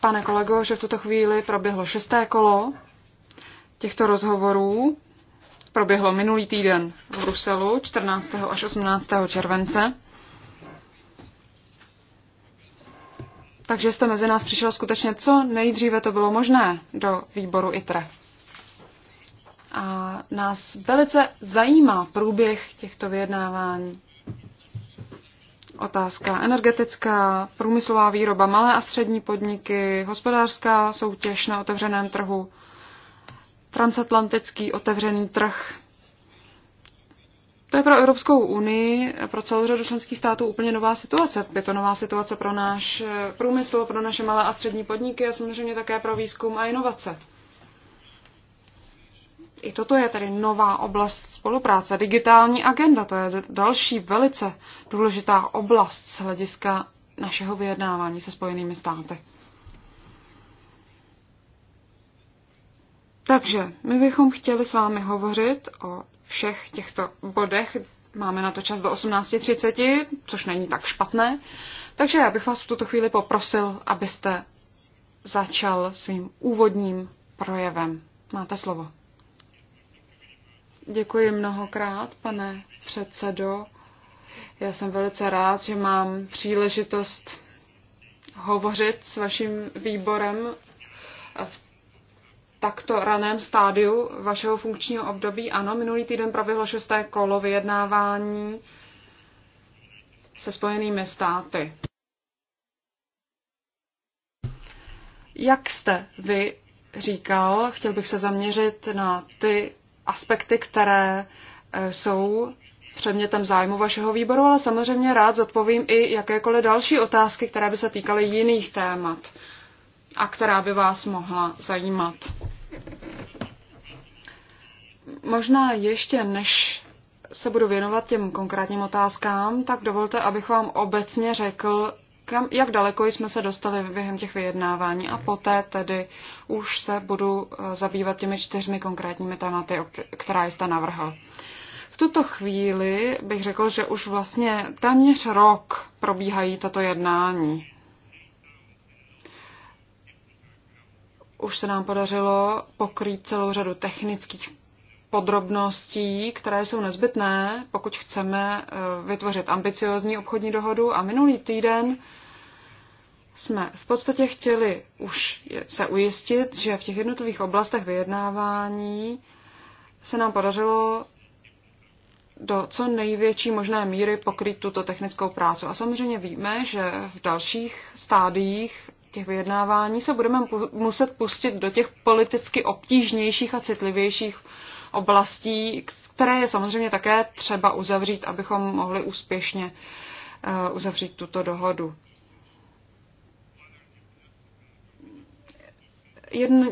pane kolego, že v tuto chvíli proběhlo šesté kolo těchto rozhovorů. Proběhlo minulý týden v Bruselu 14. až 18. července. takže jste mezi nás přišel skutečně co nejdříve to bylo možné do výboru ITRE. A nás velice zajímá průběh těchto vyjednávání. Otázka energetická, průmyslová výroba, malé a střední podniky, hospodářská soutěž na otevřeném trhu, transatlantický otevřený trh, to je pro Evropskou unii a pro celou řadu členských států úplně nová situace. Je to nová situace pro náš eh, průmysl, pro naše malé a střední podniky a samozřejmě také pro výzkum a inovace. I toto je tedy nová oblast spolupráce. Digitální agenda, to je další velice důležitá oblast z hlediska našeho vyjednávání se Spojenými státy. Takže my bychom chtěli s vámi hovořit o všech těchto bodech. Máme na to čas do 18.30, což není tak špatné. Takže já bych vás v tuto chvíli poprosil, abyste začal svým úvodním projevem. Máte slovo. Děkuji mnohokrát, pane předsedo. Já jsem velice rád, že mám příležitost hovořit s vaším výborem v takto raném stádiu vašeho funkčního období. Ano, minulý týden proběhlo šesté kolo vyjednávání se spojenými státy. Jak jste vy říkal, chtěl bych se zaměřit na ty aspekty, které eh, jsou předmětem zájmu vašeho výboru, ale samozřejmě rád zodpovím i jakékoliv další otázky, které by se týkaly jiných témat a která by vás mohla zajímat. Možná ještě než se budu věnovat těm konkrétním otázkám, tak dovolte, abych vám obecně řekl, kam, jak daleko jsme se dostali během těch vyjednávání a poté tedy už se budu eh, zabývat těmi čtyřmi konkrétními tématy, která jste navrhl. V tuto chvíli bych řekl, že už vlastně téměř rok probíhají tato jednání. už se nám podařilo pokrýt celou řadu technických podrobností, které jsou nezbytné, pokud chceme eh, vytvořit ambiciozní obchodní dohodu. A minulý týden jsme v podstatě chtěli už se ujistit, že v těch jednotlivých oblastech vyjednávání se nám podařilo do co největší možné míry pokryt tuto technickou práci. A samozřejmě víme, že v dalších stádiích těch vyjednávání se budeme muset pustit do těch politicky obtížnějších a citlivějších oblastí, které je samozřejmě také třeba uzavřít, abychom mohli úspěšně eh, uzavřít tuto dohodu.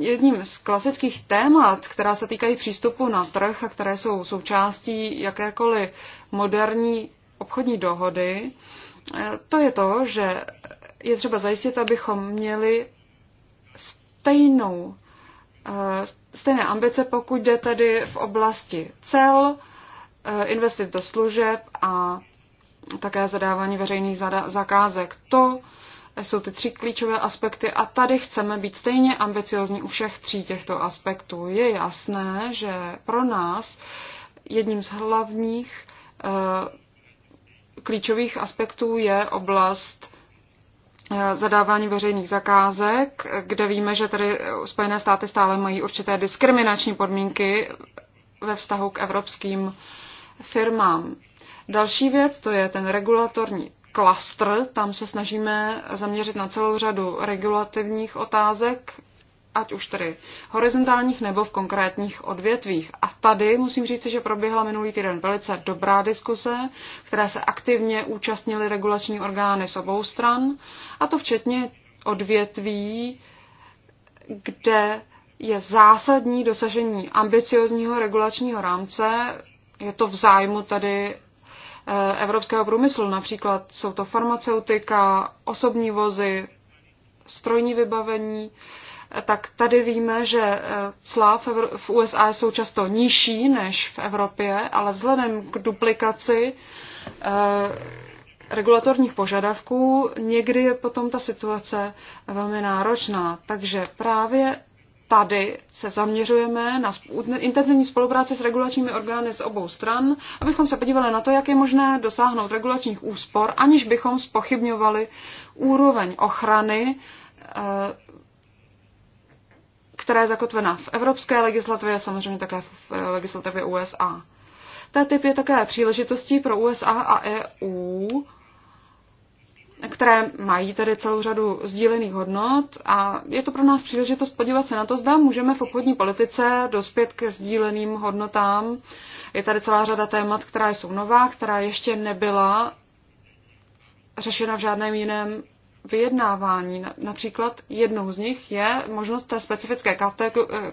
jedním z klasických témat, která se týkají přístupu na trh a které jsou součástí jakékoliv moderní obchodní dohody, eh, to je to, že je třeba zajistit, abychom měli stejnou, eh, stejné ambice, pokud jde tedy v oblasti cel, eh, investit do služeb a také zadávání veřejných zakázek. To jsou ty tři klíčové aspekty a tady chceme být stejně ambiciozní u všech tří těchto aspektů. Je jasné, že pro nás jedním z hlavních eh, klíčových aspektů je oblast Eh, zadávání veřejných zakázek, kde víme, že tady Spojené státy stále mají určité diskriminační podmínky ve vztahu k evropským firmám. Další věc to je ten regulatorní klastr. Tam se snažíme zaměřit na celou řadu regulativních otázek, ať už tedy horizontálních nebo v konkrétních odvětvích. A tady musím říct, že proběhla minulý týden velice dobrá diskuse, které se aktivně účastnily regulační orgány z obou stran, a to včetně odvětví, kde je zásadní dosažení ambiciozního regulačního rámce. Je to v zájmu tady eh, evropského průmyslu. Například jsou to farmaceutika, osobní vozy, strojní vybavení, tak tady víme, že eh, cla v USA jsou často nižší než v Evropě, ale vzhledem k duplikaci eh, regulatorních požadavků někdy je potom ta situace velmi náročná. Takže právě tady se zaměřujeme na intenzivní spolupráci s regulačními orgány z obou stran, abychom se podívali na to, jak je možné dosáhnout regulačních úspor, aniž bychom spochybňovali úroveň ochrany eh, která je zakotvena v evropské legislativě a samozřejmě také v legislativě USA. TTIP je také příležitostí pro USA a EU, které mají tedy celou řadu sdílených hodnot a je to pro nás příležitost podívat se na to, zda můžeme v obchodní politice dospět ke sdíleným hodnotám. Je tady celá řada témat, která jsou nová, která ještě nebyla řešena v žádném jiném vyjednávání. Například jednou z nich je možnost té specifické eh,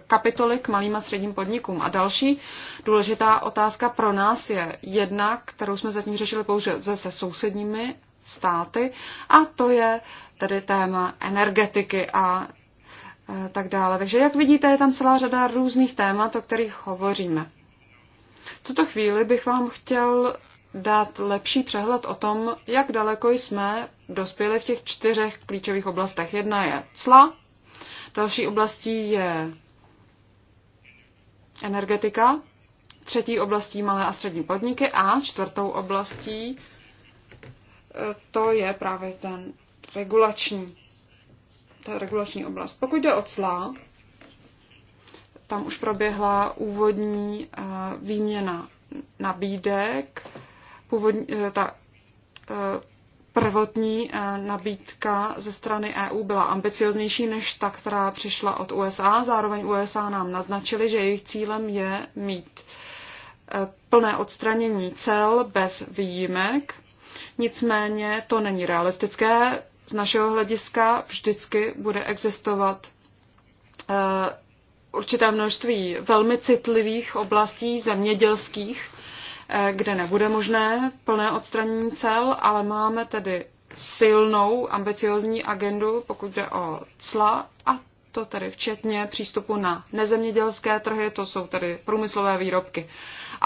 kapitoly k malým a středním podnikům. A další důležitá otázka pro nás je jedna, kterou jsme zatím řešili pouze se sousedními státy, a to je tedy téma energetiky a eh, tak dále. Takže jak vidíte, je tam celá řada různých témat, o kterých hovoříme. V tuto chvíli bych vám chtěl dát lepší přehled o tom, jak daleko jsme dospěli v těch čtyřech klíčových oblastech. Jedna je cla, další oblastí je energetika, třetí oblastí malé a střední podniky a čtvrtou oblastí e, to je právě ten regulační, ta regulační oblast. Pokud jde o cla, tam už proběhla úvodní e, výměna nabídek původní, eh, ta eh, prvotní eh, nabídka ze strany EU byla ambicioznější než ta, která přišla od USA. Zároveň USA nám naznačili, že jejich cílem je mít plné odstranění cel bez výjimek. Nicméně to není realistické. Z našeho hlediska vždycky bude existovat určité množství velmi citlivých oblastí zemědělských, Eh, kde nebude možné plné odstranění cel, ale máme tedy silnou, ambiciozní agendu, pokud jde o cla a to tedy včetně přístupu na nezemědělské trhy, to jsou tedy průmyslové výrobky.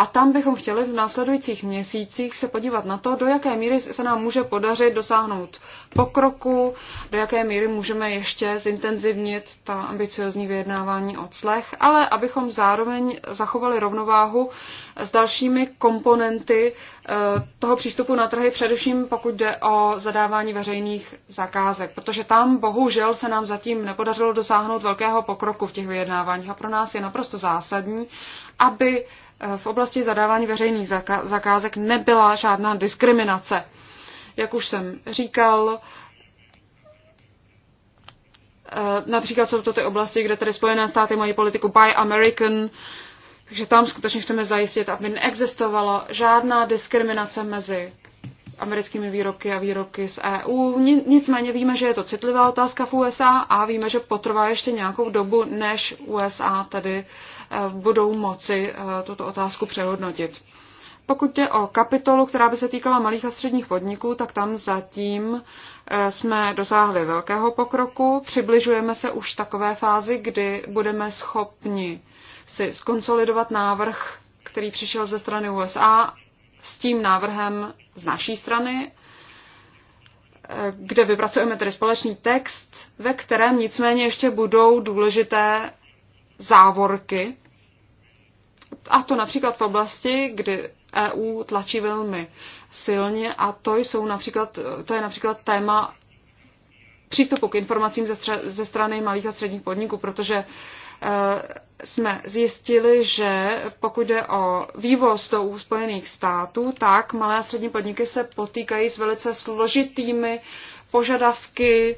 A tam bychom chtěli v následujících měsících se podívat na to, do jaké míry se nám může podařit dosáhnout pokroku, do jaké míry můžeme ještě zintenzivnit ta ambiciozní vyjednávání o clech, ale abychom zároveň zachovali rovnováhu s dalšími komponenty eh, toho přístupu na trhy, především pokud jde o zadávání veřejných zakázek, protože tam bohužel se nám zatím nepodařilo dosáhnout velkého pokroku v těch vyjednáváních a pro nás je naprosto zásadní, aby v oblasti zadávání veřejných zakázek nebyla žádná diskriminace. Jak už jsem říkal, eh, například jsou to ty oblasti, kde tedy Spojené státy mají politiku Buy American, takže tam skutečně chceme zajistit, aby neexistovala žádná diskriminace mezi americkými výrobky a výrobky z EU. Nicméně víme, že je to citlivá otázka v USA a víme, že potrvá ještě nějakou dobu, než USA tedy budou moci eh, tuto otázku přehodnotit. Pokud jde o kapitolu, která by se týkala malých a středních podniků, tak tam zatím eh, jsme dosáhli velkého pokroku. Přibližujeme se už takové fázi, kdy budeme schopni si skonsolidovat návrh, který přišel ze strany USA s tím návrhem z naší strany, eh, kde vypracujeme tedy společný text, ve kterém nicméně ještě budou důležité závorky, a to například v oblasti, kdy EU tlačí velmi silně a to, jsou například, to je například téma přístupu k informacím ze, stře- ze strany malých a středních podniků, protože e, jsme zjistili, že pokud jde o vývoz do Spojených států, tak malé a střední podniky se potýkají s velice složitými požadavky e,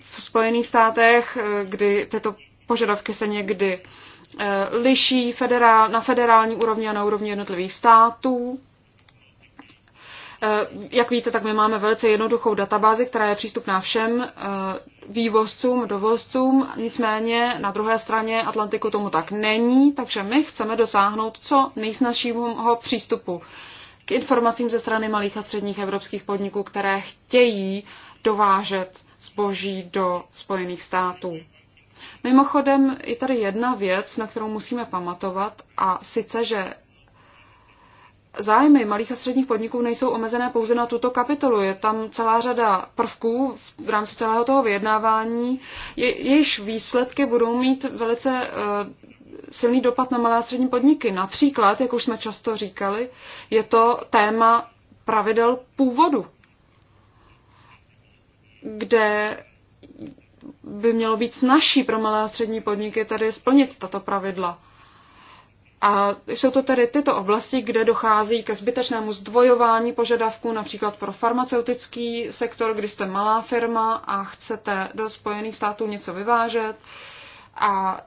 v Spojených státech, e, kdy tyto požadavky se někdy Eh, liší federál, na federální úrovni a na úrovni jednotlivých států. Eh, jak víte, tak my máme velice jednoduchou databázi, která je přístupná všem eh, vývozcům, dovozcům, nicméně na druhé straně Atlantiku tomu tak není, takže my chceme dosáhnout co nejsnažšího přístupu k informacím ze strany malých a středních evropských podniků, které chtějí dovážet zboží do Spojených států. Mimochodem je tady jedna věc, na kterou musíme pamatovat, a sice, že zájmy malých a středních podniků nejsou omezené pouze na tuto kapitolu. Je tam celá řada prvků v rámci celého toho vyjednávání, je, jejichž výsledky budou mít velice uh, silný dopad na malé a střední podniky. Například, jak už jsme často říkali, je to téma pravidel původu, kde by mělo být snažší pro malé a střední podniky tady splnit tato pravidla. A jsou to tedy tyto oblasti, kde dochází ke zbytečnému zdvojování požadavků například pro farmaceutický sektor, kdy jste malá firma a chcete do Spojených států něco vyvážet a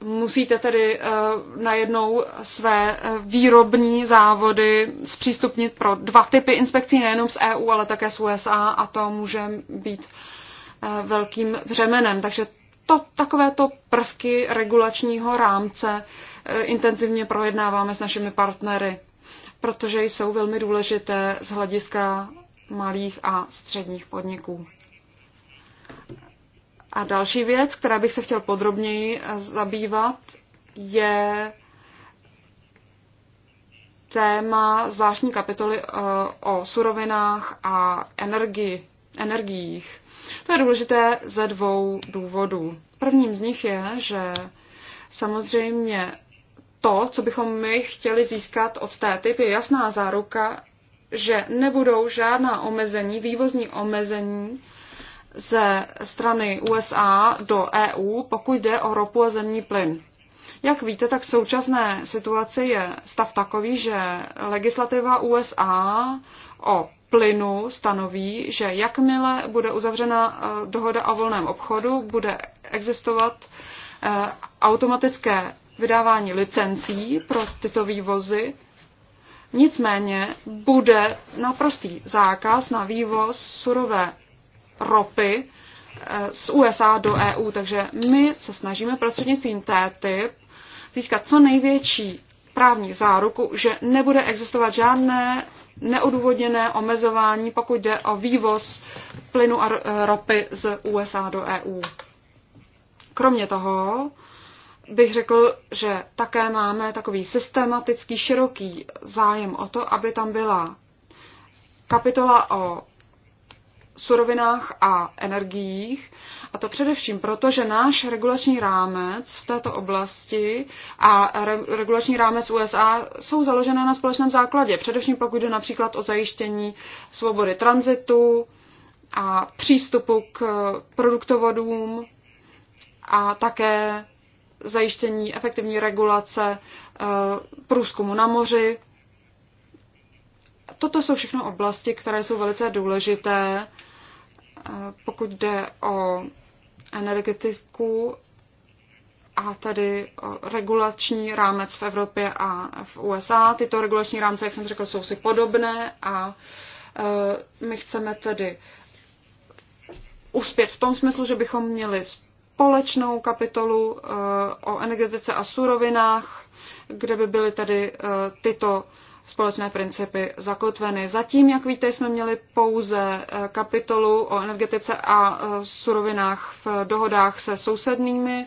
musíte tedy uh, najednou své eh, výrobní závody zpřístupnit pro dva typy inspekcí, nejenom z EU, ale také z USA a to může být Eh, velkým břemenem. Takže to, takovéto prvky regulačního rámce eh, intenzivně projednáváme s našimi partnery, protože jsou velmi důležité z hlediska malých a středních podniků. A další věc, která bych se chtěl podrobněji eh, zabývat, je téma zvláštní kapitoly o surovinách a energii, energiích. To je důležité ze dvou důvodů. Prvním z nich je, že samozřejmě to, co bychom my chtěli získat od té typy, je jasná záruka, že nebudou žádná omezení, vývozní omezení ze strany USA do EU, pokud jde o ropu a zemní plyn. Jak víte, tak v současné situaci je stav takový, že legislativa USA o plynu stanoví, že jakmile bude uzavřena eh, dohoda o volném obchodu, bude existovat eh, automatické vydávání licencí pro tyto vývozy. Nicméně bude naprostý zákaz na vývoz surové ropy eh, z USA do EU, takže my se snažíme prostřednictvím TTIP získat co největší právní záruku, že nebude existovat žádné neodůvodněné omezování, pokud jde o vývoz plynu a ropy z USA do EU. Kromě toho bych řekl, že také máme takový systematický, široký zájem o to, aby tam byla kapitola o surovinách a energiích, a to především proto, že náš regulační rámec v této oblasti a re- regulační rámec USA jsou založené na společném základě, především pokud jde například o zajištění svobody tranzitu a přístupu k produktovodům a také zajištění efektivní regulace e, průzkumu na moři. Toto jsou všechno oblasti, které jsou velice důležité pokud jde o energetiku a tedy regulační rámec v Evropě a v USA. Tyto regulační rámce, jak jsem řekl, jsou si podobné a e, my chceme tedy uspět v tom smyslu, že bychom měli společnou kapitolu e, o energetice a surovinách, kde by byly tedy e, tyto společné principy zakotveny. Zatím, jak víte, jsme měli pouze eh, kapitolu o energetice a eh, surovinách v dohodách se sousedními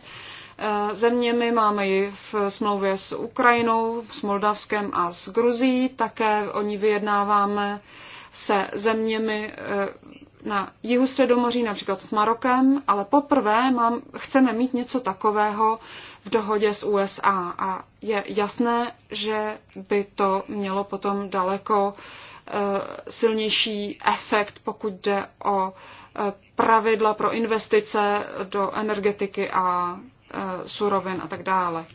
eh, zeměmi. Máme ji v smlouvě s Ukrajinou, s Moldavskem a s Gruzií. Také o ní vyjednáváme se zeměmi na jihu Středomoří, například s Marokem, ale poprvé mám, chceme mít něco takového v dohodě s USA. A je jasné, že by to mělo potom daleko eh, silnější efekt, pokud jde o eh, pravidla pro investice do energetiky a eh, surovin a tak dále.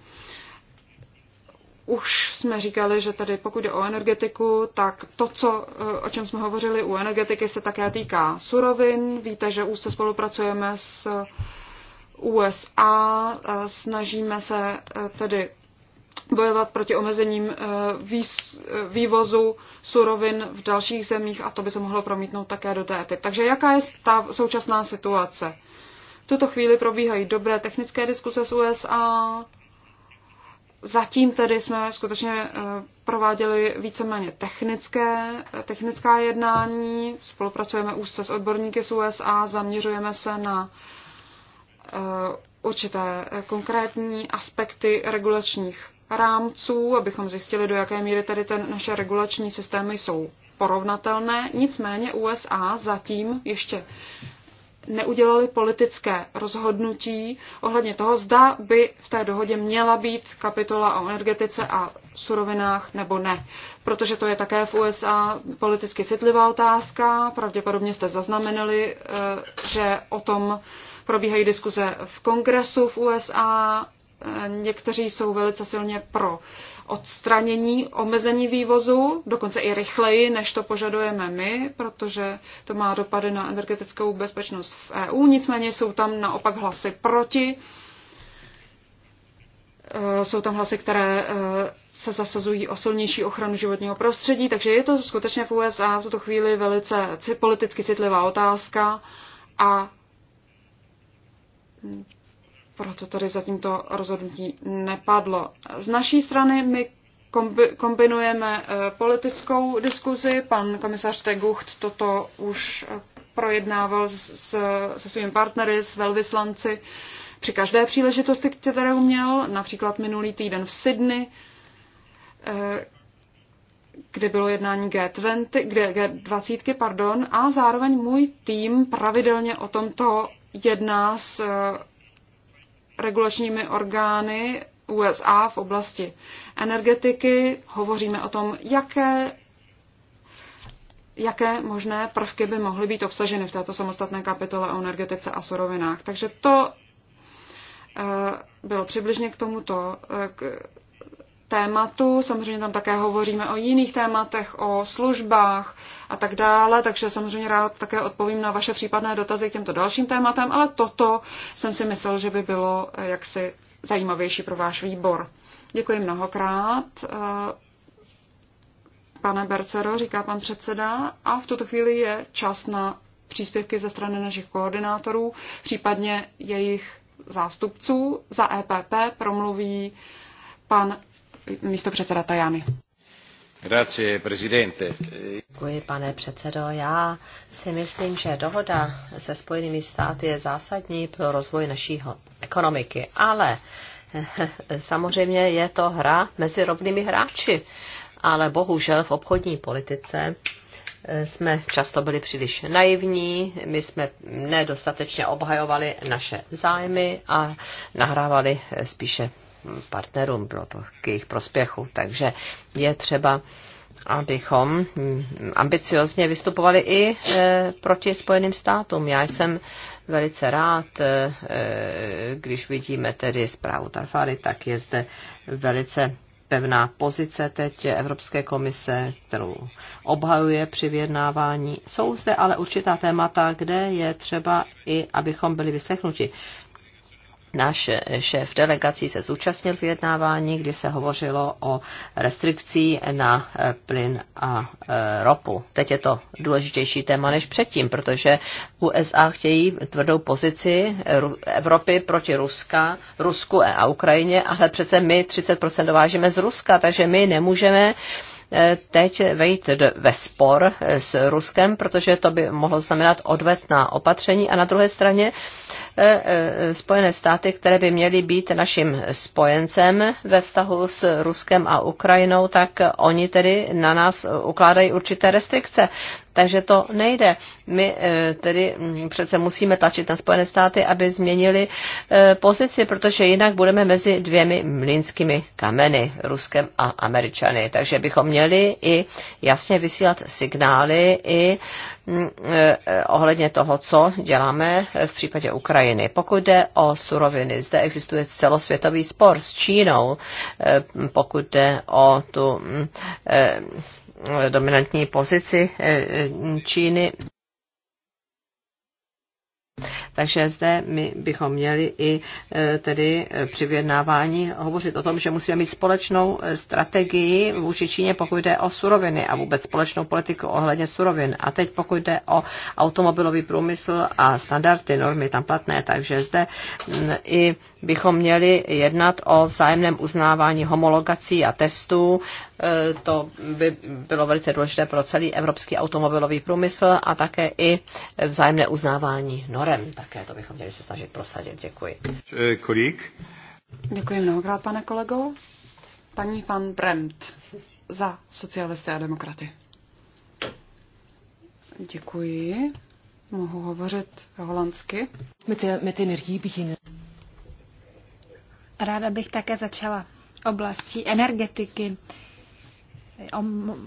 Už jsme říkali, že tady pokud jde o energetiku, tak to, co, o čem jsme hovořili u energetiky, se také týká surovin. Víte, že už se spolupracujeme s USA. Eh, snažíme se eh, tedy bojovat proti omezením eh, vývozu surovin v dalších zemích a to by se mohlo promítnout také do TTIP. Takže jaká je ta současná situace? V tuto chvíli probíhají dobré technické diskuse s USA. Zatím tedy jsme skutečně prováděli víceméně technické, technická jednání, spolupracujeme úzce s odborníky z USA, zaměřujeme se na uh, Eh, určité eh, konkrétní aspekty regulačních rámců, abychom zjistili, do jaké míry tady ten, naše regulační systémy jsou porovnatelné. Nicméně USA zatím ještě neudělali politické rozhodnutí ohledně toho, zda by v té dohodě měla být kapitola o energetice a surovinách nebo ne. Protože to je také v USA politicky citlivá otázka. Pravděpodobně jste zaznamenali, eh, že o tom probíhají diskuze v kongresu v USA, někteří jsou velice silně pro odstranění, omezení vývozu, dokonce i rychleji, než to požadujeme my, protože to má dopady na energetickou bezpečnost v EU. Nicméně jsou tam naopak hlasy proti. E, jsou tam hlasy, které e, se zasazují o silnější ochranu životního prostředí, takže je to skutečně v USA v tuto chvíli velice politicky citlivá otázka a proto tady zatím to rozhodnutí nepadlo. Z naší strany my kombinujeme eh, politickou diskuzi. Pan komisař Tegucht toto už eh, projednával s, se svými partnery, s velvyslanci při každé příležitosti, kterou měl, například minulý týden v Sydney, eh, kde bylo jednání G20, kde, G20 pardon, a zároveň můj tým pravidelně o tomto jedná s eh, regulačními orgány USA v oblasti energetiky. Hovoříme o tom, jaké, jaké možné prvky by mohly být obsaženy v této samostatné kapitole o energetice a surovinách. Takže to eh, bylo přibližně k tomuto, eh, k tématu. Samozřejmě tam také hovoříme o jiných tématech, o službách a tak dále, takže samozřejmě rád také odpovím na vaše případné dotazy k těmto dalším tématem, ale toto jsem si myslel, že by bylo eh, jaksi zajímavější pro váš výbor. Děkuji mnohokrát. Eh, pane Bercero, říká pan předseda, a v tuto chvíli je čas na příspěvky ze strany našich koordinátorů, případně jejich zástupců. Za EPP promluví pan místo předseda Tajany. Děkuji, pane předsedo. Já si myslím, že dohoda se Spojenými státy je zásadní pro rozvoj naší ekonomiky, ale samozřejmě je to hra mezi rovnými hráči. Ale bohužel v obchodní politice eh, jsme často byli příliš naivní, my jsme nedostatečně obhajovali naše zájmy a nahrávali eh, spíše partnerům, bylo to k jejich prospěchu. Takže je třeba abychom hm, ambiciozně vystupovali i eh, proti Spojeným státům. Já jsem velice rád, eh, eh, když vidíme tedy zprávu Tarfary, tak je zde velice pevná pozice teď Evropské komise, kterou obhajuje při vyjednávání. Jsou zde ale určitá témata, kde je třeba i, abychom byli vyslechnuti. Náš šéf delegací se zúčastnil vyjednávání, kdy se hovořilo o restrikcí na eh, plyn a eh, ropu. Teď je to důležitější téma než předtím, protože USA chtějí tvrdou pozici Evropy proti Ruska, Rusku a Ukrajině, ale přece my 30% dovážíme z Ruska, takže my nemůžeme eh, teď vejít ve spor s Ruskem, protože to by mohlo znamenat odvetná opatření a na druhé straně E, e, Spojené státy, které by měly být naším spojencem ve vztahu s Ruskem a Ukrajinou, tak oni tedy na nás ukládají určité restrikce. Takže to nejde. My eh, tedy hm, přece musíme tlačit na Spojené státy, aby změnili eh, pozici, protože jinak budeme mezi dvěmi mlínskými kameny, Ruskem a Američany. Takže bychom měli i jasně vysílat signály i hm, eh, ohledně toho, co děláme v případě Ukrajiny. Pokud jde o suroviny, zde existuje celosvětový spor s Čínou, pokud jde o tu hm, Eh, dominantní pozici eh, eh, Číny. Takže zde my bychom měli i tedy při vyjednávání hovořit o tom, že musíme mít společnou strategii vůči Číně, pokud jde o suroviny a vůbec společnou politiku ohledně surovin. A teď pokud jde o automobilový průmysl a standardy, normy tam platné, takže zde mm, i bychom měli jednat o vzájemném uznávání homologací a testů E, to by bylo velice důležité pro celý evropský automobilový průmysl a také i vzájemné uznávání norem. Také to bychom měli se snažit prosadit. Děkuji. Kolik? Děkuji mnohokrát, pane kolego. Paní van Bremt za socialisty a demokraty. Děkuji. Mohu hovořit holandsky. Met, met beginnen. Ráda bych také začala oblastí energetiky.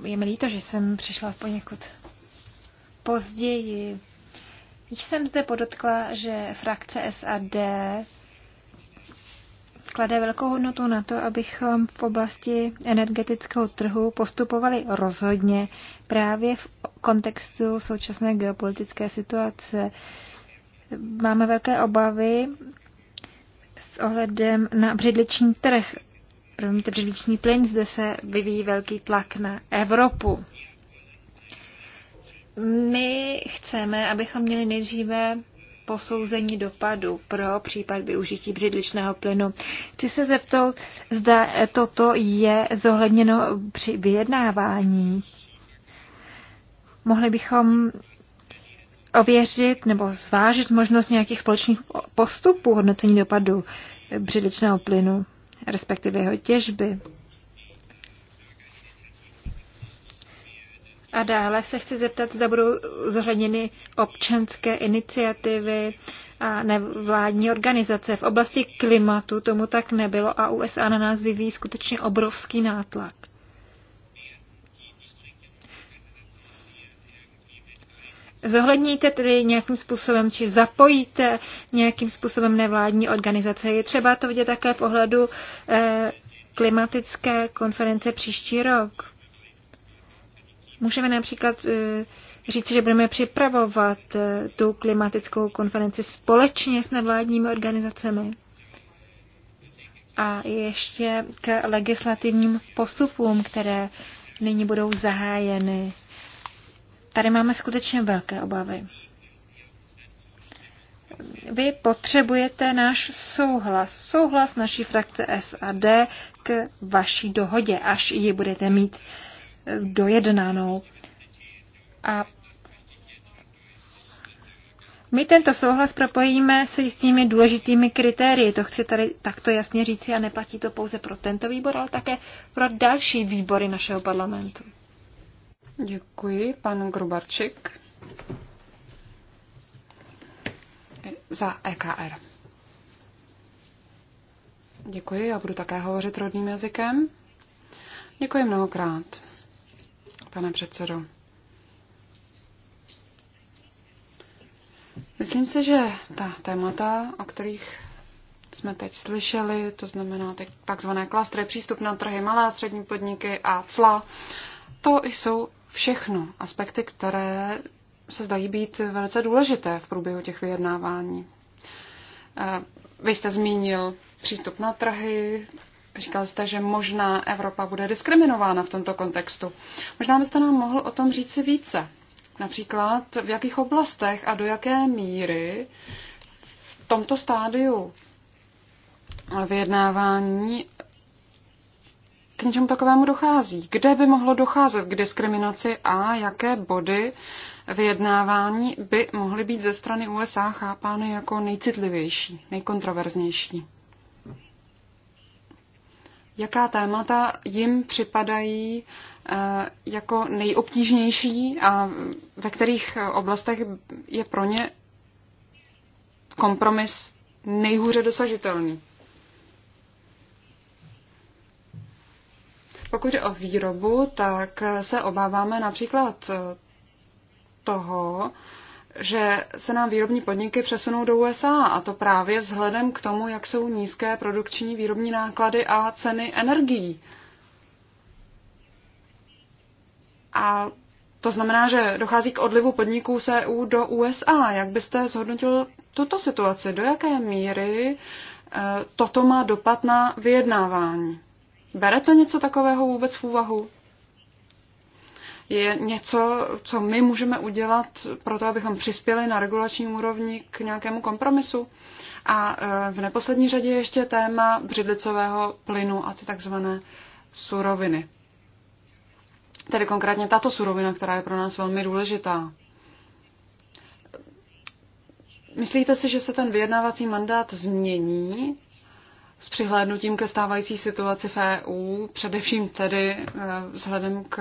Je mi líto, že jsem přišla poněkud později. Již jsem zde podotkla, že frakce SAD klade velkou hodnotu na to, abychom v oblasti energetického trhu postupovali rozhodně právě v kontextu současné geopolitické situace. Máme velké obavy s ohledem na břidliční trh promiňte, břidliční plyn, zde se vyvíjí velký tlak na Evropu. My chceme, abychom měli nejdříve posouzení dopadu pro případ využití břidličného plynu. Chci se zeptat, zda toto je zohledněno při vyjednávání. Mohli bychom ověřit nebo zvážit možnost nějakých společných postupů hodnocení dopadu břidličného plynu respektive jeho těžby. A dále se chci zeptat, zda budou zohledněny občanské iniciativy a nevládní organizace. V oblasti klimatu tomu tak nebylo a USA na nás vyvíjí skutečně obrovský nátlak. Zohledníte tedy nějakým způsobem, či zapojíte nějakým způsobem nevládní organizace. Je třeba to vidět také v ohledu eh, klimatické konference příští rok. Můžeme například eh, říct, že budeme připravovat eh, tu klimatickou konferenci společně s nevládními organizacemi. A ještě k legislativním postupům, které nyní budou zahájeny. Tady máme skutečně velké obavy. Vy potřebujete náš souhlas, souhlas naší frakce SAD k vaší dohodě, až ji budete mít eh, dojednanou. A my tento souhlas propojíme se jistými důležitými kritérii. To chci tady takto jasně říci a neplatí to pouze pro tento výbor, ale také pro další výbory našeho parlamentu. Děkuji, pan Grubarčik. Za EKR. Děkuji, já budu také hovořit rodným jazykem. Děkuji mnohokrát, pane předsedo. Myslím si, že ta témata, o kterých jsme teď slyšeli, to znamená takzvané klastry, přístup na trhy, malé a střední podniky a cla, to jsou všechno aspekty, které se zdají být velice důležité v průběhu těch vyjednávání. Eh, vy jste zmínil přístup na trhy, říkal jste, že možná Evropa bude diskriminována v tomto kontextu. Možná byste nám mohl o tom říci více. Například v jakých oblastech a do jaké míry v tomto stádiu vyjednávání k něčemu takovému dochází. Kde by mohlo docházet k diskriminaci a jaké body vyjednávání by mohly být ze strany USA chápány jako nejcitlivější, nejkontroverznější? Jaká témata jim připadají eh, jako nejobtížnější a ve kterých oblastech je pro ně kompromis nejhůře dosažitelný? Pokud je o výrobu, tak se obáváme například eh, toho, že se nám výrobní podniky přesunou do USA a to právě vzhledem k tomu, jak jsou nízké produkční výrobní náklady a ceny energií. A to znamená, že dochází k odlivu podniků z EU do USA. Jak byste zhodnotil tuto situaci? Do jaké míry eh, toto má dopad na vyjednávání? Berete něco takového vůbec v úvahu? Je něco, co my můžeme udělat pro to, abychom přispěli na regulační úrovni k nějakému kompromisu? A e, v neposlední řadě ještě téma břidlicového plynu a ty takzvané suroviny. Tedy konkrétně tato surovina, která je pro nás velmi důležitá. Myslíte si, že se ten vyjednávací mandát změní s přihlédnutím ke stávající situaci v EU, především tedy eh, vzhledem k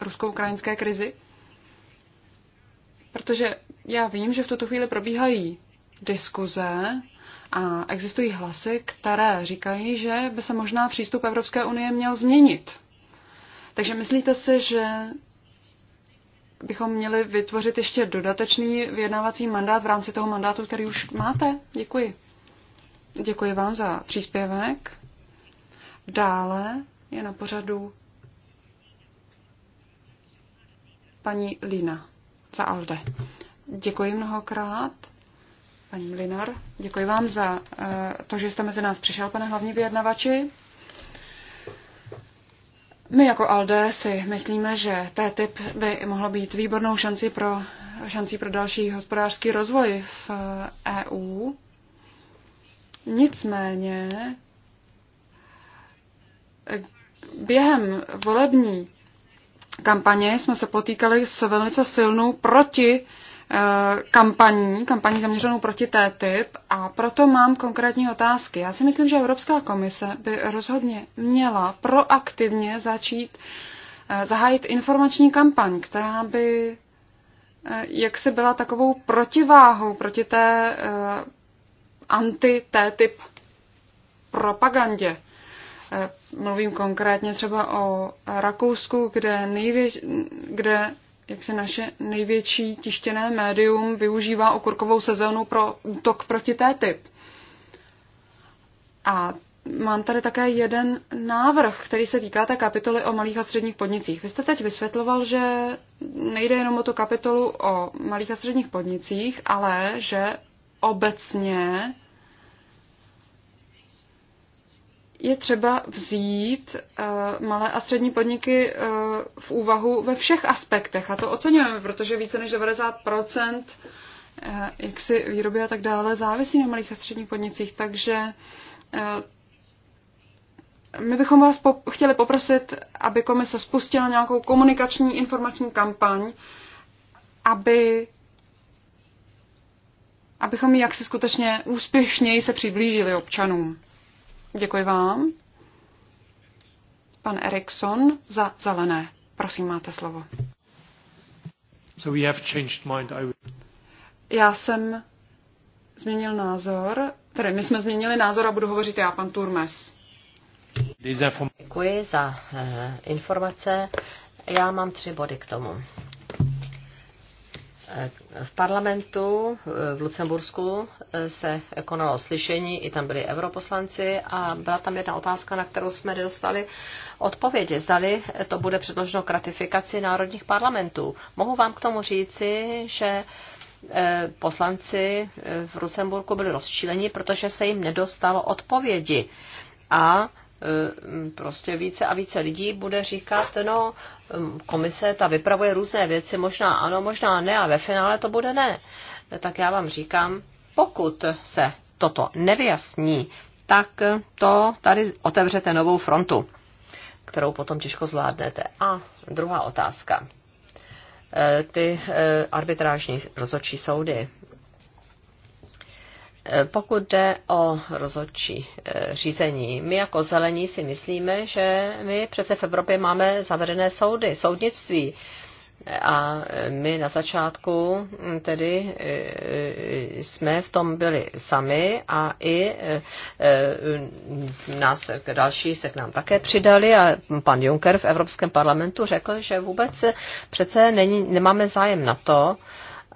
rusko-ukrajinské krizi? Protože já vím, že v tuto chvíli probíhají diskuze a existují hlasy, které říkají, že by se možná přístup Evropské unie měl změnit. Takže myslíte si, že bychom měli vytvořit ještě dodatečný vyjednávací mandát v rámci toho mandátu, který už máte? Děkuji. Děkuji vám za příspěvek. Dále je na pořadu paní Lina za Alde. Děkuji mnohokrát. Paní Linar. děkuji vám za eh, to, že jste mezi nás přišel, pane hlavní vyjednavači. My jako ALDE si myslíme, že TTIP by mohlo být výbornou šancí pro, šancí pro další hospodářský rozvoj v EU eh, e Nicméně během volební kampaně jsme se potýkali s velice silnou proti eh, kampaní, kampaní zaměřenou proti té typ a proto mám konkrétní otázky. Já si myslím, že Evropská komise by rozhodně měla proaktivně začít eh, zahájit informační kampaň, která by eh, jak se byla takovou protiváhou proti té anti-TTIP propagandě. Eh, mluvím konkrétně třeba o Rakousku, kde, největší, kde jak se naše největší tištěné médium využívá okurkovou sezónu pro útok proti TTIP. A mám tady také jeden návrh, který se týká té kapitoly o malých a středních podnicích. Vy jste teď vysvětloval, že nejde jenom o tu kapitolu o malých a středních podnicích, ale že obecně je třeba vzít uh, malé a střední podniky uh, v úvahu ve všech aspektech. A to oceňujeme, protože více než 90% uh, jaksi výroby a tak dále závisí na malých a středních podnicích. Takže uh, my bychom vás po- chtěli poprosit, aby komise spustila nějakou komunikační informační kampaň, aby abychom jaksi skutečně úspěšněji se přiblížili občanům. Děkuji vám. Pan Erikson za zelené. Prosím, máte slovo. So we have changed mind. I... Já jsem změnil názor, tedy my jsme změnili názor a budu hovořit já, pan Turmes. Děkuji za uh, informace. Já mám tři body k tomu eh, v parlamentu eh, v Lucembursku eh, se konalo slyšení, i tam byli europoslanci a byla tam jedna otázka, na kterou jsme nedostali odpovědi. Zdali to bude předloženo k ratifikaci národních parlamentů. Mohu vám k tomu říci, že eh, poslanci v Lucemburku byli rozčíleni, protože se jim nedostalo odpovědi. A Eh, prostě více a více lidí bude říkat, no, mm, komise ta vypravuje různé věci, možná ano, možná ne a ve finále to bude ne. Tak já vám říkám, pokud se toto nevyjasní, tak to tady otevřete novou frontu, kterou potom těžko zvládnete. A druhá otázka. Eh, ty eh, arbitrážní rozhodčí soudy, Eh, pokud jde o rozhodčí eh, řízení, my jako zelení si myslíme, že my přece v Evropě máme zavedené soudy, soudnictví. A eh, my na začátku hm, tedy jsme v tom byli sami a i nás další se k nám také přidali a pan Juncker v Evropském parlamentu řekl, že vůbec přece není, nemáme zájem na to,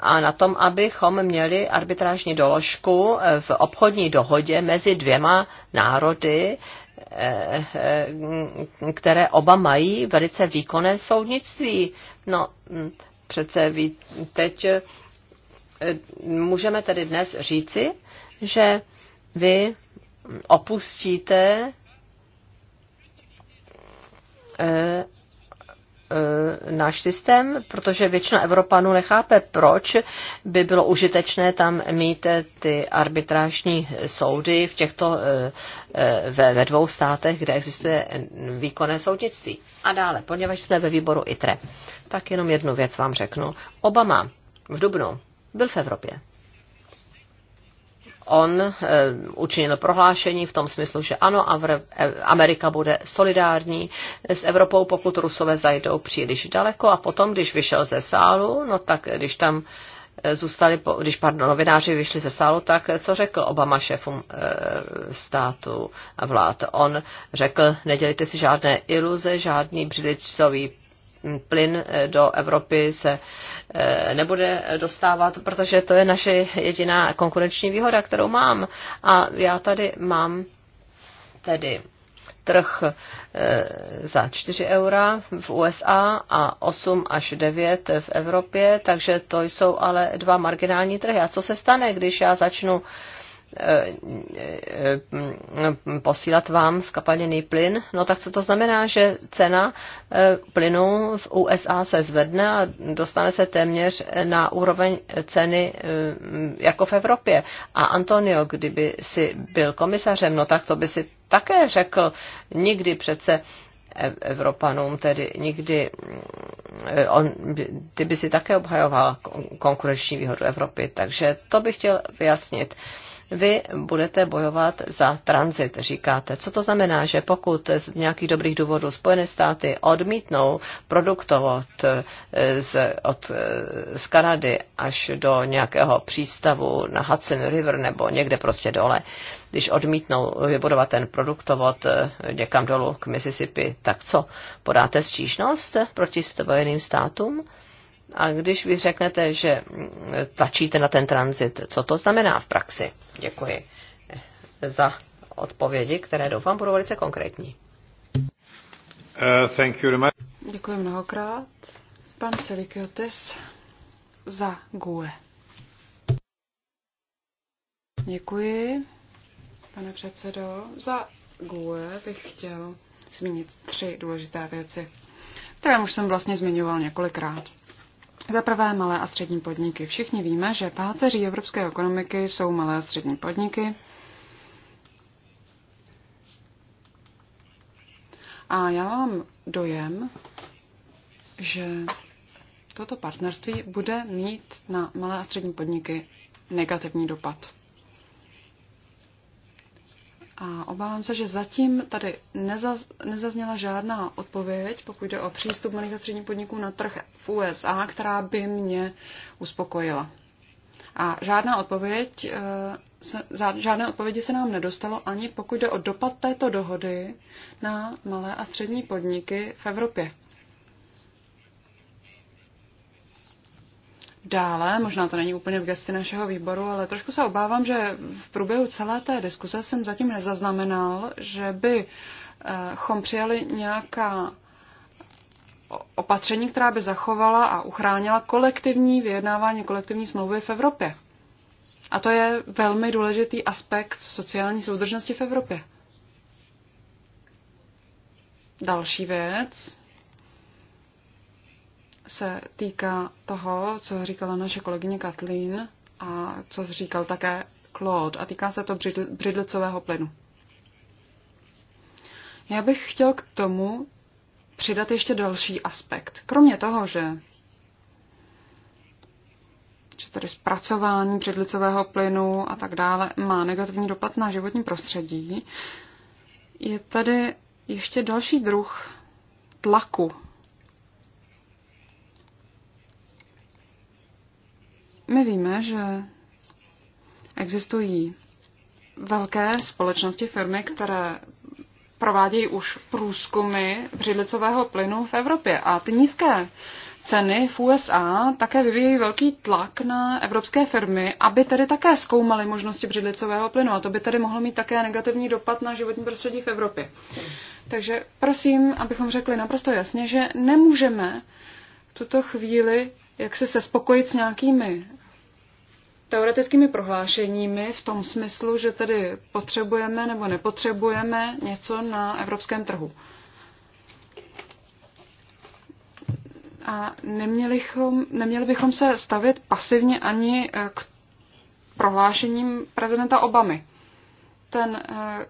a na tom, abychom měli arbitrážní doložku eh, v obchodní dohodě mezi dvěma národy, eh, eh, které oba mají velice výkonné soudnictví. No, hm, přece ví, teď můžeme tedy dnes říci, že vy opustíte E, náš systém, protože většina Evropanů nechápe, proč by bylo užitečné tam mít e, ty arbitrážní soudy v těchto, e, ve, ve dvou státech, kde existuje výkonné soudnictví. A dále, poněvadž jsme ve výboru ITRE, tak jenom jednu věc vám řeknu. Obama v Dubnu byl v Evropě on eh, učinil prohlášení v tom smyslu, že ano, eh, Amerika bude solidární s Evropou, pokud Rusové zajdou příliš daleko a potom, když vyšel ze sálu, no tak když tam eh, zůstali, když pardon, novináři vyšli ze sálu, tak co řekl Obama šéfům státu a vlád? On řekl, nedělejte si žádné iluze, žádný břidlicový plyn eh, do Evropy se eh, nebude dostávat, protože to je naše jediná konkurenční výhoda, kterou mám. A já tady mám tedy trh eh, za 4 eura v USA a 8 až 9 v Evropě, takže to jsou ale dva marginální trhy. A co se stane, když já začnu Eh, eh, eh, posílat vám skapalněný plyn, no tak co to znamená, že cena plynu v USA se zvedne a dostane se téměř na úroveň ceny jako v Evropě. A Antonio, kdyby si byl komisařem, no tak to by si také řekl, nikdy přece Evropanům, tedy nikdy on, ty by si také obhajoval konkurenční výhodu Evropy. Takže to bych chtěl vyjasnit vy budete bojovat za tranzit, říkáte. Co to znamená, že pokud z nějakých dobrých důvodů Spojené státy odmítnou produktovat eh, z, od, eh, z Kanady až do nějakého přístavu na Hudson River nebo někde prostě dole, když odmítnou vybudovat ten produktovod eh, někam dolů k Mississippi, tak co? Podáte stížnost proti Spojeným státům? A když vy řeknete, že tlačíte na ten tranzit, co to znamená v praxi? Děkuji za odpovědi, které doufám budou velice konkrétní. Uh, thank you very much. Děkuji mnohokrát. Pan Selikiotis za GUE. Děkuji, pane předsedo. Za GUE bych chtěl zmínit tři důležité věci, které už jsem vlastně zmiňoval několikrát. Za prvé malé a střední podniky. Všichni víme, že páteří evropské ekonomiky jsou malé a střední podniky. A já mám dojem, že toto partnerství bude mít na malé a střední podniky negativní dopad. A obávám se, že zatím tady nezaz, nezazněla žádná odpověď, pokud jde o přístup malých a středních podniků na trh v USA, která by mě uspokojila. A žádná odpověď, eh, se, žádné odpovědi se nám nedostalo ani pokud jde o dopad této dohody na malé a střední podniky v Evropě. Dále, možná to není úplně v gesti našeho výboru, ale trošku se obávám, že v průběhu celé té diskuze jsem zatím nezaznamenal, že by chom přijali nějaká opatření, která by zachovala a uchránila kolektivní vyjednávání kolektivní smlouvy v Evropě. A to je velmi důležitý aspekt sociální soudržnosti v Evropě. Další věc, se týká toho, co říkala naše kolegyně Kathleen a co říkal také Claude a týká se to břidl, břidlicového plynu. Já bych chtěl k tomu přidat ještě další aspekt. Kromě toho, že, že tady zpracování břidlicového plynu a tak dále má negativní dopad na životní prostředí, je tady ještě další druh tlaku My víme, že existují velké společnosti, firmy, které provádějí už průzkumy břidlicového plynu v Evropě. A ty nízké ceny v USA také vyvíjí velký tlak na evropské firmy, aby tedy také zkoumaly možnosti břidlicového plynu. A to by tedy mohlo mít také negativní dopad na životní prostředí v Evropě. Takže prosím, abychom řekli naprosto jasně, že nemůžeme tuto chvíli jak se spokojit s nějakými teoretickými prohlášeními v tom smyslu, že tedy potřebujeme nebo nepotřebujeme něco na evropském trhu. A neměli, chom, neměli bychom se stavět pasivně ani eh, k prohlášením prezidenta Obamy. Ten eh,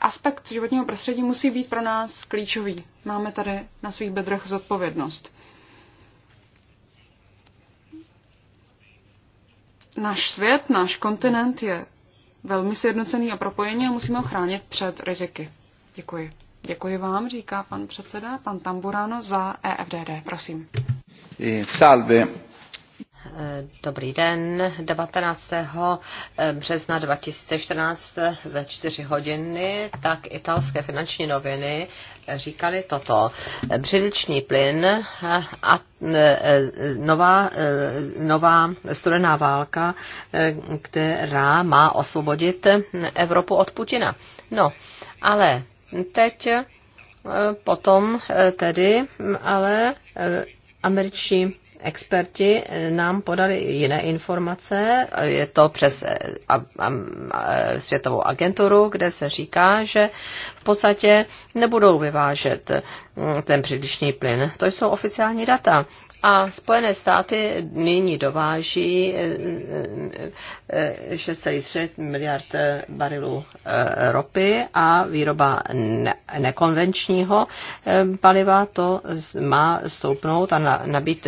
aspekt životního prostředí musí být pro nás klíčový. Máme tady na svých bedrech zodpovědnost. Náš svět, náš kontinent je velmi sjednocený a propojený a musíme ho chránit před riziky. Děkuji. Děkuji vám, říká pan předseda, pan Tamburano za EFDD. Prosím. Eh, salve. Eh, dobrý den. 19. Eh, března 2014 ve 4 hodiny tak italské finanční noviny eh, říkali toto. Břidliční plyn a nová, nová studená válka, která má osvobodit Evropu od Putina. No, ale teď potom tedy, ale američtí experti nám podali jiné informace. Je to přes eh, světovou agenturu, kde se říká, že v podstatě nebudou vyvážet mm, ten přílišný plyn. To jsou oficiální data. A Spojené státy nyní dováží 6,3 eh, eh, eh, miliard barilů ropy a výroba nekonvenčního paliva to má stoupnout a nabít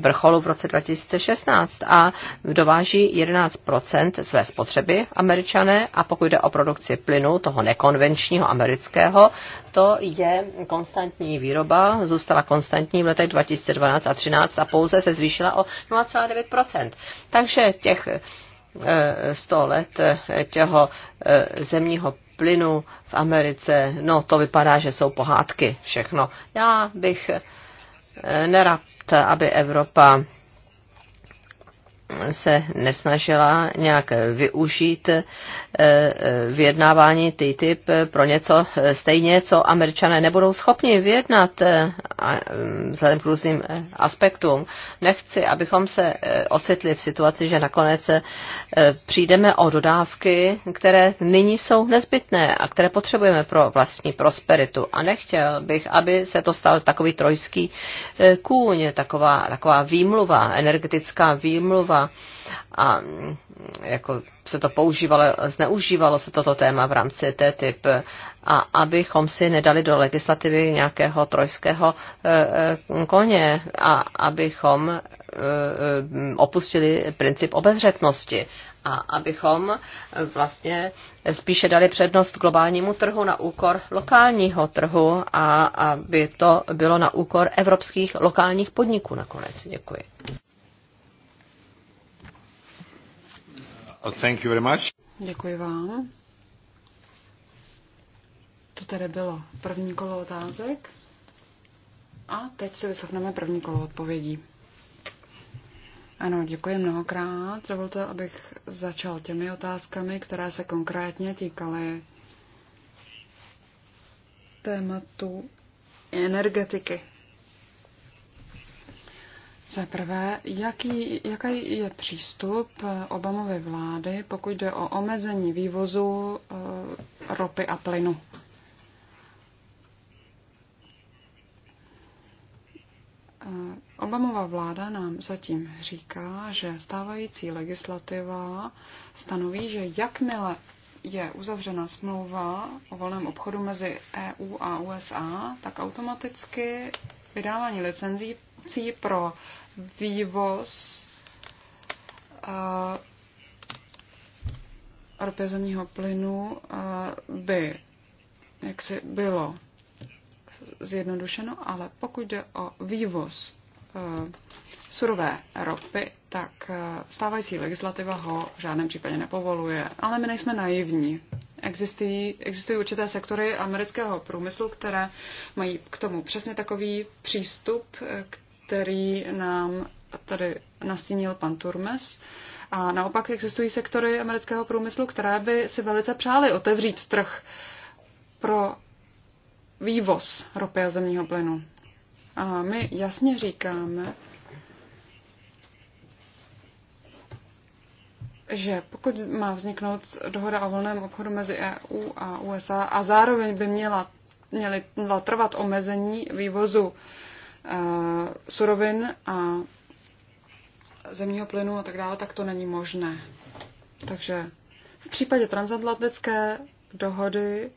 vrcholu v roce 2016 a dováží 11 své spotřeby američané a pokud jde o produkci plynu, toho nekonvenčního amerického, to je konstantní výroba, zůstala konstantní v letech 2012 a 2013 a pouze se zvýšila o 0,9%. Takže těch 100 eh, let eh, těho eh, zemního plynu v Americe, no to vypadá, že jsou pohádky všechno. Já bych nerad, aby Evropa se nesnažila nějak využít eh, eh, vyjednávání TTIP pro něco eh, stejně, co američané nebudou schopni vyjednat mm, vzhledem k různým aspektům. Nechci, abychom se ocitli v situaci, že nakonec přijdeme o dodávky, které nyní jsou nezbytné a které potřebujeme pro vlastní prosperitu. A nechtěl bych, aby se to stal takový trojský kůň, taková, taková výmluva, energetická výmluva, a jako se to používalo, zneužívalo se toto téma v rámci TTIP a abychom si nedali do legislativy nějakého trojského eh, eh, koně a abychom eh, opustili princip obezřetnosti a abychom vlastně spíše dali přednost globálnímu trhu na úkor lokálního trhu a aby to bylo na úkor evropských lokálních podniků nakonec. Děkuji. Oh, thank you very much. Děkuji vám. To tedy bylo první kolo otázek. A teď si vyslechneme první kolo odpovědí. Ano, děkuji mnohokrát. Dovolte, abych začal těmi otázkami, které se konkrétně týkaly tématu energetiky. Za prvé, jaký, jaký je přístup Obamovy vlády, pokud jde o omezení vývozu eh, ropy a plynu? Eh, Obamová vláda nám zatím říká, že stávající legislativa stanoví, že jakmile je uzavřena smlouva o volném obchodu mezi EU a USA, tak automaticky vydávání licencí pro vývoz ropě zemního plynu by jaksi bylo zjednodušeno, ale pokud jde o vývoz surové ropy, tak stávající legislativa ho v žádném případě nepovoluje. Ale my nejsme naivní. Existují, existují určité sektory amerického průmyslu, které mají k tomu přesně takový přístup, k který nám tady nastínil pan Turmes. A naopak existují sektory amerického průmyslu, které by si velice přáli otevřít trh pro vývoz ropy a zemního plynu. A my jasně říkáme, že pokud má vzniknout dohoda o volném obchodu mezi EU a USA a zároveň by měla, měly, měla trvat omezení vývozu surovin a zemního plynu a tak dále, tak to není možné. Takže v případě transatlantické dohody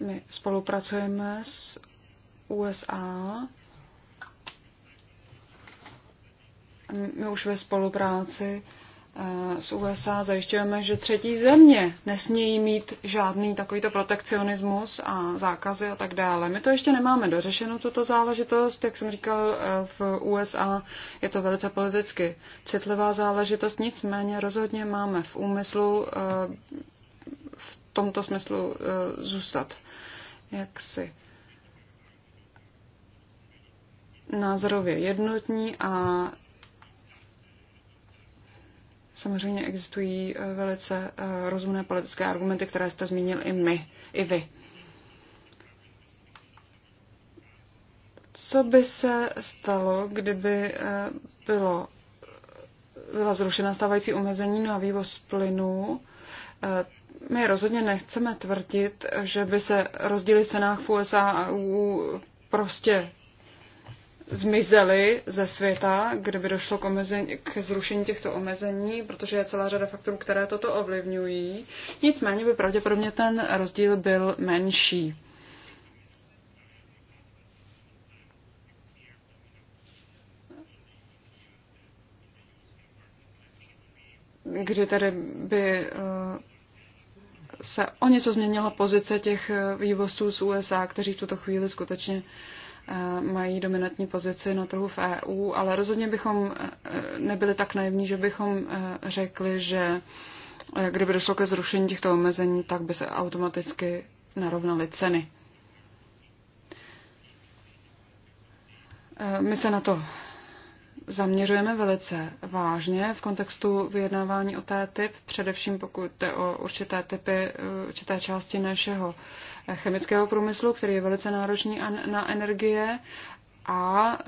my spolupracujeme s USA. My už ve spolupráci Eh, z USA zajišťujeme, že třetí země nesmějí mít žádný takovýto protekcionismus a zákazy a tak dále. My to ještě nemáme dořešenou tuto záležitost, jak jsem říkal, eh, v USA je to velice politicky citlivá záležitost, nicméně rozhodně máme v úmyslu eh, v tomto smyslu zůstat jaksi názorově jednotní a Samozřejmě existují eh, velice eh, rozumné politické argumenty, které jste zmínil i my, i vy. Co by se stalo, kdyby eh, bylo, byla zrušena stávající omezení na vývoz plynu? My rozhodně nechceme tvrdit, že by se rozdíly v cenách v USA a EU prostě zmizely ze světa, kdyby došlo k, omezení, k zrušení těchto omezení, protože je celá řada faktorů, které toto ovlivňují. Nicméně by pravděpodobně ten rozdíl byl menší. kdy tedy by eh, se o něco změnila pozice těch eh, vývozců z USA, kteří v tuto chvíli skutečně mají dominantní pozici na trhu v EU, ale rozhodně bychom e, nebyli tak naivní, že bychom e, řekli, že e, kdyby došlo ke zrušení těchto omezení, tak by se automaticky narovnaly ceny. My se na to zaměřujeme velice vážně v kontextu vyjednávání o té typ, především pokud jde o určité typy, eh, určité části našeho chemického průmyslu, který je velice náročný na energie a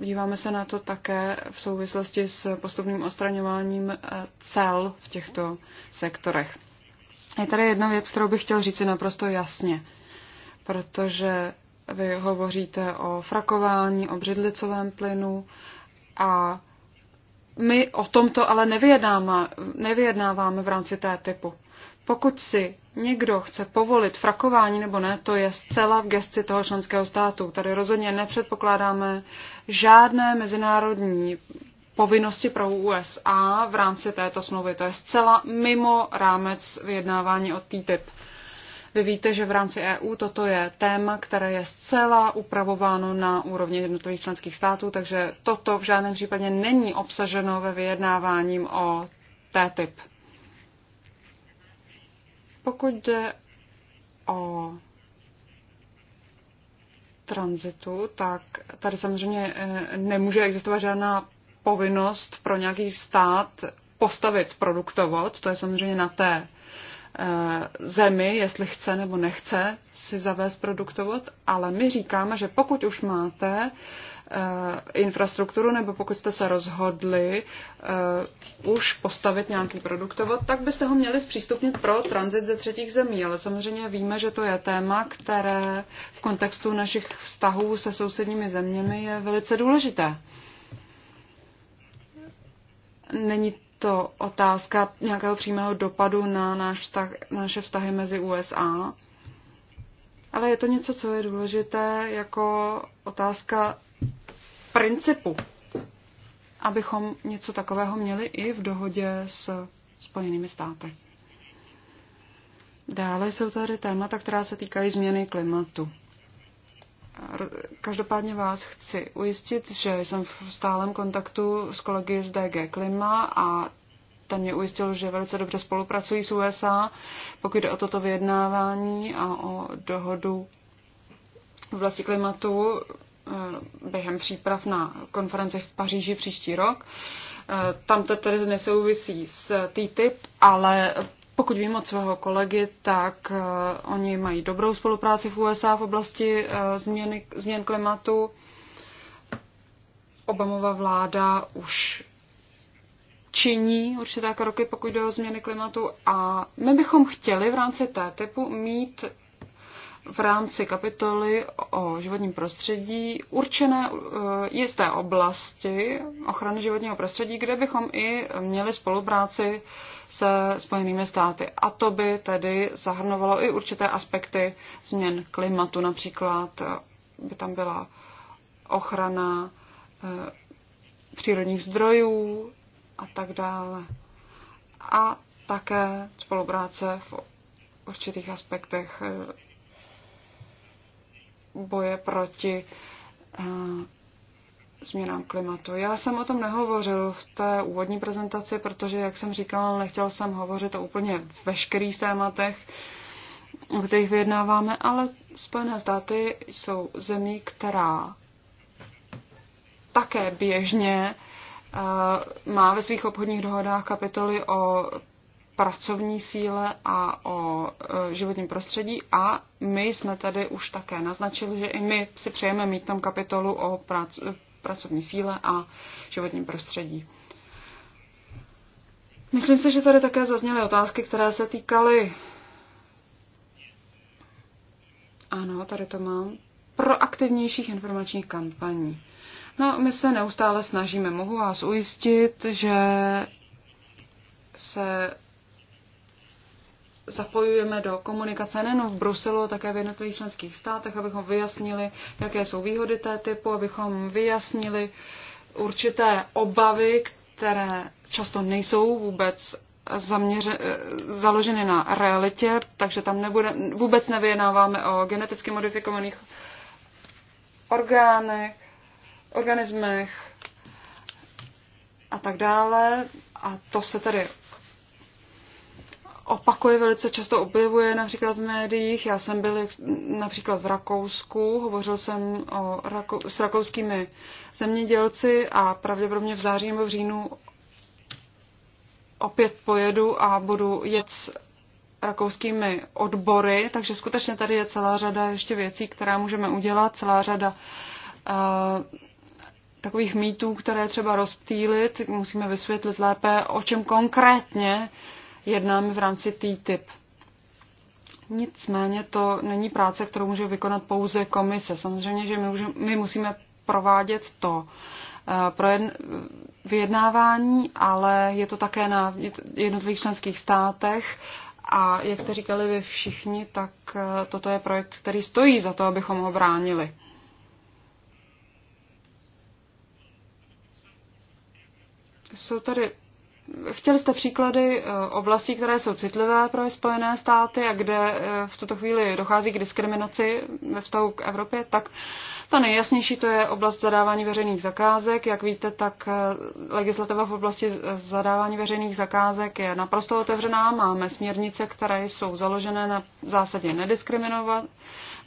eh, díváme se na to také v souvislosti s postupným odstraňováním eh, cel v těchto sektorech. Je tady jedna věc, kterou bych chtěl říci naprosto jasně, protože vy hovoříte o frakování, o břidlicovém plynu a my o tomto ale nevyjednáváme, nevyjednáváme v rámci té typu. Pokud si někdo chce povolit frakování nebo ne, to je zcela v gesci toho členského státu. Tady rozhodně nepředpokládáme žádné mezinárodní povinnosti pro USA v rámci této smlouvy. To je zcela mimo rámec vyjednávání o TTIP. Vy víte, že v rámci EU toto je téma, které je zcela upravováno na úrovni jednotlivých členských států, takže toto v žádném případě není obsaženo ve vyjednávání o TTIP. Pokud jde o tranzitu, tak tady samozřejmě eh, nemůže existovat žádná povinnost pro nějaký stát postavit produktovod, to je samozřejmě na té Eh, zemi, jestli chce nebo nechce si zavést produktovod, ale my říkáme, že pokud už máte eh, infrastrukturu, nebo pokud jste se rozhodli uh, už postavit nějaký produktovod, tak byste ho měli zpřístupnit pro tranzit ze třetích zemí. Ale samozřejmě víme, že to je téma, které v kontextu našich vztahů se sousedními zeměmi je velice důležité. Není to otázka nějakého přímého dopadu na náš vztah, naše vztahy mezi USA, ale je to něco, co je důležité jako otázka principu, abychom něco takového měli i v dohodě s Spojenými státy. Dále jsou tady témata, která se týkají změny klimatu. Každopádně vás chci ujistit, že jsem v stálem kontaktu s kolegy z DG Klima a ten mě ujistil, že velice dobře spolupracují s USA, pokud jde o toto vyjednávání a o dohodu v oblasti klimatu eh, během příprav na konferenci v Paříži příští rok. Eh, tam to tedy nesouvisí s TTIP, ale pokud vím od svého kolegy, tak eh, oni mají dobrou spolupráci v USA v oblasti eh, změny, změn klimatu. Obamova vláda už činí určité kroky, pokud jde o změny klimatu a my bychom chtěli v rámci té typu mít v rámci kapitoly o životním prostředí určené eh, jisté oblasti ochrany životního prostředí, kde bychom i měli spolupráci se Spojenými státy. A to by tedy zahrnovalo i určité aspekty změn klimatu, například eh, by tam byla ochrana eh, přírodních zdrojů a tak dále. A také spolupráce v určitých aspektech eh, boje proti změnám klimatu. Já jsem o tom nehovořil v té úvodní prezentaci, protože, jak jsem říkal, nechtěl jsem hovořit o úplně veškerých tématech, o kterých vyjednáváme, ale Spojené státy jsou zemí, která také běžně eh, má ve svých obchodních dohodách kapitoly o pracovní síle a o eh, životním prostředí a my jsme tady už také naznačili, že i my si přejeme mít tam kapitolu o pracovní síle a životním prostředí. Myslím si, že tady také zazněly otázky, které se týkaly. Ano, tady to mám. Proaktivnějších informačních kampaní. No, my se neustále snažíme. Mohu vás ujistit, že se zapojujeme do komunikace nejen v Bruselu, ale také v jednotlivých členských státech, abychom vyjasnili, jaké jsou výhody té typu, abychom vyjasnili určité obavy, které často nejsou vůbec zaměře, založeny na realitě, takže tam nebude, vůbec nevyjednáváme o geneticky modifikovaných orgánech, organismech a tak dále. A to se tedy opakuje velice často, objevuje například v médiích. Já jsem byl například v Rakousku, hovořil jsem o Rako- s rakouskými zemědělci a pravděpodobně v září nebo v říjnu opět pojedu a budu jet s rakouskými odbory, takže skutečně tady je celá řada ještě věcí, která můžeme udělat, celá řada uh, takových mýtů, které třeba rozptýlit, musíme vysvětlit lépe, o čem konkrétně jednáme v rámci TTIP. Nicméně to není práce, kterou může vykonat pouze komise. Samozřejmě, že my, můžeme, my musíme provádět to eh, projedn- vyjednávání, ale je to také na jednotlivých členských státech a jak jste říkali vy všichni, tak eh, toto je projekt, který stojí za to, abychom ho bránili. Jsou tady Chtěli jste příklady eh, oblastí, které jsou citlivé pro Spojené státy a kde eh, v tuto chvíli dochází k diskriminaci ve vztahu k Evropě, tak ta nejjasnější to je oblast zadávání veřejných zakázek. Jak víte, tak eh, legislativa v oblasti zadávání veřejných zakázek je naprosto otevřená. Máme směrnice, které jsou založené na zásadě nediskriminovat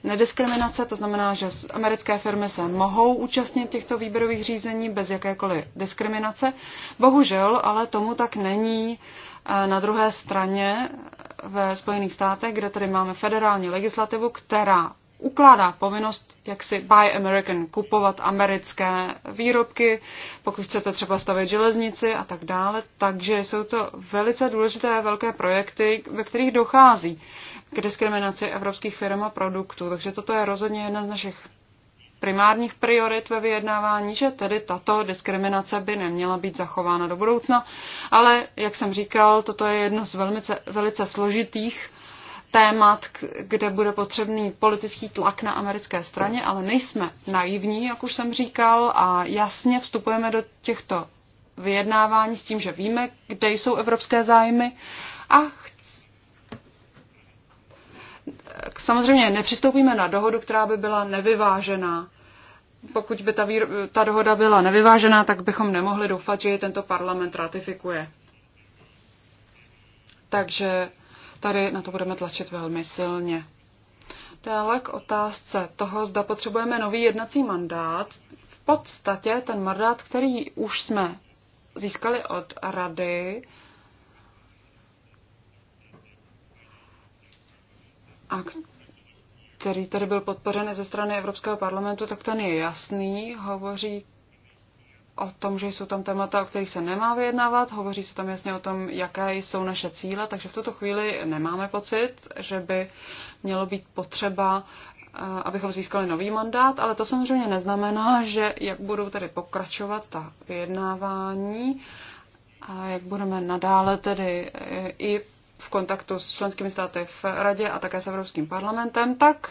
nediskriminace, to znamená, že americké firmy se mohou účastnit těchto výběrových řízení bez jakékoliv diskriminace. Bohužel, ale tomu tak není eh, na druhé straně eh, ve Spojených státech, kde tady máme federální legislativu, která ukládá povinnost, jak si buy American, kupovat americké výrobky, pokud chcete třeba stavit železnici a tak dále. Takže jsou to velice důležité velké projekty, ve kterých dochází k diskriminaci evropských firm a produktů. Takže toto je rozhodně jedna z našich primárních priorit ve vyjednávání, že tedy tato diskriminace by neměla být zachována do budoucna. Ale, jak jsem říkal, toto je jedno z velmi, velice složitých témat, kde bude potřebný politický tlak na americké straně, ale nejsme naivní, jak už jsem říkal, a jasně vstupujeme do těchto vyjednávání s tím, že víme, kde jsou evropské zájmy a samozřejmě nepřistoupíme na dohodu, která by byla nevyvážená. Pokud by ta, výro... ta dohoda byla nevyvážená, tak bychom nemohli doufat, že ji tento parlament ratifikuje. Takže tady na to budeme tlačit velmi silně. Dále k otázce toho, zda potřebujeme nový jednací mandát. V podstatě ten mandát, který už jsme získali od rady, a který tady byl podpořen ze strany Evropského parlamentu, tak ten je jasný, hovoří o tom, že jsou tam témata, o kterých se nemá vyjednávat, hovoří se tam jasně o tom, jaké jsou naše cíle, takže v tuto chvíli nemáme pocit, že by mělo být potřeba, eh, abychom získali nový mandát, ale to samozřejmě neznamená, že jak budou tedy pokračovat ta vyjednávání a jak budeme nadále tedy eh, i v kontaktu s členskými státy v Radě a také s Evropským parlamentem, tak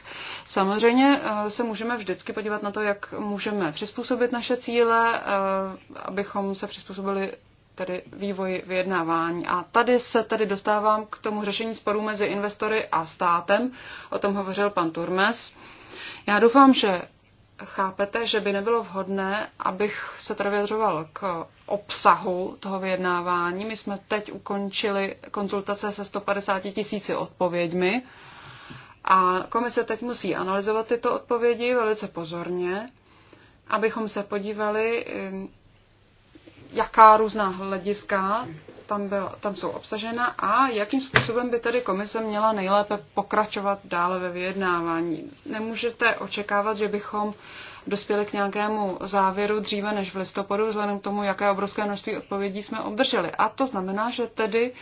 samozřejmě eh, se můžeme vždycky podívat na to, jak můžeme přizpůsobit naše cíle, eh, abychom se přizpůsobili tedy vývoji vyjednávání. A tady se tady dostávám k tomu řešení sporů mezi investory a státem. O tom hovořil pan Turmes. Já doufám, že chápete, že by nebylo vhodné, abych se tady vyjadřoval k obsahu toho vyjednávání. My jsme teď ukončili konzultace se 150 tisíci odpověďmi a komise teď musí analyzovat tyto odpovědi velice pozorně, abychom se podívali, jaká různá hlediska tam, byl, tam jsou obsažena a jakým způsobem by tedy komise měla nejlépe pokračovat dále ve vyjednávání. Nemůžete očekávat, že bychom dospěli k nějakému závěru dříve než v listopadu, vzhledem k tomu, jaké obrovské množství odpovědí jsme obdrželi. A to znamená, že tedy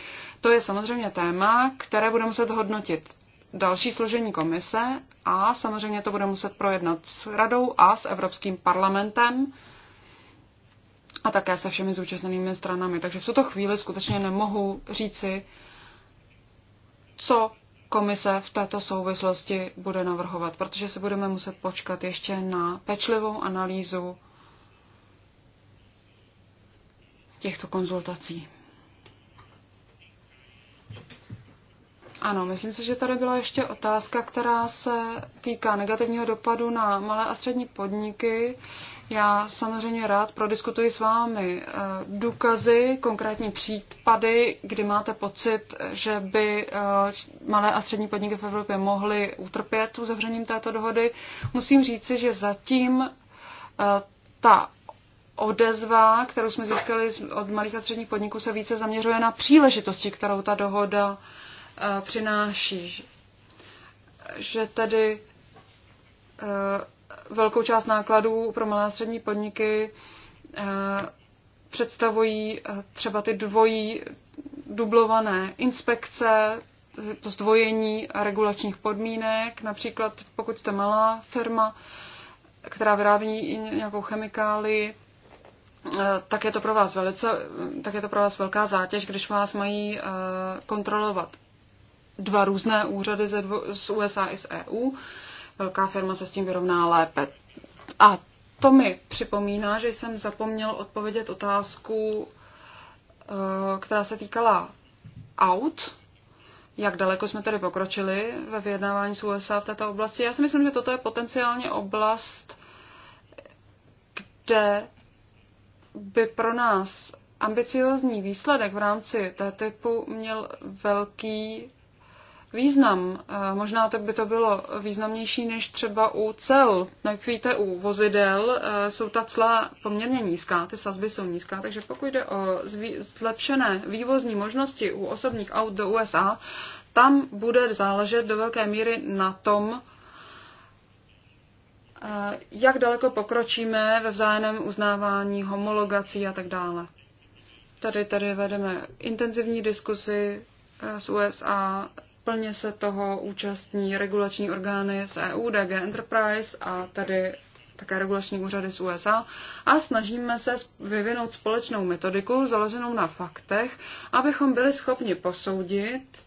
to je samozřejmě téma, které bude muset hodnotit další složení komise a samozřejmě to bude muset projednat s radou a s Evropským parlamentem a také se všemi zúčastněnými stranami. Takže v tuto chvíli skutečně nemohu říci, co komise v této souvislosti bude navrhovat, protože se budeme muset počkat ještě na pečlivou analýzu těchto konzultací. Ano, myslím si, že tady byla ještě otázka, která se týká negativního dopadu na malé a střední podniky. Já samozřejmě rád prodiskutuji s vámi eh, důkazy, konkrétní případy, kdy máte pocit, že by eh, malé a střední podniky v Evropě mohly utrpět uzavřením této dohody. Musím říci, že zatím eh, ta odezva, kterou jsme získali od malých a středních podniků, se více zaměřuje na příležitosti, kterou ta dohoda přináší. Že tedy velkou část nákladů pro malé a střední podniky eh, představují eh, třeba ty dvojí dublované inspekce, eh, to zdvojení regulačních podmínek, například pokud jste malá firma, která vyrábí nějakou chemikálii, tak je to pro vás velice, tak je to pro vás velká zátěž, když vás mají kontrolovat dva různé úřady z USA i z EU velká firma se s tím vyrovná lépe. A to mi připomíná, že jsem zapomněl odpovědět otázku, eh, která se týkala aut, jak daleko jsme tedy pokročili ve vyjednávání s USA v této oblasti. Já si myslím, že toto je potenciálně oblast, kde by pro nás ambiciozní výsledek v rámci té typu měl velký význam. Možná to by to bylo významnější než třeba u cel. No, jak víte, u vozidel e, jsou ta cla poměrně nízká, ty sazby jsou nízká, takže pokud jde o zlepšené vývozní možnosti u osobních aut do USA, tam bude záležet do velké míry na tom, e, jak daleko pokročíme ve vzájemném uznávání, homologací a tak dále. Tady, tady vedeme intenzivní diskusy e, s USA plně se toho účastní regulační orgány z EU, DG Enterprise a tady také regulační úřady z USA a snažíme se vyvinout společnou metodiku založenou na faktech, abychom byli schopni posoudit,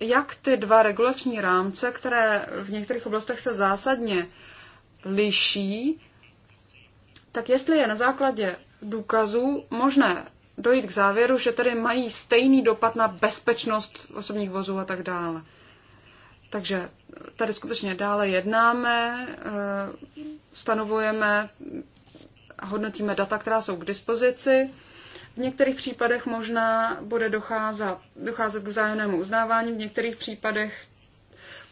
jak ty dva regulační rámce, které v některých oblastech se zásadně liší, tak jestli je na základě důkazů možné dojít k závěru, že tedy mají stejný dopad na bezpečnost osobních vozů a tak dále. Takže tady skutečně dále jednáme, eh, stanovujeme a hodnotíme data, která jsou k dispozici. V některých případech možná bude docházet, docházet k vzájemnému uznávání, v některých případech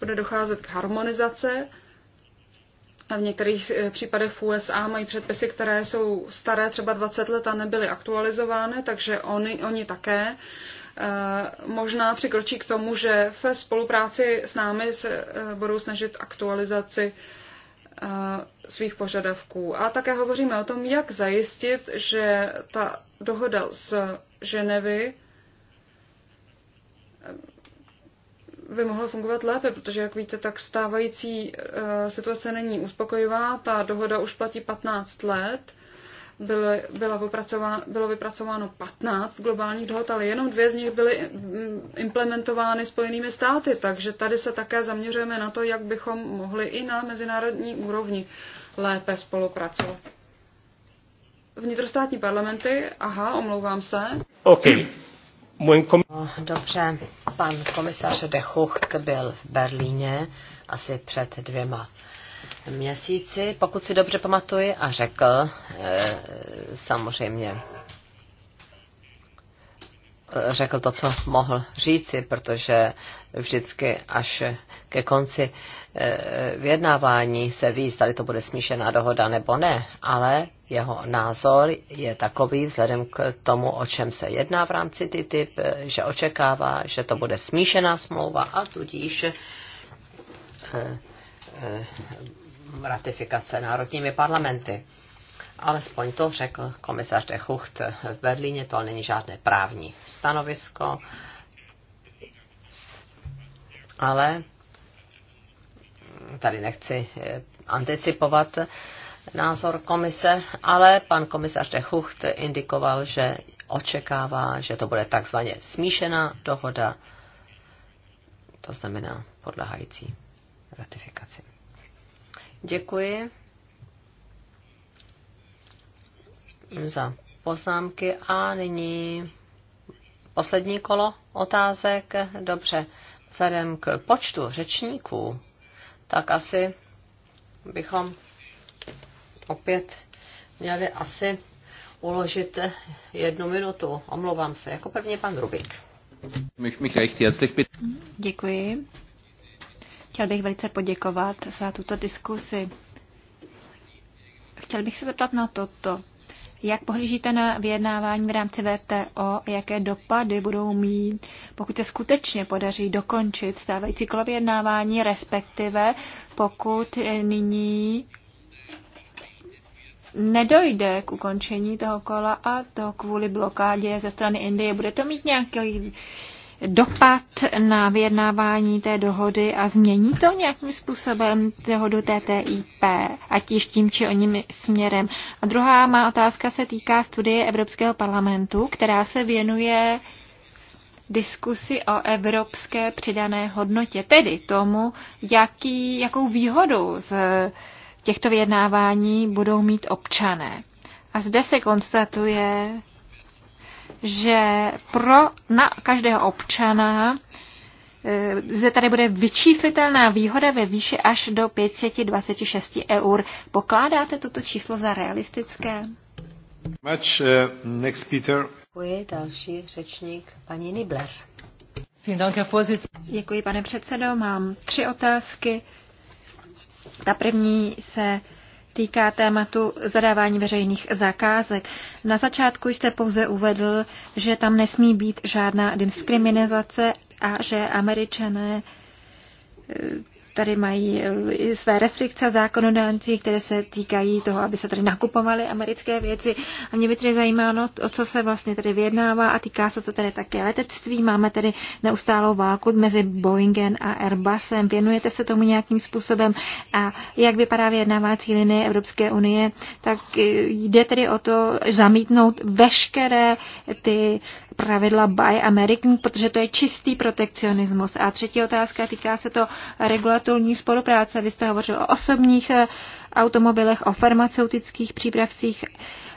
bude docházet k harmonizace v některých eh, případech v USA mají předpisy, které jsou staré třeba 20 let a nebyly aktualizovány, takže oni, oni také eh, možná přikročí k tomu, že ve spolupráci s námi se eh, budou snažit aktualizaci svých požadavků. A také hovoříme o tom, jak zajistit, že ta dohoda z Ženevy by mohla fungovat lépe, protože, jak víte, tak stávající eh, situace není uspokojivá. Ta dohoda už platí 15 let. Byly, byla bylo vypracováno 15 globálních dohod, ale jenom dvě z nich byly mm, implementovány Spojenými státy. Takže tady se také zaměřujeme na to, jak bychom mohli i na mezinárodní úrovni lépe spolupracovat. Vnitrostátní parlamenty, aha, omlouvám se. Okay. No, dobře, pan komisař de Hucht byl v Berlíně asi před dvěma měsíci, pokud si dobře pamatuji, a řekl eh, samozřejmě řekl to, co mohl říci, protože vždycky až ke konci eh, vyjednávání se ví, zda to bude smíšená dohoda nebo ne, ale jeho názor je takový vzhledem k tomu, o čem se jedná v rámci TTIP, že očekává, že to bude smíšená smlouva a tudíž eh, eh, ratifikace národními parlamenty. Alespoň to řekl komisař de Chucht v Berlíně, to není žádné právní stanovisko, ale tady nechci eh, anticipovat názor komise, ale pan komisař de Chucht indikoval, že očekává, že to bude takzvaně smíšená dohoda, to znamená podlehající ratifikaci. Děkuji. za poznámky a nyní poslední kolo otázek. Dobře, vzhledem k počtu řečníků, tak asi bychom opět měli asi uložit jednu minutu. Omlouvám se. Jako první pan Rubik. Děkuji. Chtěl bych velice poděkovat za tuto diskusi. Chtěl bych se zeptat na toto. Jak pohlížíte na vyjednávání v rámci VTO, jaké dopady budou mít, pokud se skutečně podaří dokončit stávající kolo vyjednávání, respektive pokud nyní nedojde k ukončení toho kola a to kvůli blokádě ze strany Indie. Bude to mít nějaký dopad na vyjednávání té dohody a změní to nějakým způsobem dohodu TTIP, ať již tím či oním směrem. A druhá má otázka se týká studie Evropského parlamentu, která se věnuje diskusi o evropské přidané hodnotě, tedy tomu, jaký, jakou výhodu z těchto vyjednávání budou mít občané. A zde se konstatuje, že pro na každého občana že eh, tady bude vyčíslitelná výhoda ve výši až do 526 eur. Pokládáte toto číslo za realistické? Much, uh, next Peter. Děkuji, další řečník, paní Nibler. Děkuji, pane předsedo. Mám tři otázky. Ta první se týká tématu zadávání veřejných zakázek. Na začátku jste pouze uvedl, že tam nesmí být žádná diskriminace a že američané eh, tady mají eh, své restrikce zákonodánci, které se týkají toho, aby se tady nakupovaly americké věci. A mě by tedy zajímalo, o co se vlastně tady vyjednává a týká se to tady také letectví. Máme tady neustálou válku mezi Boeingem a Airbusem. Věnujete se tomu nějakým způsobem a jak vypadá vyjednávací linie Evropské unie, tak eh, jde tedy o to zamítnout veškeré ty pravidla Buy American, protože to je čistý protekcionismus. A třetí otázka týká se to regulatorní spolupráce. Vy jste hovořil o osobních eh, automobilech, o farmaceutických přípravcích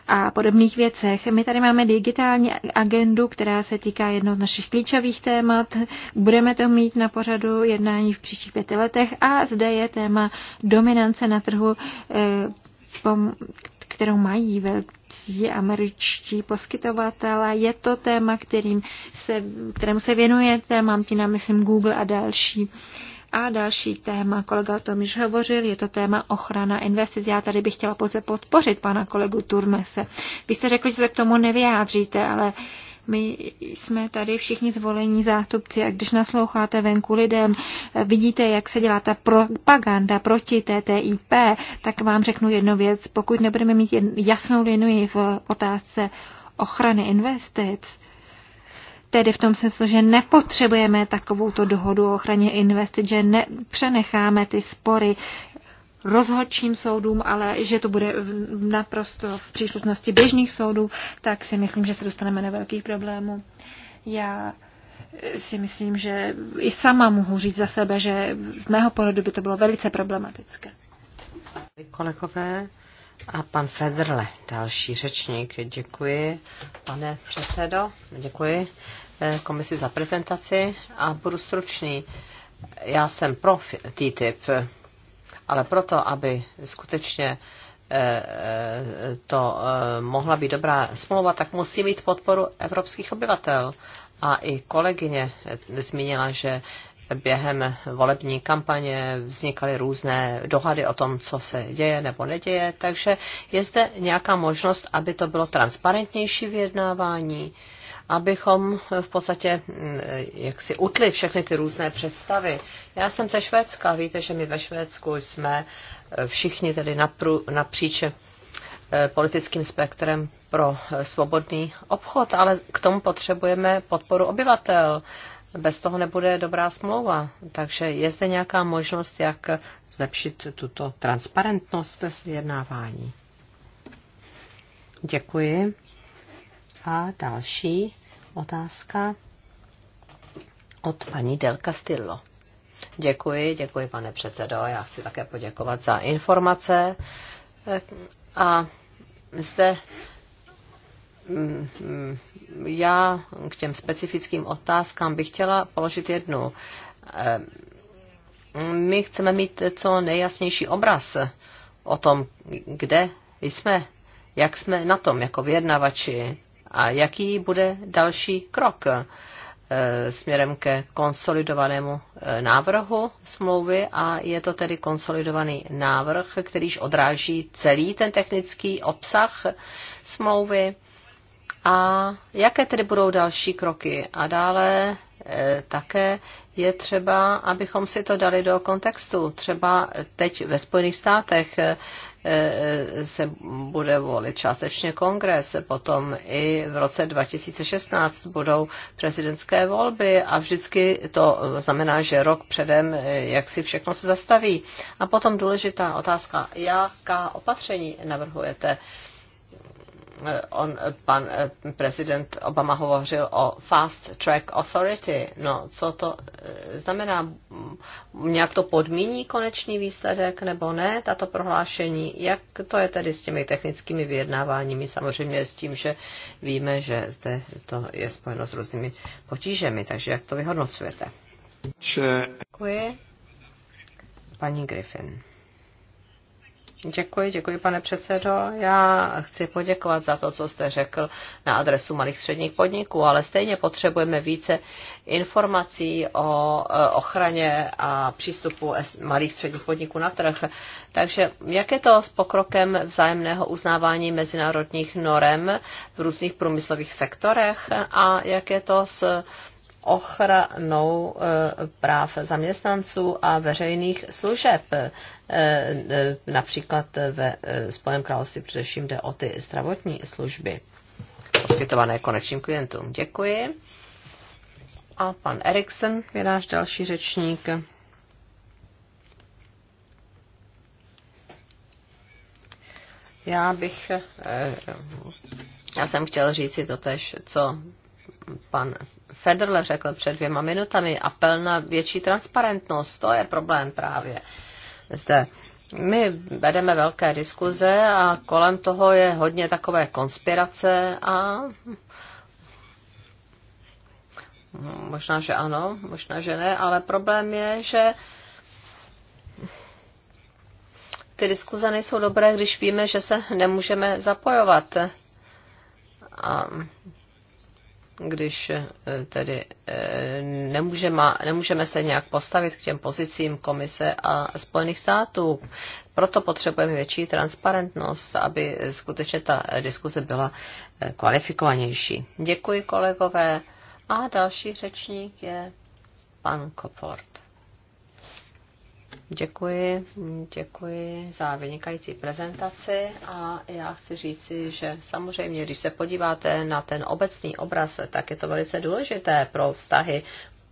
a podobných věcech. My tady máme digitální agendu, která se týká jednoho z našich klíčových témat. Budeme to mít na pořadu jednání v příštích pěti letech a zde je téma dominance na trhu, eh, kterou mají velcí američtí poskytovatelé, Je to téma, kterým se, kterému se věnujete, mám ti na myslím Google a další. A další téma, kolega o tom již hovořil, je to téma ochrana investic. Já tady bych chtěla pouze podpořit pana kolegu Turmese. Vy jste řekli, že se k tomu nevyjádříte, ale uh, my jsme tady všichni zvolení zástupci a když nasloucháte venku lidem, vidíte, jak se dělá ta propaganda proti TTIP, tak vám řeknu jednu věc. Pokud nebudeme mít jasnou linii v otázce ochrany investic, Tedy v tom smyslu, že nepotřebujeme takovouto dohodu o ochraně investic, že nepřenecháme ty spory rozhodčím soudům, ale že to bude naprosto v příslušnosti běžných soudů, tak si myslím, že se dostaneme na velkých problémů. Já si myslím, že i sama mohu říct za sebe, že z mého pohledu by to bylo velice problematické. Kolegové a pan Federle, další řečník. Děkuji, pane předsedo, děkuji eh, komisi za prezentaci a budu stručný. Já jsem pro TTIP, ale proto, aby skutečně eh, eh, to eh, mohla být dobrá smlouva, tak musí mít podporu evropských obyvatel. A i kolegyně zmínila, že během volební kampaně vznikaly různé dohady o tom, co se děje nebo neděje, takže je zde nějaká možnost, aby to bylo transparentnější vyjednávání, abychom v podstatě mm, jak si utli všechny ty různé představy. Já jsem ze Švédska, víte, že my ve Švédsku jsme e, všichni tedy napru, napříč e, politickým spektrem pro e, svobodný obchod, ale k tomu potřebujeme podporu obyvatel. Bez toho nebude dobrá smlouva. Takže je zde nějaká možnost, jak zlepšit tuto transparentnost vyjednávání. Děkuji. A další otázka od paní Del Castillo. Děkuji, děkuji pane předsedo. Já chci také poděkovat za informace. A zde mm, já k těm specifickým otázkám bych chtěla položit jednu. Eh, my chceme mít co nejjasnější obraz o tom, kde jsme, jak jsme na tom jako vyjednavači, a jaký bude další krok eh, směrem ke konsolidovanému eh, návrhu smlouvy a je to tedy konsolidovaný návrh, kterýž odráží celý ten technický obsah smlouvy. A jaké tedy budou další kroky? A dále eh, také je třeba, abychom si to dali do kontextu. Třeba teď ve Spojených státech E, e, se bude volit částečně kongres, potom i v roce 2016 budou prezidentské volby a vždycky to znamená, že rok předem, e, jak si všechno se zastaví. A potom důležitá otázka, jaká opatření navrhujete? Eh, on, eh, pan eh, prezident Obama hovořil o Fast Track Authority. No, co to znamená? Mm, nějak to podmíní konečný výsledek nebo ne, tato prohlášení? Jak to je tedy s těmi technickými vyjednáváními? Samozřejmě s tím, že víme, že zde to je spojeno s různými potížemi, takže jak to vyhodnocujete? Děkuji. Paní Griffin. Děkuji, děkuji, pane předsedo. Já chci poděkovat za to, co jste řekl na adresu malých středních podniků, ale stejně potřebujeme více informací o e, ochraně a přístupu malých středních podniků na trh. Takže jak je to s pokrokem vzájemného uznávání mezinárodních norem v různých průmyslových sektorech a jak je to s ochranou e, práv zaměstnanců a veřejných služeb Eh, eh, například ve eh, Spojeném království především jde o ty zdravotní služby poskytované konečným klientům. Děkuji. A pan Eriksen je náš další řečník. Já bych, já jsem chtěl říct si to tež, co pan Federle řekl před dvěma minutami, apel na větší transparentnost, to je problém právě zde. My vedeme velké diskuze a kolem toho je hodně takové konspirace a možná, že ano, možná, že ne, ale problém je, že ty diskuze nejsou dobré, když víme, že se nemůžeme zapojovat. A když eh, tedy eh, nemůžeme, nemůžeme se nějak postavit k těm pozicím komise a Spojených států. Proto potřebujeme větší transparentnost, aby skutečně ta diskuze byla eh, kvalifikovanější. Děkuji kolegové. A další řečník je pan Koport. Děkuji, děkuji za vynikající prezentaci a já chci říci, že samozřejmě, když se podíváte na ten obecný obraz, tak je to velice důležité pro vztahy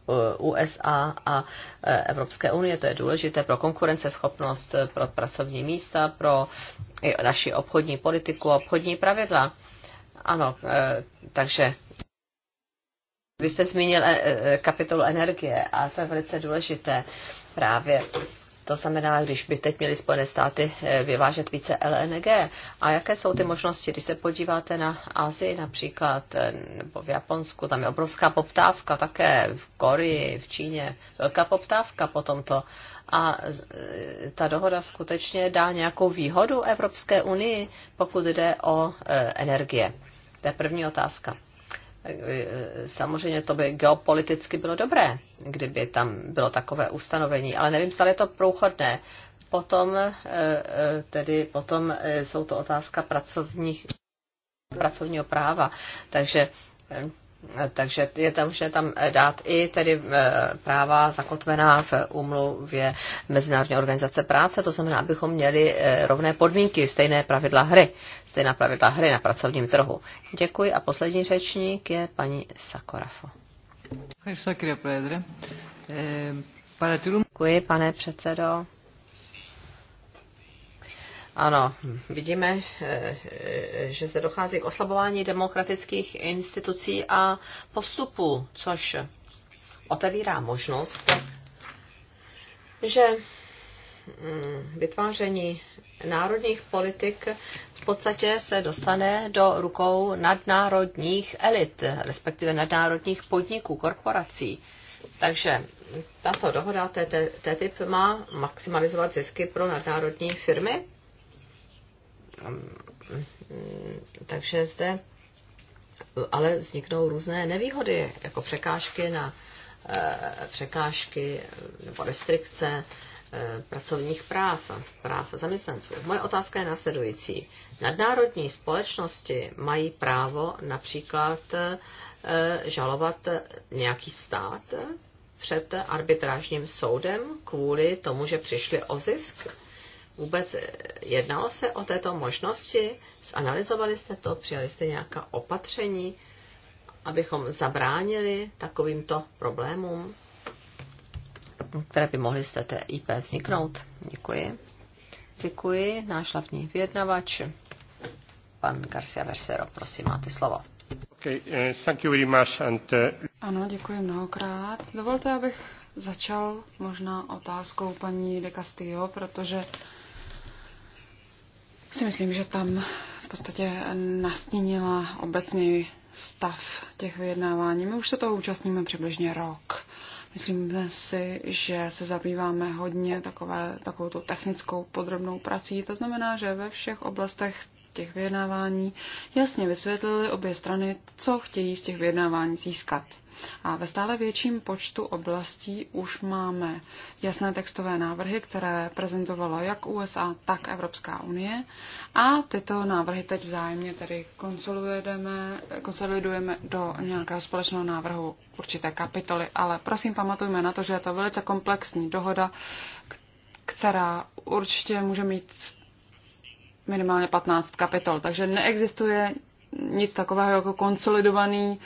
eh, USA a eh, Evropské unie. To je důležité pro konkurenceschopnost, eh, pro pracovní místa, pro naši obchodní politiku a obchodní pravidla. Ano, takže vy jste zmínil kapitolu energie a to je velice důležité právě to znamená, když by teď měli Spojené státy eh, vyvážet více LNG. A jaké jsou ty možnosti, když se podíváte na Asii například, eh, nebo v Japonsku, tam je obrovská poptávka, také v Koreji, v Číně, velká poptávka po tomto. A eh, ta dohoda skutečně dá nějakou výhodu Evropské unii, pokud jde o energie. To je první otázka. Samozřejmě to by geopoliticky bylo dobré, kdyby tam bylo takové ustanovení, ale nevím, zda je to průchodné. Potom, eh, eh, tedy, potom eh, jsou to otázka pracovních, pracovního práva. Takže takže je tam možné tam dát i tedy práva zakotvená v umluvě Mezinárodní organizace práce, to znamená, abychom měli rovné podmínky, stejné pravidla hry stejná pravidla hry na pracovním trhu. Děkuji a poslední řečník je paní Sakorafo. Děkuji, pane předsedo. Ano, vidíme, že se dochází k oslabování demokratických institucí a postupů, což otevírá možnost, že Mm, vytváření národních politik v podstatě se dostane do rukou nadnárodních elit, respektive nadnárodních podniků, korporací. Takže tato dohoda TTIP má maximalizovat zisky pro nadnárodní firmy. Mm, takže zde ale vzniknou různé nevýhody, jako překážky na eh, překážky nebo restrikce Eh, pracovních práv, práv zaměstnanců. Moje otázka je následující. Nadnárodní společnosti mají právo například eh, žalovat nějaký stát před arbitrážním soudem kvůli tomu, že přišli o zisk? Vůbec eh, jednalo se o této možnosti? Zanalizovali jste to? Přijali jste nějaká opatření, abychom zabránili takovýmto problémům? které by mohly z TTIP vzniknout. Děkuji. Děkuji. Náš hlavní vyjednavač, pan Garcia Versero, prosím, máte slovo. Okay, eh, thank you very much and, uh... Ano, děkuji mnohokrát. Dovolte, abych začal možná otázkou paní de Castillo, protože si myslím, že tam v podstatě nastínila obecný stav těch vyjednávání. My už se toho účastníme přibližně rok. Myslíme si, že se zabýváme hodně takové, takovou tu technickou podrobnou prací. To znamená, že ve všech oblastech těch vyjednávání jasně vysvětlili obě strany, co chtějí z těch vyjednávání získat. A ve stále větším počtu oblastí už máme jasné textové návrhy, které prezentovala jak USA, tak Evropská unie. A tyto návrhy teď vzájemně tedy konsolidujeme, konsolidujeme do nějakého společného návrhu určité kapitoly. Ale prosím, pamatujme na to, že je to velice komplexní dohoda, která určitě může mít minimálně 15 kapitol. Takže neexistuje nic takového jako konsolidovaný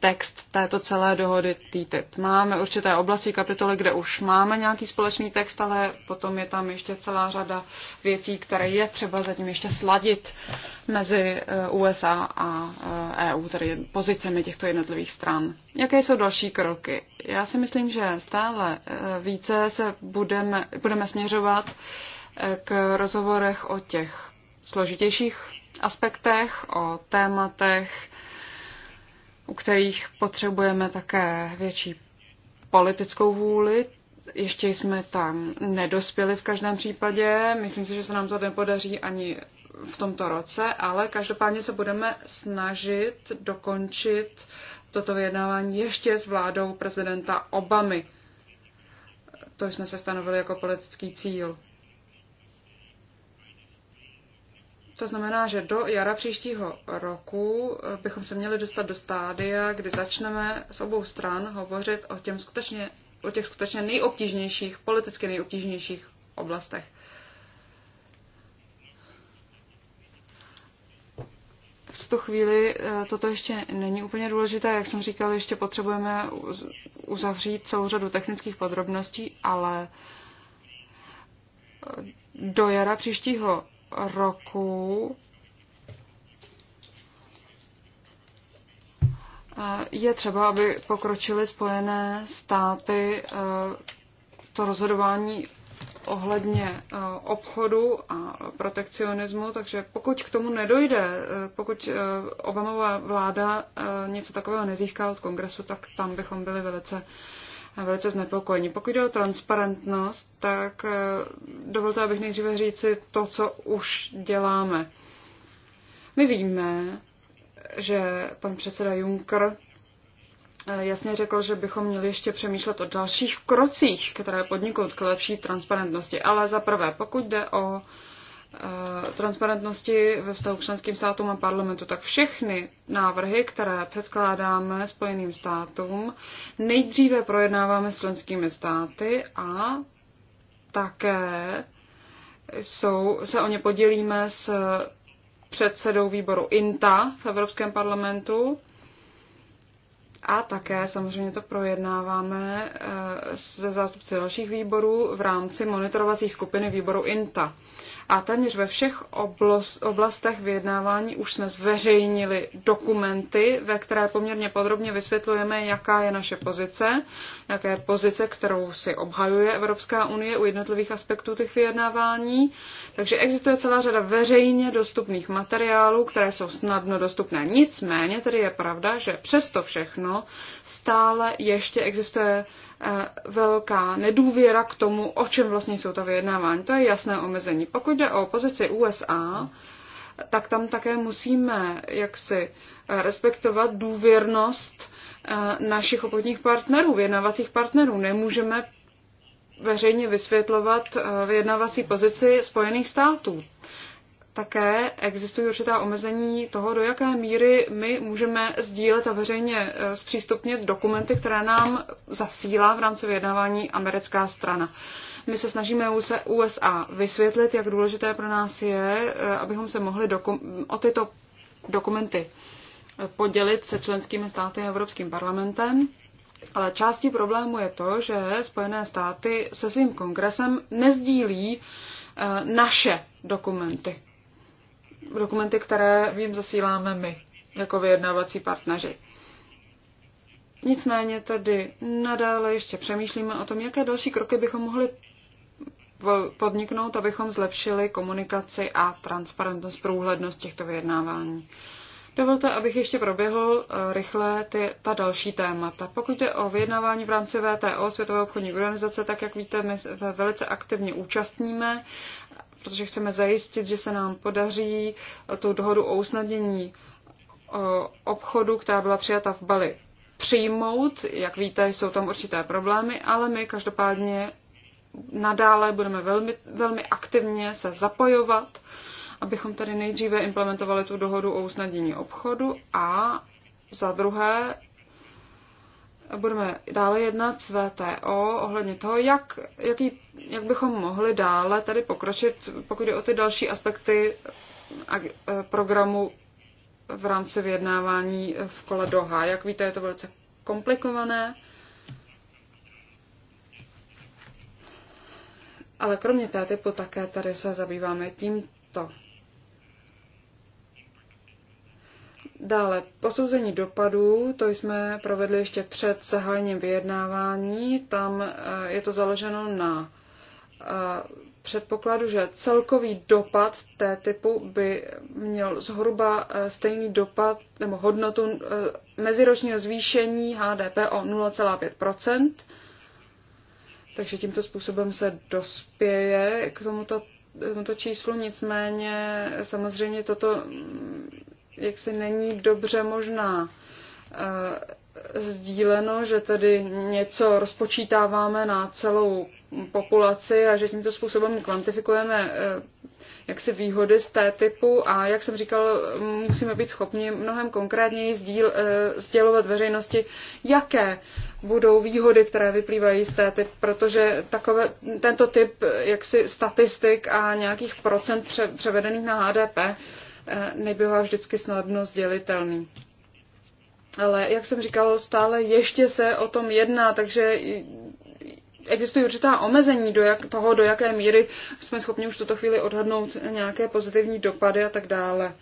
text této celé dohody TTIP. Máme určité oblasti kapitoly, kde už máme nějaký společný text, ale potom je tam ještě celá řada věcí, které je třeba zatím ještě sladit mezi eh, USA a EU, eh, e tedy pozicemi těchto jednotlivých stran. Jaké jsou další kroky? Já si myslím, že stále eh, více se budeme, budeme směřovat k rozhovorech o těch složitějších aspektech, o tématech, u kterých potřebujeme také větší politickou vůli. Ještě jsme tam nedospěli v každém případě. Myslím si, že se nám to nepodaří ani v tomto roce, ale každopádně se budeme snažit dokončit toto vyjednávání ještě s vládou prezidenta Obamy. To jsme se stanovili jako politický cíl. To znamená, že do jara příštího roku eh, bychom se měli dostat do stádia, kdy začneme s obou stran hovořit o, těm skutečně, o těch skutečně nejobtížnějších, politicky nejobtížnějších oblastech. V tuto chvíli eh, toto ještě není úplně důležité. Jak jsem říkal, ještě potřebujeme uzavřít celou řadu technických podrobností, ale eh, do jara příštího roku je třeba, aby pokročily Spojené státy e, to rozhodování ohledně e, obchodu a protekcionismu, takže pokud k tomu nedojde, e, pokud Obamová vláda něco takového nezíská od kongresu, tak tam bychom byli velice velice znepokojení. Pokud jde o transparentnost, tak eh, dovolte, abych nejdříve říci to, co už děláme. My víme, že pan předseda Juncker eh, jasně řekl, že bychom měli ještě přemýšlet o dalších krocích, které podniknout k lepší transparentnosti. Ale za prvé, pokud jde o Eh, transparentnosti ve vztahu k členským státům a parlamentu, tak všechny návrhy, které předkládáme Spojeným státům, nejdříve projednáváme s členskými státy a také jsou, se o ně podělíme s předsedou výboru INTA v Evropském parlamentu. A také samozřejmě to projednáváme eh, se zástupci dalších výborů v rámci monitorovací skupiny výboru INTA a téměř ve všech oblastech vyjednávání už jsme zveřejnili dokumenty, ve které poměrně podrobně vysvětlujeme, jaká je naše pozice, jaké je pozice, kterou si obhajuje Evropská unie u jednotlivých aspektů těch vyjednávání. Takže existuje celá řada veřejně dostupných materiálů, které jsou snadno dostupné. Nicméně tedy je pravda, že přesto všechno stále ještě existuje velká nedůvěra k tomu, o čem vlastně jsou ta vyjednávání. To je jasné omezení. Pokud jde o pozici USA, tak tam také musíme jaksi respektovat důvěrnost e, našich obchodních partnerů, vyjednávacích partnerů. Nemůžeme veřejně vysvětlovat e, vyjednávací pozici Spojených států také existují určitá omezení toho, do jaké míry my můžeme sdílet a veřejně eh, zpřístupnit dokumenty, které nám zasílá v rámci vyjednávání americká strana. My se snažíme USA vysvětlit, jak důležité pro nás je, eh, abychom se mohli o tyto dokumenty eh, podělit se členskými státy a Evropským parlamentem. Ale částí problému je to, že Spojené státy se svým kongresem nezdílí naše dokumenty dokumenty, které jim zasíláme my, jako vyjednávací partneři. Nicméně tedy nadále ještě přemýšlíme o tom, jaké další kroky bychom mohli podniknout, abychom zlepšili komunikaci a transparentnost, průhlednost těchto vyjednávání. Dovolte, abych ještě proběhl eh, rychle ty, ta další témata. Pokud jde o vyjednávání v rámci VTO, Světové obchodní organizace, tak jak víte, my se velice aktivně účastníme protože chceme zajistit, že se nám podaří tu dohodu o usnadnění eh, obchodu, která byla přijata v Bali, přijmout. Jak víte, jsou tam určité problémy, ale my každopádně nadále budeme velmi, velmi aktivně se zapojovat, abychom tady nejdříve implementovali tu dohodu o usnadnění obchodu a za druhé budeme dále jednat s VTO ohledně toho, jak, jaký, jak bychom mohli dále tady pokročit, pokud jde o ty další aspekty e, programu v rámci vyjednávání v kole Doha. Jak víte, je to velice komplikované. Ale kromě té typu také tady se zabýváme tímto Dále posouzení dopadů, to jsme provedli ještě před zahájením vyjednávání. Tam eh, je to založeno na eh, předpokladu, že celkový dopad té typu by měl zhruba eh, stejný dopad nebo hodnotu meziročního zvýšení HDP o 0,5 takže tímto způsobem se dospěje k tomuto, tomuto číslu, nicméně samozřejmě toto jak si není dobře možná eh, sdíleno, že tady něco rozpočítáváme na celou populaci a že tímto způsobem kvantifikujeme eh, jak si výhody z té typu a jak jsem říkal, musíme být schopni mnohem konkrétněji sdíl, eh, sdělovat veřejnosti, jaké budou výhody, které vyplývají z té typ, protože takové, tento typ jaksi statistik a nějakých procent pře, převedených na HDP Eh, nebyla vždycky snadno sdělitelný. Ale jak jsem říkal, stále ještě se o tom jedná, takže existují určitá omezení do jak, toho, do jaké míry jsme schopni už tuto chvíli odhadnout nějaké pozitivní dopady a tak dále.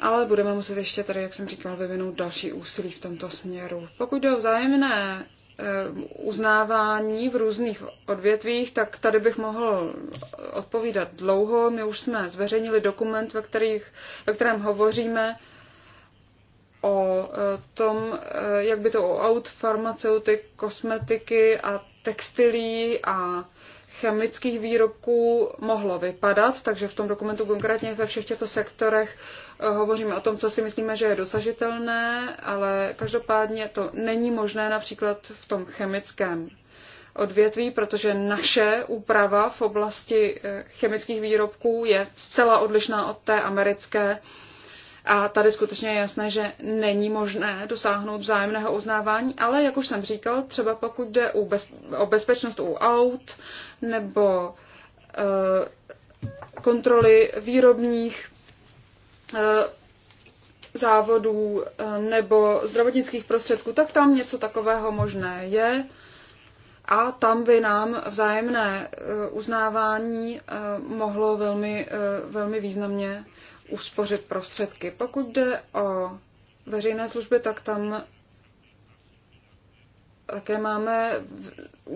Ale budeme muset ještě tady, jak jsem říkal, vyvinout další úsilí v tomto směru. Pokud jde o vzájemné Eh, uznávání v různých odvětvích, tak tady bych mohl odpovídat dlouho. My už jsme zveřejnili dokument, ve, kterých, ve kterém hovoříme o eh, tom, eh, jak by to o aut, farmaceutik, kosmetiky a textilí a chemických výrobků mohlo vypadat, takže v tom dokumentu konkrétně ve všech těchto sektorech eh, hovoříme o tom, co si myslíme, že je dosažitelné, ale každopádně to není možné například v tom chemickém odvětví, protože naše úprava v oblasti eh, chemických výrobků je zcela odlišná od té americké a tady skutečně je jasné, že není možné dosáhnout vzájemného uznávání, ale jak už jsem říkal, třeba pokud jde o bezpečnost u aut nebo eh, kontroly výrobních eh, závodů eh, nebo zdravotnických prostředků, tak tam něco takového možné je. A tam by nám vzájemné uznávání mohlo velmi, velmi významně uspořit prostředky. Pokud jde o veřejné služby, tak tam také máme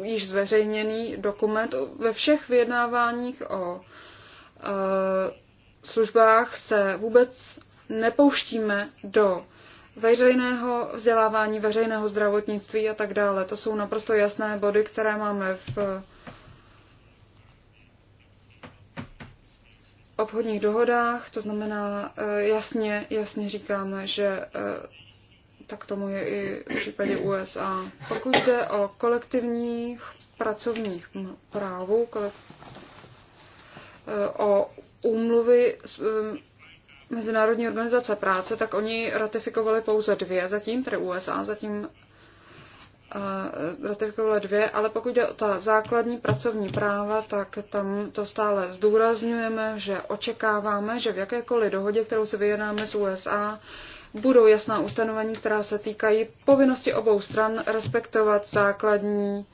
již zveřejněný dokument. Ve všech vyjednáváních o eh, službách se vůbec nepouštíme do veřejného vzdělávání, veřejného zdravotnictví a tak dále. To jsou naprosto jasné body, které máme v obchodních dohodách, to znamená eh, jasně, jasně říkáme, že eh, tak tomu je i v případě USA. Pokud jde o kolektivních pracovních právu, eh, o úmluvy Mezinárodní organizace práce, tak oni ratifikovali pouze dvě zatím, tedy USA zatím ratifikovala dvě, ale pokud jde o ta základní pracovní práva, tak tam to stále zdůrazňujeme, že očekáváme, že v jakékoliv dohodě, kterou se vyjednáme s USA, budou jasná ustanovení, která se týkají povinnosti obou stran respektovat základní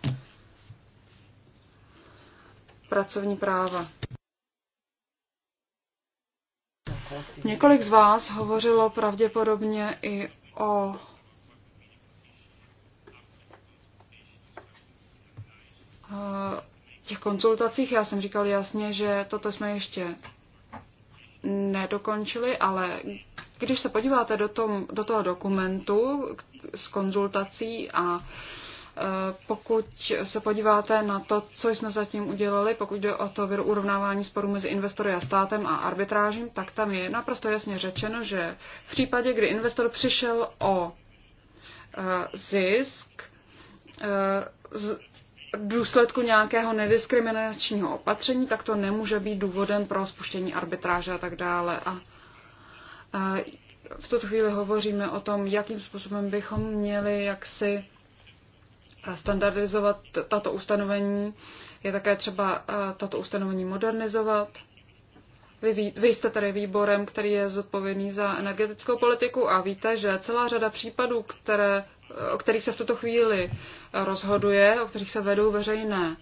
pracovní práva. Několik z vás hovořilo pravděpodobně i o Eh, těch konzultacích já jsem říkal jasně, že toto jsme ještě nedokončili, ale když se podíváte do, tom, do toho dokumentu s konzultací a eh, pokud se podíváte na to, co jsme zatím udělali, pokud jde o to urovnávání sporů mezi investory a státem a arbitrážím, tak tam je naprosto jasně řečeno, že v případě, kdy investor přišel o eh, zisk, důsledku nějakého nediskriminačního opatření, tak to nemůže být důvodem pro spuštění arbitráže a tak dále. A e, v tuto chvíli hovoříme o tom, jakým způsobem bychom měli jaksi e, standardizovat tato ustanovení. Je také třeba e, tato ustanovení modernizovat. Vy, vy jste tady výborem, který je zodpovědný za energetickou politiku a víte, že celá řada případů, které o kterých se v tuto chvíli rozhoduje, o kterých se vedou veřejné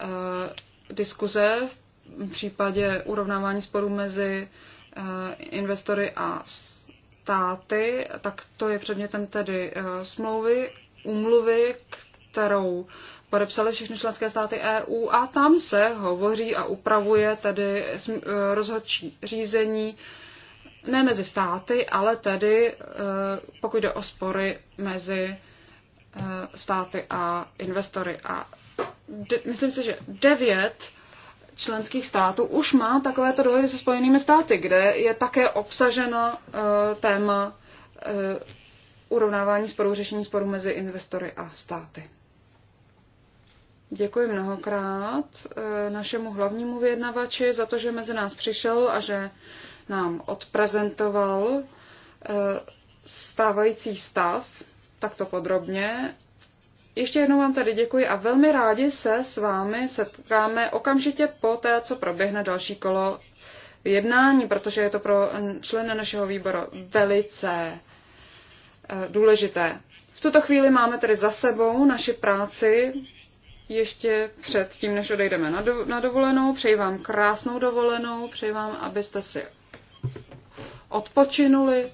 eh, diskuze v případě urovnávání sporů mezi eh, investory a státy, tak to je předmětem tedy eh, smlouvy, úmluvy, kterou podepsaly všechny členské státy EU a tam se hovoří a upravuje tedy rozhodčí řízení ne mezi státy, ale tedy eh, pokud jde o spory mezi eh, státy a investory. A de, myslím si, že devět členských států už má takovéto dohody se Spojenými státy, kde je také obsaženo eh, téma urovnávání sporů, řešení sporů mezi investory a státy. Děkuji mnohokrát našemu hlavnímu vyjednavači za to, že mezi nás přišel a že nám odprezentoval eh, stávající stav takto podrobně. Ještě jednou vám tady děkuji a velmi rádi se s vámi setkáme okamžitě po té, co proběhne další kolo jednání, protože je to pro členy našeho výboru velice eh, důležité. V tuto chvíli máme tedy za sebou naši práci ještě před tím, než odejdeme na dovolenou. Přeji vám krásnou dovolenou, přeji vám, abyste si odpočinuli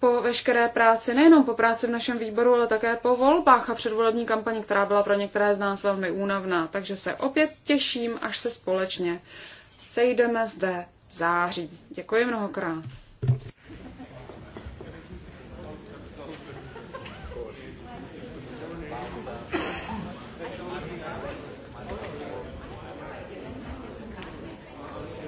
po veškeré práci, nejenom po práci v našem výboru, ale také po volbách a předvolební kampani, která byla pro některé z nás velmi únavná. Takže se opět těším, až se společně sejdeme zde v září. Děkuji mnohokrát.